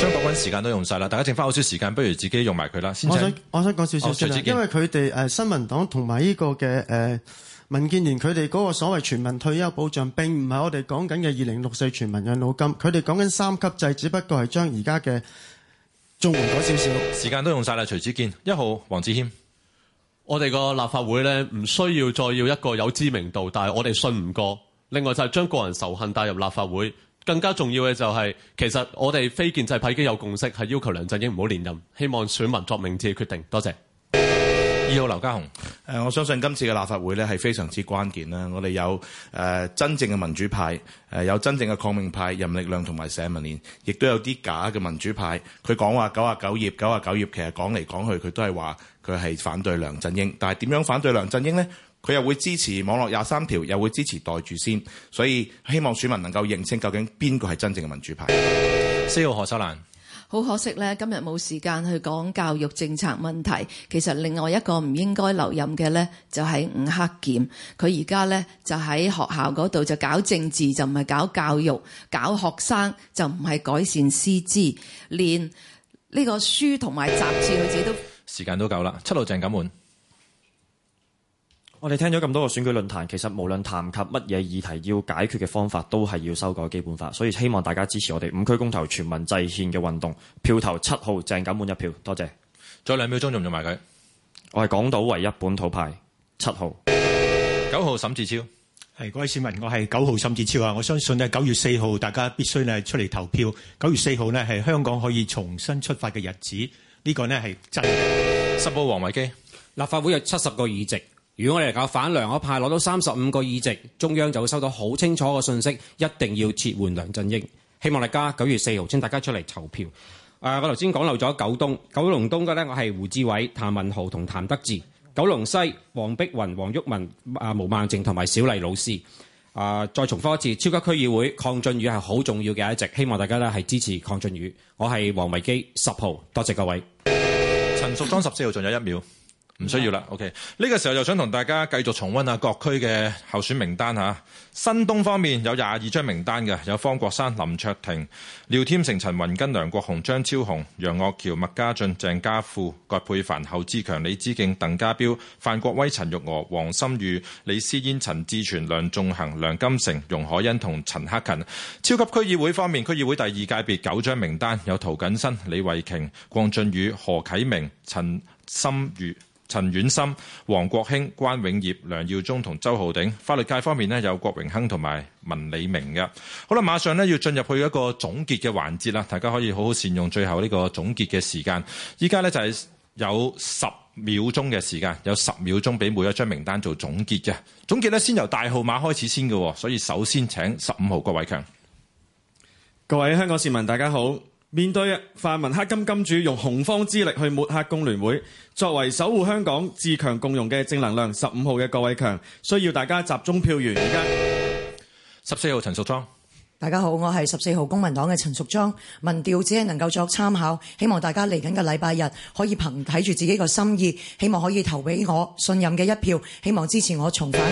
將講緊時間都用晒啦，大家剩翻好少時間，不如自己用埋佢啦。先我想，我想講少少，哦、因為佢哋誒，新民黨同埋呢個嘅誒、呃，民建聯佢哋嗰個所謂全民退休保障，並唔係我哋講緊嘅二零六四全民養老金，佢哋講緊三級制，只不過係將而家嘅綜援改少少。時間都用晒啦，徐子健一號，黃志謙，我哋個立法會呢，唔需要再要一個有知名度，但係我哋信唔過。另外就係將個人仇恨帶入立法會。更加重要嘅就係、是，其實我哋非建制派已經有共識，係要求梁振英唔好連任，希望選民作明智嘅決定。多謝。二號劉家雄、呃，我相信今次嘅立法會呢係非常之關鍵啦。我哋有、呃、真正嘅民主派，呃、有真正嘅抗命派，人力量同埋社民連，亦都有啲假嘅民主派。佢講話九十九頁，九十九頁，其實講嚟講去，佢都係話佢係反對梁振英，但係點樣反對梁振英呢？佢又會支持網絡廿三條，又會支持袋住先，所以希望選民能夠認清究竟邊個係真正嘅民主派。四號何秀蘭，好可惜呢。今日冇時間去講教育政策問題。其實另外一個唔應該留任嘅呢，就喺、是、吳克儉。佢而家呢，就喺學校嗰度就搞政治，就唔係搞教育，搞學生就唔係改善師資，連呢個書同埋雜誌，佢自己都時間都夠啦。七號鄭錦滿。我哋聽咗咁多個選舉論壇，其實無論談及乜嘢議題，要解決嘅方法都係要修改基本法，所以希望大家支持我哋五區公投全民制憲嘅運動。票投七號鄭錦滿一票，多謝。再兩秒鐘，仲唔用埋佢？我係港島唯一本土派七號。九號沈志超係，各位市民，我係九號沈志超啊！我相信呢九月四號大家必須呢出嚟投票。九月四號呢係香港可以重新出發嘅日子，呢、呢個呢係真嘅。十號黃偉基，立法會有七十個議席。如果我哋搞反梁嗰派攞到三十五個議席，中央就會收到好清楚嘅信息，一定要撤換梁振英。希望大家九月四號請大家出嚟投票。誒、呃，我頭先講漏咗九東、九龍東嘅咧，我係胡志偉、譚文豪同譚德志，九龍西，黃碧雲、黃毓民、阿、啊、毛孟靜同埋小麗老師。誒、呃，再重複一次，超級區議會鄺俊宇係好重要嘅一席，希望大家咧係支持鄺俊宇。我係王維基，十號，多謝各位。陳淑莊十四號，仲有一秒。唔需要啦。OK 呢、這個時候又想同大家繼續重溫下各區嘅候選名單嚇、啊。新東方面有廿二張名單嘅，有方國珊、林卓廷、廖添成、陳雲根、梁國雄、張超雄、楊岳橋、麥家俊、鄭家富、葛珮帆、侯志強、李梓敬、鄧家彪、范國威、陳玉娥、黃心如、李思燕、陳志全、梁仲恒、梁金成、容海恩同陳克勤。超級區議會方面，區議會第二界別九張名單有涂謹申、李慧瓊、鄺俊宇、何啟明、陳心如。陳婉心、黃國興、關永業、梁耀忠同周浩鼎。法律界方面呢，有郭榮鏗同埋文理明嘅。好啦，馬上呢要進入去一個總結嘅環節啦，大家可以好好善用最後呢個總結嘅時間。依家呢，就係有十秒鐘嘅時間，有十秒鐘俾每一張名單做總結嘅。總結呢先由大號碼開始先嘅，所以首先請十五號郭偉強。各位香港市民，大家好。面對泛民黑金金主用洪荒之力去抹黑工聯會，作為守護香港自強共榮嘅正能量，十五號嘅郭偉強需要大家集中票源。而家十四號陳淑莊，大家好，我係十四號公民黨嘅陳淑莊，民調只係能夠作參考，希望大家嚟緊嘅禮拜日可以憑睇住自己嘅心意，希望可以投俾我信任嘅一票，希望支持我重返。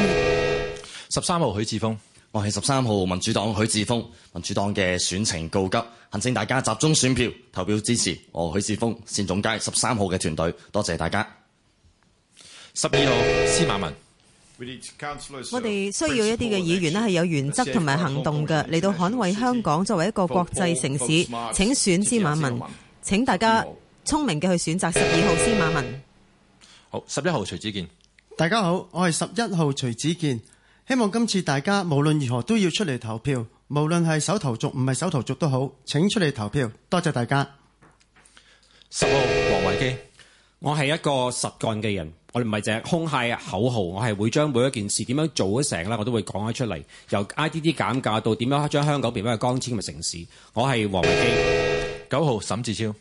十三號許智峯。我係十三號民主黨許智峰，民主黨嘅選情告急，懇請大家集中選票投票支持我許智峰、善總街十三號嘅團隊，多謝大家。十二號司馬文，我哋需要一啲嘅議員咧係有原則同埋行動嘅嚟到捍衞香港作為一個國際城市。請選司馬文，請大家聰明嘅去選擇十二號司馬文。好，十一號徐子見，大家好，我係十一號徐子見。希望今次大家無論如何都要出嚟投票，無論係手頭族唔係手頭族都好，請出嚟投票。多謝大家。十號黃維基，我係一個實幹嘅人，我哋唔係淨係空喊口號，我係會將每一件事點樣做咗成呢，我都會講咗出嚟。由 I D D 減價到點樣將香港變翻個光纖嘅城市，我係黃維基。九號沈志超，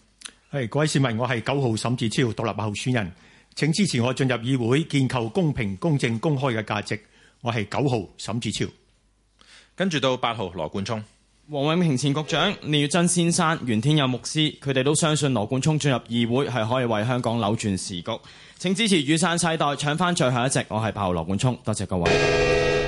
係各位市民，我係九號沈志超，獨立候選人，請支持我進入議會，建構公平、公正、公開嘅價值。我係九號沈志超，跟住到八號羅冠聰、王永平前局長、聶玉珍先生、袁天佑牧師，佢哋都相信羅冠聰進入議會係可以為香港扭轉時局，請支持雨傘世代搶翻最後一席。我係八號羅冠聰，多謝各位。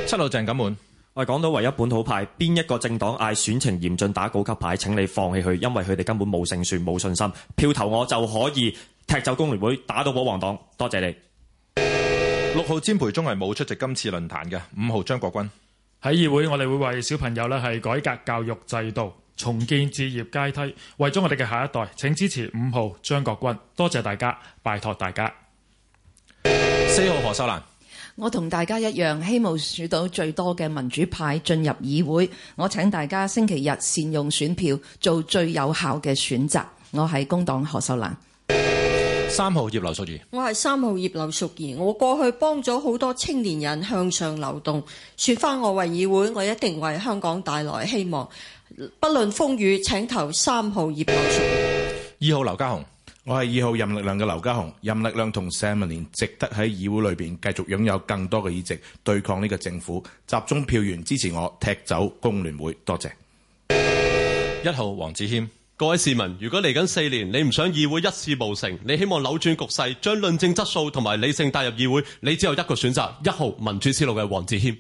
七路鄭錦滿，我哋講到唯一本土派邊一個政黨嗌選情嚴峻打高級牌，請你放棄佢，因為佢哋根本冇勝算、冇信心，票投我就可以踢走工聯會，打到保皇黨。多謝你。六號詹培忠係冇出席今次論壇嘅，五號張國軍喺議會，我哋會為小朋友呢係改革教育制度，重建置業階梯，為咗我哋嘅下一代，請支持五號張國軍，多謝大家，拜託大家。四號何秀蘭，我同大家一樣，希望選到最多嘅民主派進入議會，我請大家星期日善用選票，做最有效嘅選擇。我係工黨何秀蘭。三號葉劉淑儀，我係三號葉劉淑儀，我過去幫咗好多青年人向上流動，說翻我為議會，我一定為香港帶來希望，不論風雨，請投三號葉劉淑儀。二號劉家雄，我係二號任力量嘅劉家雄，任力量同社民連值得喺議會裏邊繼續擁有更多嘅議席，對抗呢個政府，集中票源支持我踢走工聯會，多謝。一號黃子謙。各位市民，如果嚟緊四年你唔想議會一事無成，你希望扭轉局勢，將論證質素同埋理性帶入議會，你只有一個選擇，一號民主思路嘅黃志謙。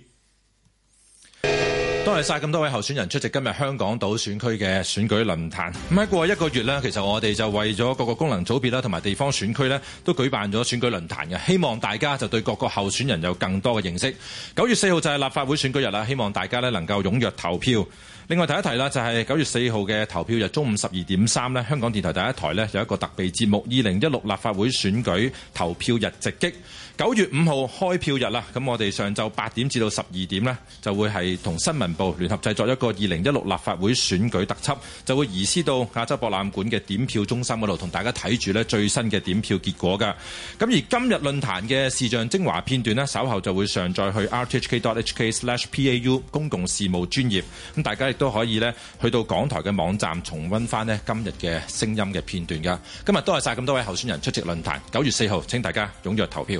多謝晒咁多位候選人出席今日香港島選區嘅選舉論壇。咁喺過去一個月呢，其實我哋就為咗各個功能組別啦，同埋地方選區呢都舉辦咗選舉論壇嘅，希望大家就對各個候選人有更多嘅認識。九月四號就係立法會選舉日啦，希望大家呢能夠踴躍投票。另外提一提啦，就係九月四號嘅投票日中午十二點三呢，香港電台第一台呢有一個特備節目《二零一六立法會選舉投票日直擊》。九月五號開票日啦，咁我哋上晝八點至到十二點呢，就會係同新聞部聯合製作一個二零一六立法會選舉特輯，就會移師到亞洲博覽館嘅點票中心嗰度，同大家睇住呢最新嘅點票結果㗎。咁而今日論壇嘅視像精華片段呢，稍後就會上載去 rthk.hk/pau 公共事務專頁，咁大家亦都可以呢，去到港台嘅網站重溫翻呢今日嘅聲音嘅片段噶。今日多謝晒咁多位候選人出席論壇，九月四號請大家踴躍投票。